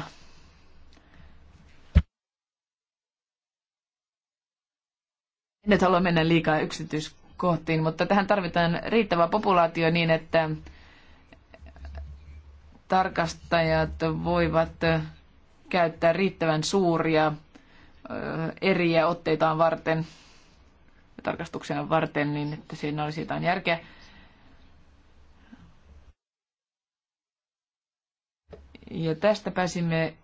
En nyt halua mennä liikaa yksityiskohtiin, mutta tähän tarvitaan riittävä populaatio niin, että tarkastajat voivat käyttää riittävän suuria eriä otteitaan varten ja tarkastuksia varten, niin että siinä olisi jotain järkeä. Ja tästä pääsimme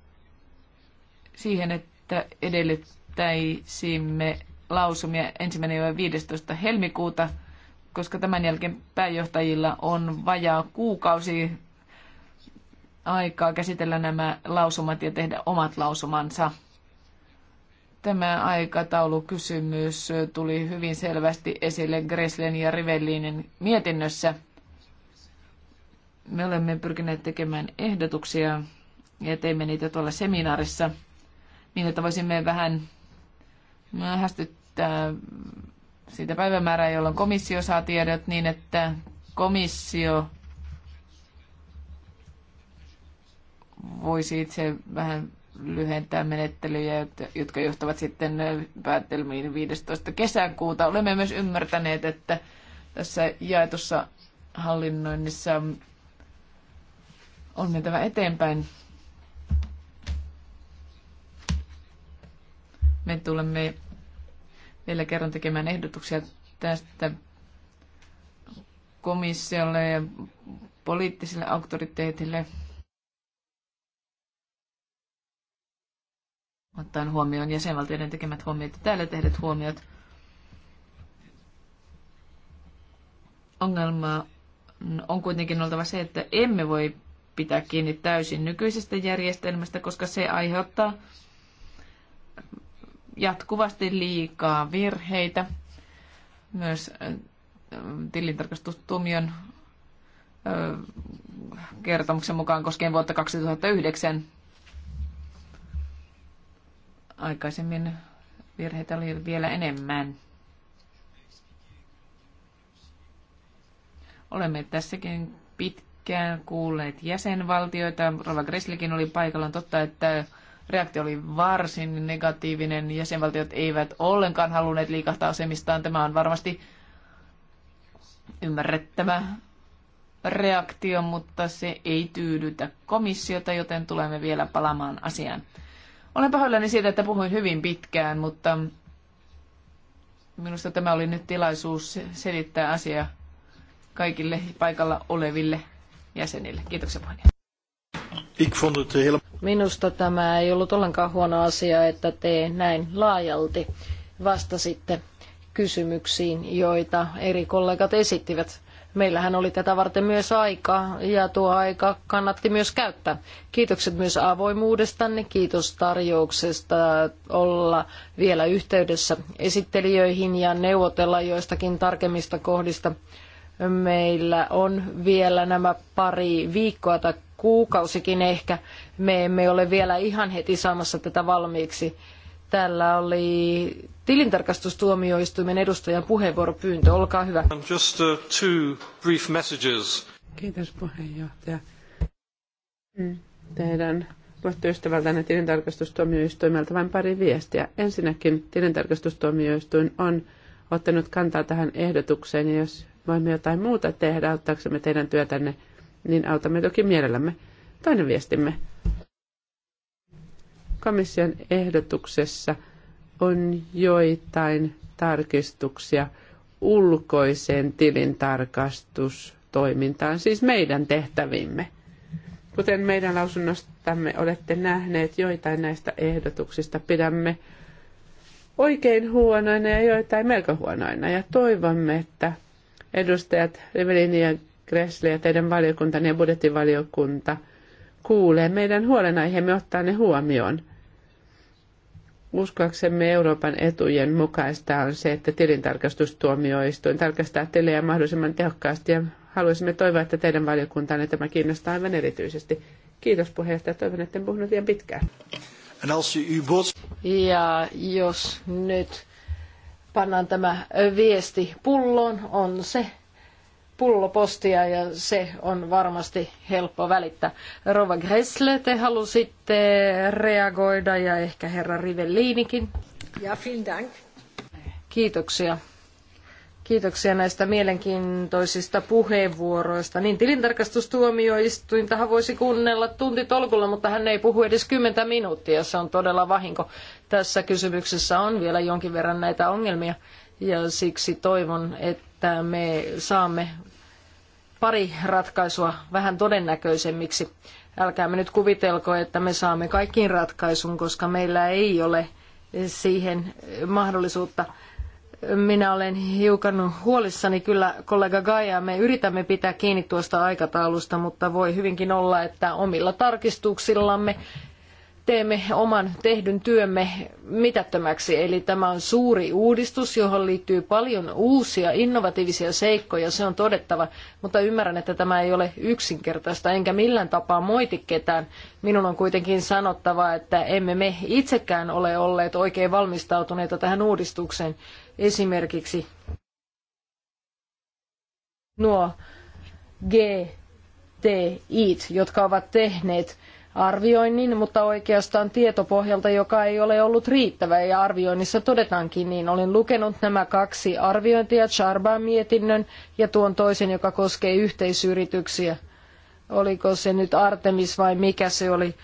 siihen, että edellyttäisimme lausumia ensimmäinen 15. helmikuuta, koska tämän jälkeen pääjohtajilla on vajaa kuukausi aikaa käsitellä nämä lausumat ja tehdä omat lausumansa. Tämä aikataulukysymys tuli hyvin selvästi esille Greslen ja Rivellinen mietinnössä. Me olemme pyrkineet tekemään ehdotuksia ja teimme niitä tuolla seminaarissa niin, että voisimme vähän myöhästyttää siitä päivämäärää, jolloin komissio saa tiedot niin, että komissio voisi itse vähän lyhentää menettelyjä, jotka johtavat sitten päätelmiin 15. kesäkuuta. Olemme myös ymmärtäneet, että tässä jaetussa hallinnoinnissa on mentävä eteenpäin. Me tulemme vielä kerran tekemään ehdotuksia tästä komissiolle ja poliittisille auktoriteetille – ottaen huomioon jäsenvaltioiden tekemät huomiot ja täällä tehdyt huomiot. Ongelma on kuitenkin oltava se, että emme voi pitää kiinni täysin nykyisestä järjestelmästä, koska se aiheuttaa jatkuvasti liikaa virheitä. Myös tilintarkastustumion kertomuksen mukaan koskien vuotta 2009 Aikaisemmin virheitä oli vielä enemmän. Olemme tässäkin pitkään kuulleet jäsenvaltioita. Rova Gresslikin oli paikalla. On totta, että reaktio oli varsin negatiivinen. Jäsenvaltiot eivät ollenkaan halunneet liikahtaa asemistaan. Tämä on varmasti ymmärrettävä reaktio, mutta se ei tyydytä komissiota, joten tulemme vielä palaamaan asiaan. Olen pahoillani siitä, että puhuin hyvin pitkään, mutta minusta tämä oli nyt tilaisuus selittää asia kaikille paikalla oleville jäsenille. Kiitoksia paljon. Minusta tämä ei ollut ollenkaan huono asia, että te näin laajalti vastasitte kysymyksiin, joita eri kollegat esittivät. Meillähän oli tätä varten myös aika ja tuo aika kannatti myös käyttää. Kiitokset myös avoimuudestanne, kiitos tarjouksesta olla vielä yhteydessä esittelijöihin ja neuvotella joistakin tarkemmista kohdista. Meillä on vielä nämä pari viikkoa tai kuukausikin ehkä. Me emme ole vielä ihan heti saamassa tätä valmiiksi Täällä oli tilintarkastustuomioistuimen edustajan puheenvuoropyyntö. Olkaa hyvä. Um, just, uh, two brief messages. Kiitos puheenjohtaja. Mm. Teidän luottoystävältänne tilintarkastustuomioistuimelta vain pari viestiä. Ensinnäkin tilintarkastustuomioistuin on ottanut kantaa tähän ehdotukseen ja jos voimme jotain muuta tehdä auttaaksemme teidän työtänne, niin autamme toki mielellämme. Toinen viestimme Komission ehdotuksessa on joitain tarkistuksia ulkoiseen tilintarkastustoimintaan, siis meidän tehtävimme. Kuten meidän lausunnostamme olette nähneet, joitain näistä ehdotuksista pidämme oikein huonoina ja joitain melko huonoina. Ja toivomme, että edustajat Rivelin ja Gressle ja teidän valiokuntanne ja budjettivaliokunta kuulee meidän huolenaiheemme ottaa ne huomioon. Uskoaksemme Euroopan etujen mukaista on se, että tilintarkastustuomioistuin tarkastaa tilejä mahdollisimman tehokkaasti ja haluaisimme toivoa, että teidän valiokuntanne tämä kiinnostaa aivan erityisesti. Kiitos puheenjohtaja. Toivon, että en puhunut liian pitkään. Ja jos nyt pannaan tämä viesti pulloon, on se, pullopostia ja se on varmasti helppo välittää. Rova Gressle, te halusitte reagoida ja ehkä herra Rivellinikin. Ja, vielen dank. Kiitoksia. Kiitoksia näistä mielenkiintoisista puheenvuoroista. Niin tilintarkastustuomioistuintahan voisi kuunnella tuntitolkulla, mutta hän ei puhu edes kymmentä minuuttia. Se on todella vahinko. Tässä kysymyksessä on vielä jonkin verran näitä ongelmia ja siksi toivon, että me saamme pari ratkaisua vähän todennäköisemmiksi. Älkäämme nyt kuvitelko, että me saamme kaikkiin ratkaisun, koska meillä ei ole siihen mahdollisuutta. Minä olen hiukan huolissani kyllä kollega Gaia. Me yritämme pitää kiinni tuosta aikataulusta, mutta voi hyvinkin olla, että omilla tarkistuksillamme teemme oman tehdyn työmme mitättömäksi. Eli tämä on suuri uudistus, johon liittyy paljon uusia innovatiivisia seikkoja, se on todettava, mutta ymmärrän, että tämä ei ole yksinkertaista, enkä millään tapaa moiti ketään. Minun on kuitenkin sanottava, että emme me itsekään ole olleet oikein valmistautuneita tähän uudistukseen. Esimerkiksi nuo GTI, jotka ovat tehneet arvioinnin, mutta oikeastaan tietopohjalta, joka ei ole ollut riittävä ja arvioinnissa todetaankin niin. Olen lukenut nämä kaksi arviointia, Charbaan mietinnön ja tuon toisen, joka koskee yhteisyrityksiä. Oliko se nyt Artemis vai mikä se oli?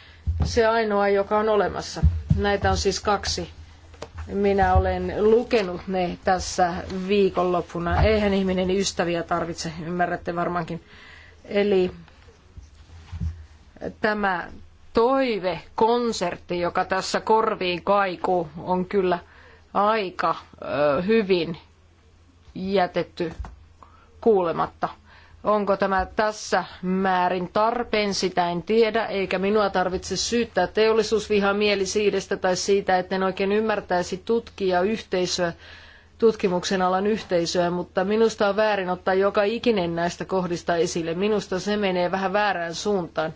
Se ainoa, joka on olemassa. Näitä on siis kaksi. Minä olen lukenut ne tässä viikonloppuna. Eihän ihminen ystäviä tarvitse, ymmärrätte varmaankin. Eli tämä Toive-konsertti, joka tässä korviin kaikuu, on kyllä aika hyvin jätetty kuulematta. Onko tämä tässä määrin tarpeen, sitä en tiedä, eikä minua tarvitse syyttää teollisuusvihamielisyydestä tai siitä, että en oikein ymmärtäisi tutkija yhteisöä, tutkimuksen alan yhteisöä, mutta minusta on väärin ottaa joka ikinen näistä kohdista esille. Minusta se menee vähän väärään suuntaan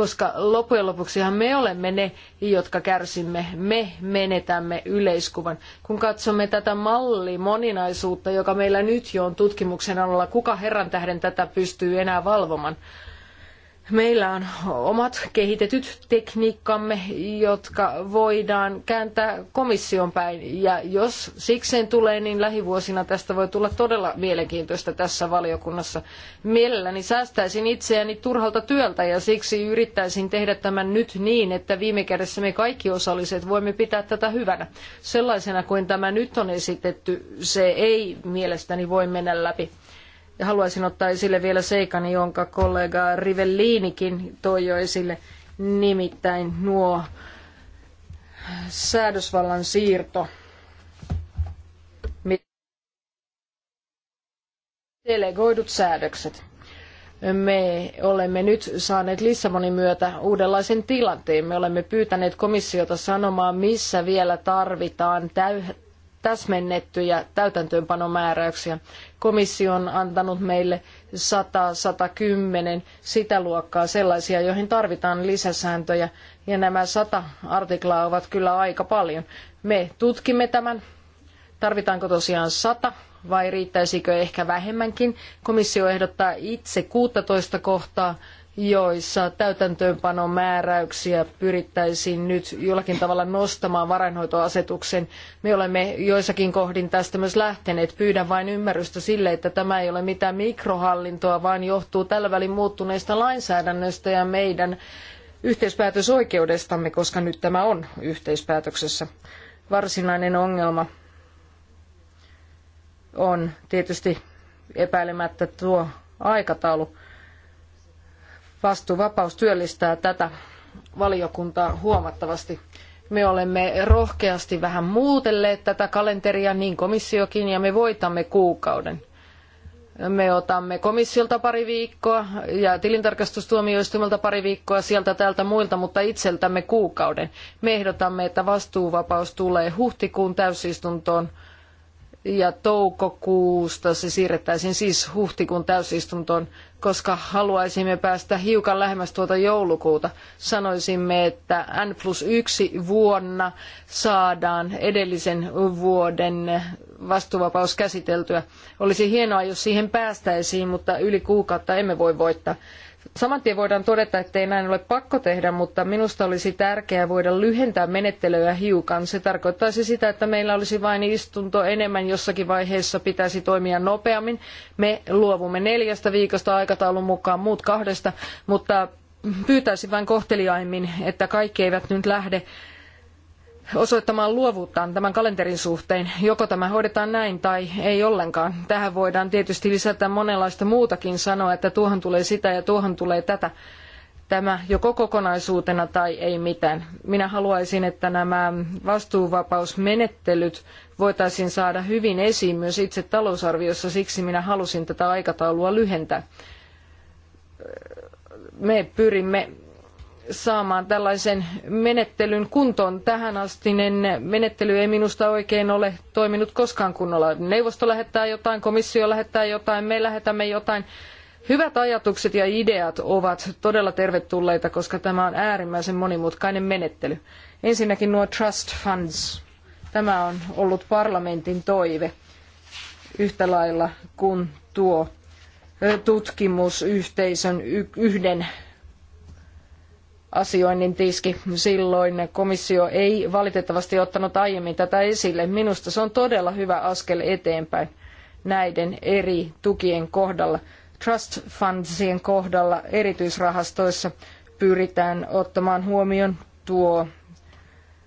koska loppujen lopuksihan me olemme ne, jotka kärsimme. Me menetämme yleiskuvan. Kun katsomme tätä malli moninaisuutta, joka meillä nyt jo on tutkimuksen alla, kuka herran tähden tätä pystyy enää valvomaan? Meillä on omat kehitetyt tekniikkamme, jotka voidaan kääntää komission päin. Ja jos sikseen tulee, niin lähivuosina tästä voi tulla todella mielenkiintoista tässä valiokunnassa. Mielelläni säästäisin itseäni turhalta työltä ja siksi yrittäisin tehdä tämän nyt niin, että viime kädessä me kaikki osalliset voimme pitää tätä hyvänä. Sellaisena kuin tämä nyt on esitetty, se ei mielestäni voi mennä läpi. Ja haluaisin ottaa esille vielä seikan, jonka kollega Rivellinikin toi jo esille, nimittäin nuo säädösvallan siirto. Delegoidut säädökset. Me olemme nyt saaneet Lissabonin myötä uudenlaisen tilanteen. Me olemme pyytäneet komissiota sanomaan, missä vielä tarvitaan täy- täsmennettyjä täytäntöönpanomääräyksiä. Komissio on antanut meille 100-110 sitä luokkaa sellaisia, joihin tarvitaan lisäsääntöjä, ja nämä 100 artiklaa ovat kyllä aika paljon. Me tutkimme tämän, tarvitaanko tosiaan 100 vai riittäisikö ehkä vähemmänkin. Komissio ehdottaa itse 16 kohtaa, joissa täytäntöönpanon määräyksiä pyrittäisiin nyt jollakin tavalla nostamaan varainhoitoasetuksen. Me olemme joissakin kohdin tästä myös lähteneet. Pyydän vain ymmärrystä sille, että tämä ei ole mitään mikrohallintoa, vaan johtuu tällä välin muuttuneesta lainsäädännöstä ja meidän yhteispäätösoikeudestamme, koska nyt tämä on yhteispäätöksessä varsinainen ongelma on tietysti epäilemättä tuo aikataulu. Vastuuvapaus työllistää tätä valiokuntaa huomattavasti. Me olemme rohkeasti vähän muutelleet tätä kalenteria, niin komissiokin, ja me voitamme kuukauden. Me otamme komissiolta pari viikkoa ja tilintarkastustuomioistuimelta pari viikkoa sieltä täältä muilta, mutta itseltämme kuukauden. Me ehdotamme, että vastuuvapaus tulee huhtikuun täysistuntoon ja toukokuusta se siirrettäisiin siis huhtikuun täysistuntoon koska haluaisimme päästä hiukan lähemmäs tuota joulukuuta. Sanoisimme, että N plus 1 vuonna saadaan edellisen vuoden vastuuvapaus käsiteltyä. Olisi hienoa, jos siihen päästäisiin, mutta yli kuukautta emme voi voittaa tien voidaan todeta, että ei näin ole pakko tehdä, mutta minusta olisi tärkeää voida lyhentää menettelyä hiukan. Se tarkoittaisi sitä, että meillä olisi vain istunto enemmän jossakin vaiheessa, pitäisi toimia nopeammin. Me luovumme neljästä viikosta aikataulun mukaan, muut kahdesta, mutta pyytäisin vain kohteliaimmin, että kaikki eivät nyt lähde osoittamaan luovuuttaan tämän kalenterin suhteen. Joko tämä hoidetaan näin tai ei ollenkaan. Tähän voidaan tietysti lisätä monenlaista muutakin sanoa, että tuohon tulee sitä ja tuohon tulee tätä. Tämä joko kokonaisuutena tai ei mitään. Minä haluaisin, että nämä vastuuvapausmenettelyt voitaisiin saada hyvin esiin myös itse talousarviossa, siksi minä halusin tätä aikataulua lyhentää. Me pyrimme saamaan tällaisen menettelyn kuntoon. Tähänastinen menettely ei minusta oikein ole toiminut koskaan kunnolla. Neuvosto lähettää jotain, komissio lähettää jotain, me lähetämme jotain. Hyvät ajatukset ja ideat ovat todella tervetulleita, koska tämä on äärimmäisen monimutkainen menettely. Ensinnäkin nuo trust funds. Tämä on ollut parlamentin toive yhtä lailla kuin tuo tutkimusyhteisön yhden asioinnin tiski. Silloin komissio ei valitettavasti ottanut aiemmin tätä esille. Minusta se on todella hyvä askel eteenpäin näiden eri tukien kohdalla. Trust fundsien kohdalla erityisrahastoissa pyritään ottamaan huomioon tuo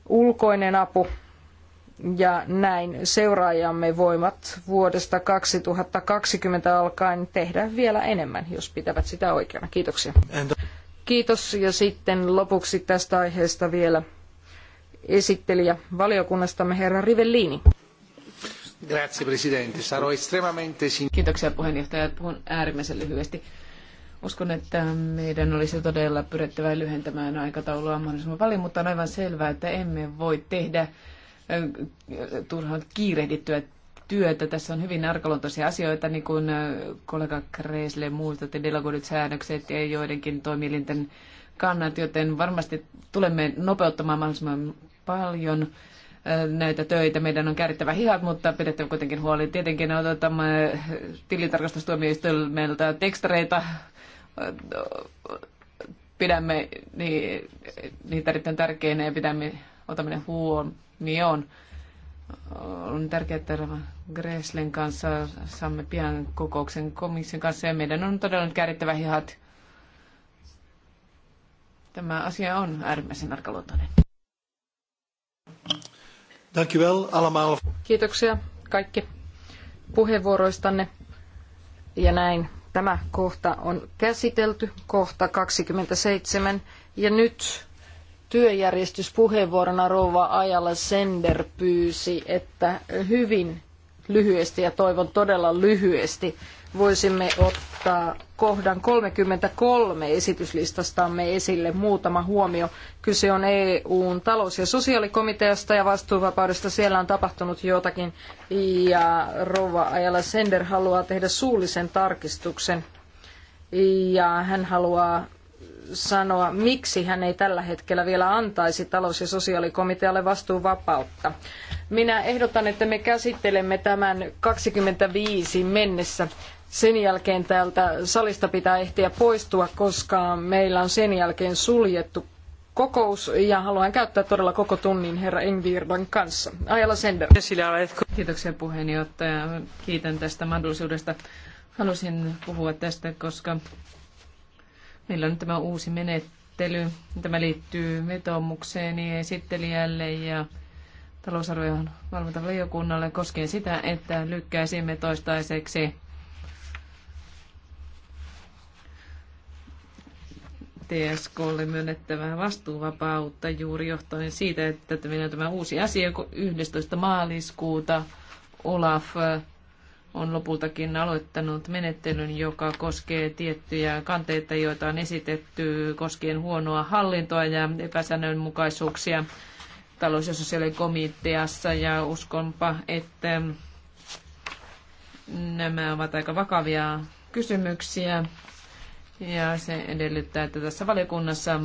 ulkoinen apu ja näin seuraajamme voivat vuodesta 2020 alkaen tehdä vielä enemmän, jos pitävät sitä oikeana. Kiitoksia. Kiitos ja sitten lopuksi tästä aiheesta vielä esittelijä valiokunnastamme herra Rivellini. Grazie Presidente. Sarò estremamente... Kiitoksia puheenjohtaja. Puhun äärimmäisen lyhyesti. Uskon, että meidän olisi todella pyrittävä lyhentämään aikataulua mahdollisimman paljon, mutta on aivan selvää, että emme voi tehdä turhan kiirehdittyä työtä. Tässä on hyvin arkaluontoisia asioita, niin kuin kollega Kreisle muistatte, delegoidut säännökset ja joidenkin toimielinten kannat, joten varmasti tulemme nopeuttamaan mahdollisimman paljon näitä töitä. Meidän on käärittävä hihat, mutta pidettävä kuitenkin huoli. Tietenkin otamme tilintarkastustuomioistuimelta tekstareita, pidämme niitä erittäin tärkeinä ja pidämme otaminen huomioon on tärkeää, että Greslen kanssa saamme pian kokouksen komission kanssa ja meidän on todella nyt käärittävä hihat. Tämä asia on äärimmäisen arkaluontoinen. Kiitoksia kaikki puheenvuoroistanne. Ja näin tämä kohta on käsitelty, kohta 27. Ja nyt työjärjestyspuheenvuorona rouva Ajala Sender pyysi, että hyvin lyhyesti ja toivon todella lyhyesti voisimme ottaa kohdan 33 esityslistastamme esille muutama huomio. Kyse on EUn talous- ja sosiaalikomiteasta ja vastuuvapaudesta. Siellä on tapahtunut jotakin ja Rova Ajala Sender haluaa tehdä suullisen tarkistuksen ja hän haluaa sanoa, miksi hän ei tällä hetkellä vielä antaisi talous- ja sosiaalikomitealle vastuuvapautta. Minä ehdotan, että me käsittelemme tämän 25 mennessä. Sen jälkeen täältä salista pitää ehtiä poistua, koska meillä on sen jälkeen suljettu kokous ja haluan käyttää todella koko tunnin herra Engvirdan kanssa. Ajala Sender. Kiitoksia puheenjohtaja. Kiitän tästä mahdollisuudesta. Halusin puhua tästä, koska Meillä on nyt tämä uusi menettely. Tämä liittyy ja esittelijälle ja talousarvojen valvontavaliokunnalle koskien sitä, että lykkäisimme toistaiseksi TSKlle myönnettävää vastuuvapautta juuri johtuen siitä, että meillä on tämä uusi asia 11. maaliskuuta. Olaf on lopultakin aloittanut menettelyn, joka koskee tiettyjä kanteita, joita on esitetty koskien huonoa hallintoa ja epäsäännönmukaisuuksia talous- ja sosiaalikomiteassa. Ja uskonpa, että nämä ovat aika vakavia kysymyksiä. Ja se edellyttää, että tässä valiokunnassa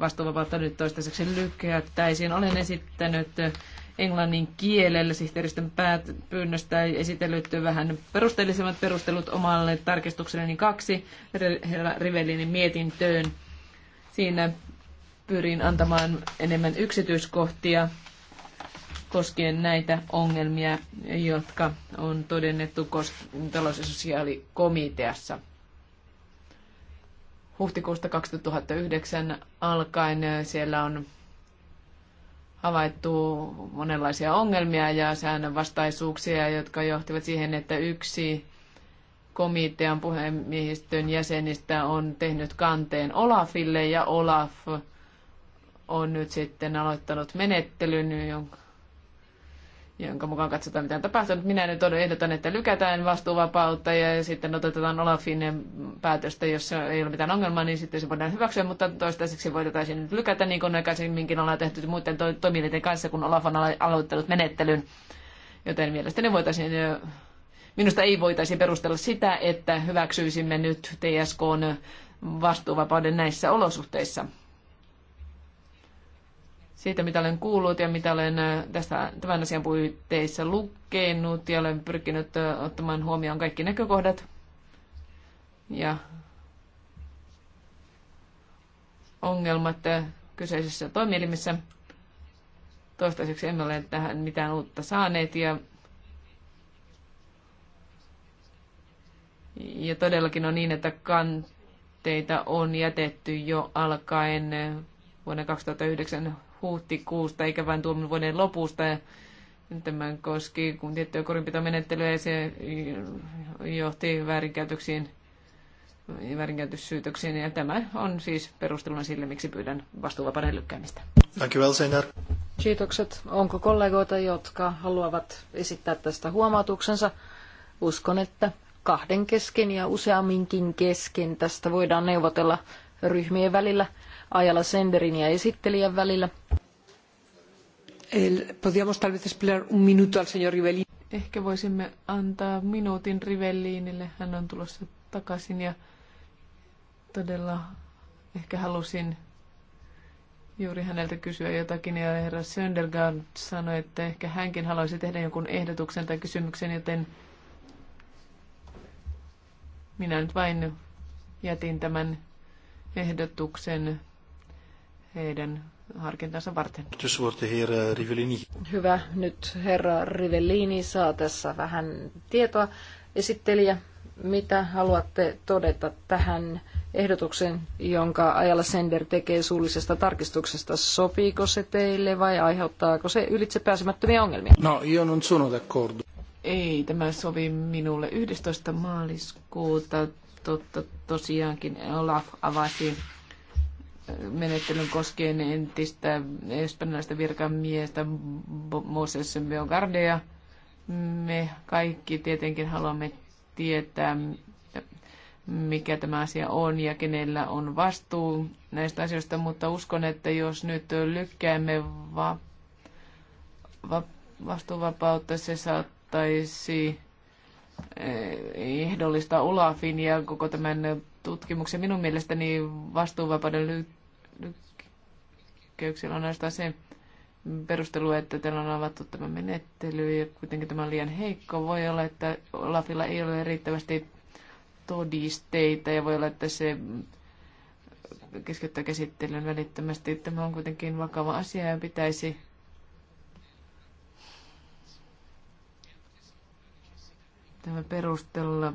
vastuuvapautta nyt toistaiseksi lykkäyttäisiin. Olen esittänyt englannin kielellä sihteeristön päät, pyynnöstä esitellyt vähän perusteellisemmat perustelut omalle tarkistukselleni niin kaksi herra Rivellinin mietintöön. Siinä pyrin antamaan enemmän yksityiskohtia koskien näitä ongelmia, jotka on todennettu talous- ja sosiaalikomiteassa. Huhtikuusta 2009 alkaen siellä on havaittu monenlaisia ongelmia ja säännönvastaisuuksia, jotka johtivat siihen, että yksi komitean puhemiehistön jäsenistä on tehnyt kanteen Olafille ja Olaf on nyt sitten aloittanut menettelyn, jonka jonka mukaan katsotaan mitä on tapahtunut. Minä nyt ehdotan, että lykätään vastuuvapautta ja sitten otetaan Olafin päätöstä, jos ei ole mitään ongelmaa, niin sitten se voidaan hyväksyä, mutta toistaiseksi voitaisiin nyt lykätä, niin kuin aikaisemminkin ollaan tehty muiden to- toimijoiden kanssa, kun Olaf on aloittanut menettelyn. Joten mielestäni voitaisiin, minusta ei voitaisi perustella sitä, että hyväksyisimme nyt TSKn vastuuvapauden näissä olosuhteissa siitä, mitä olen kuullut ja mitä olen tästä, tämän asian puitteissa lukenut ja olen pyrkinyt ottamaan huomioon kaikki näkökohdat. Ja ongelmat kyseisessä toimielimessä. Toistaiseksi emme ole tähän mitään uutta saaneet ja, ja todellakin on niin, että kanteita on jätetty jo alkaen vuonna 2009 huhtikuusta eikä vain tuon vuoden lopusta. tämän koski kun tiettyä kurinpitomenettelyä ja se johti väärinkäytöksiin väärinkäytössyytöksiin. Ja tämä on siis perusteluna sille, miksi pyydän vastuuvapauden lykkäämistä. Thank you, Kiitokset. Onko kollegoita, jotka haluavat esittää tästä huomautuksensa? Uskon, että kahden kesken ja useamminkin kesken tästä voidaan neuvotella ryhmien välillä. Ajala Senderin ja esittelijän välillä. Podíamos tal vez esperar un minuto al señor Ehkä voisimme antaa minuutin Rivellinille. Hän on tulossa takaisin ja todella ehkä halusin juuri häneltä kysyä jotakin ja herra Söndergaard sanoi, että ehkä hänkin haluaisi tehdä jonkun ehdotuksen tai kysymyksen, joten minä nyt vain jätin tämän ehdotuksen heidän harkintansa varten. Eh, Hyvä. Nyt herra Rivellini saa tässä vähän tietoa. Esittelijä, mitä haluatte todeta tähän ehdotuksen, jonka ajalla Sender tekee suullisesta tarkistuksesta. Sopiiko se teille vai aiheuttaako se ylitsepääsemättömiä ongelmia? No, io non sono d'accordo. Ei, tämä sovi minulle 11. maaliskuuta. Totta tosiaankin Olaf avasi menettelyn koskien entistä espanjalaista virkamiestä Moses Beogardea. Me kaikki tietenkin haluamme tietää, mikä tämä asia on ja kenellä on vastuu näistä asioista, mutta uskon, että jos nyt lykkäämme va- va- vastuuvapautta, se saattaisi eh, ehdollista Olafin ja koko tämän tutkimuksen. Minun mielestäni vastuuvapauden poikkeuksilla on ainoastaan se perustelu, että täällä on avattu tämä menettely ja kuitenkin tämä on liian heikko. Voi olla, että Olafilla ei ole riittävästi todisteita ja voi olla, että se keskittää käsittelyn välittömästi. Tämä on kuitenkin vakava asia ja pitäisi tämä perustella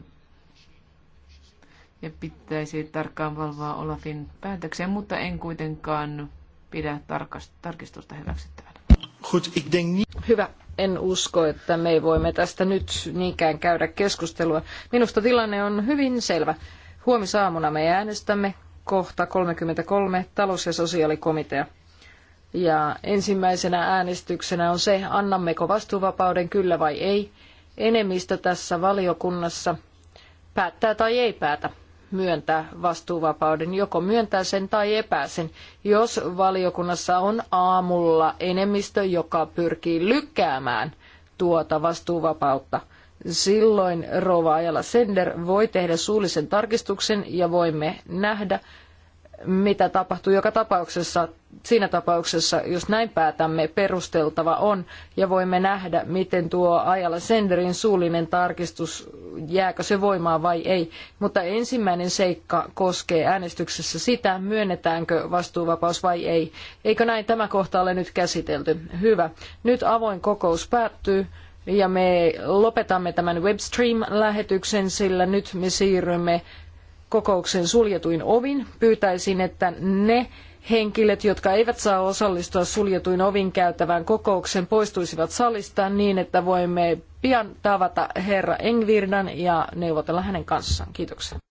ja pitäisi tarkkaan valvoa Olafin päätöksiä, mutta en kuitenkaan pidä tarkistusta hyväksyttävänä. Hyvä. En usko, että me voimme tästä nyt niinkään käydä keskustelua. Minusta tilanne on hyvin selvä. Huomisaamuna me äänestämme kohta 33 talous- ja sosiaalikomitea. Ja ensimmäisenä äänestyksenä on se, annammeko vastuuvapauden kyllä vai ei. Enemmistö tässä valiokunnassa päättää tai ei päätä myöntää vastuuvapauden, joko myöntää sen tai epää sen. Jos valiokunnassa on aamulla enemmistö, joka pyrkii lykkäämään tuota vastuuvapautta, silloin rouva Ajala Sender voi tehdä suullisen tarkistuksen ja voimme nähdä, mitä tapahtuu joka tapauksessa. Siinä tapauksessa, jos näin päätämme, perusteltava on ja voimme nähdä, miten tuo ajalla senderin suullinen tarkistus, jääkö se voimaan vai ei. Mutta ensimmäinen seikka koskee äänestyksessä sitä, myönnetäänkö vastuuvapaus vai ei. Eikö näin tämä kohta ole nyt käsitelty? Hyvä. Nyt avoin kokous päättyy. Ja me lopetamme tämän webstream-lähetyksen, sillä nyt me siirrymme kokouksen suljetuin ovin. Pyytäisin, että ne henkilöt, jotka eivät saa osallistua suljetuin ovin käytävään kokoukseen, poistuisivat salista niin, että voimme pian tavata herra Engvirdan ja neuvotella hänen kanssaan. Kiitoksia.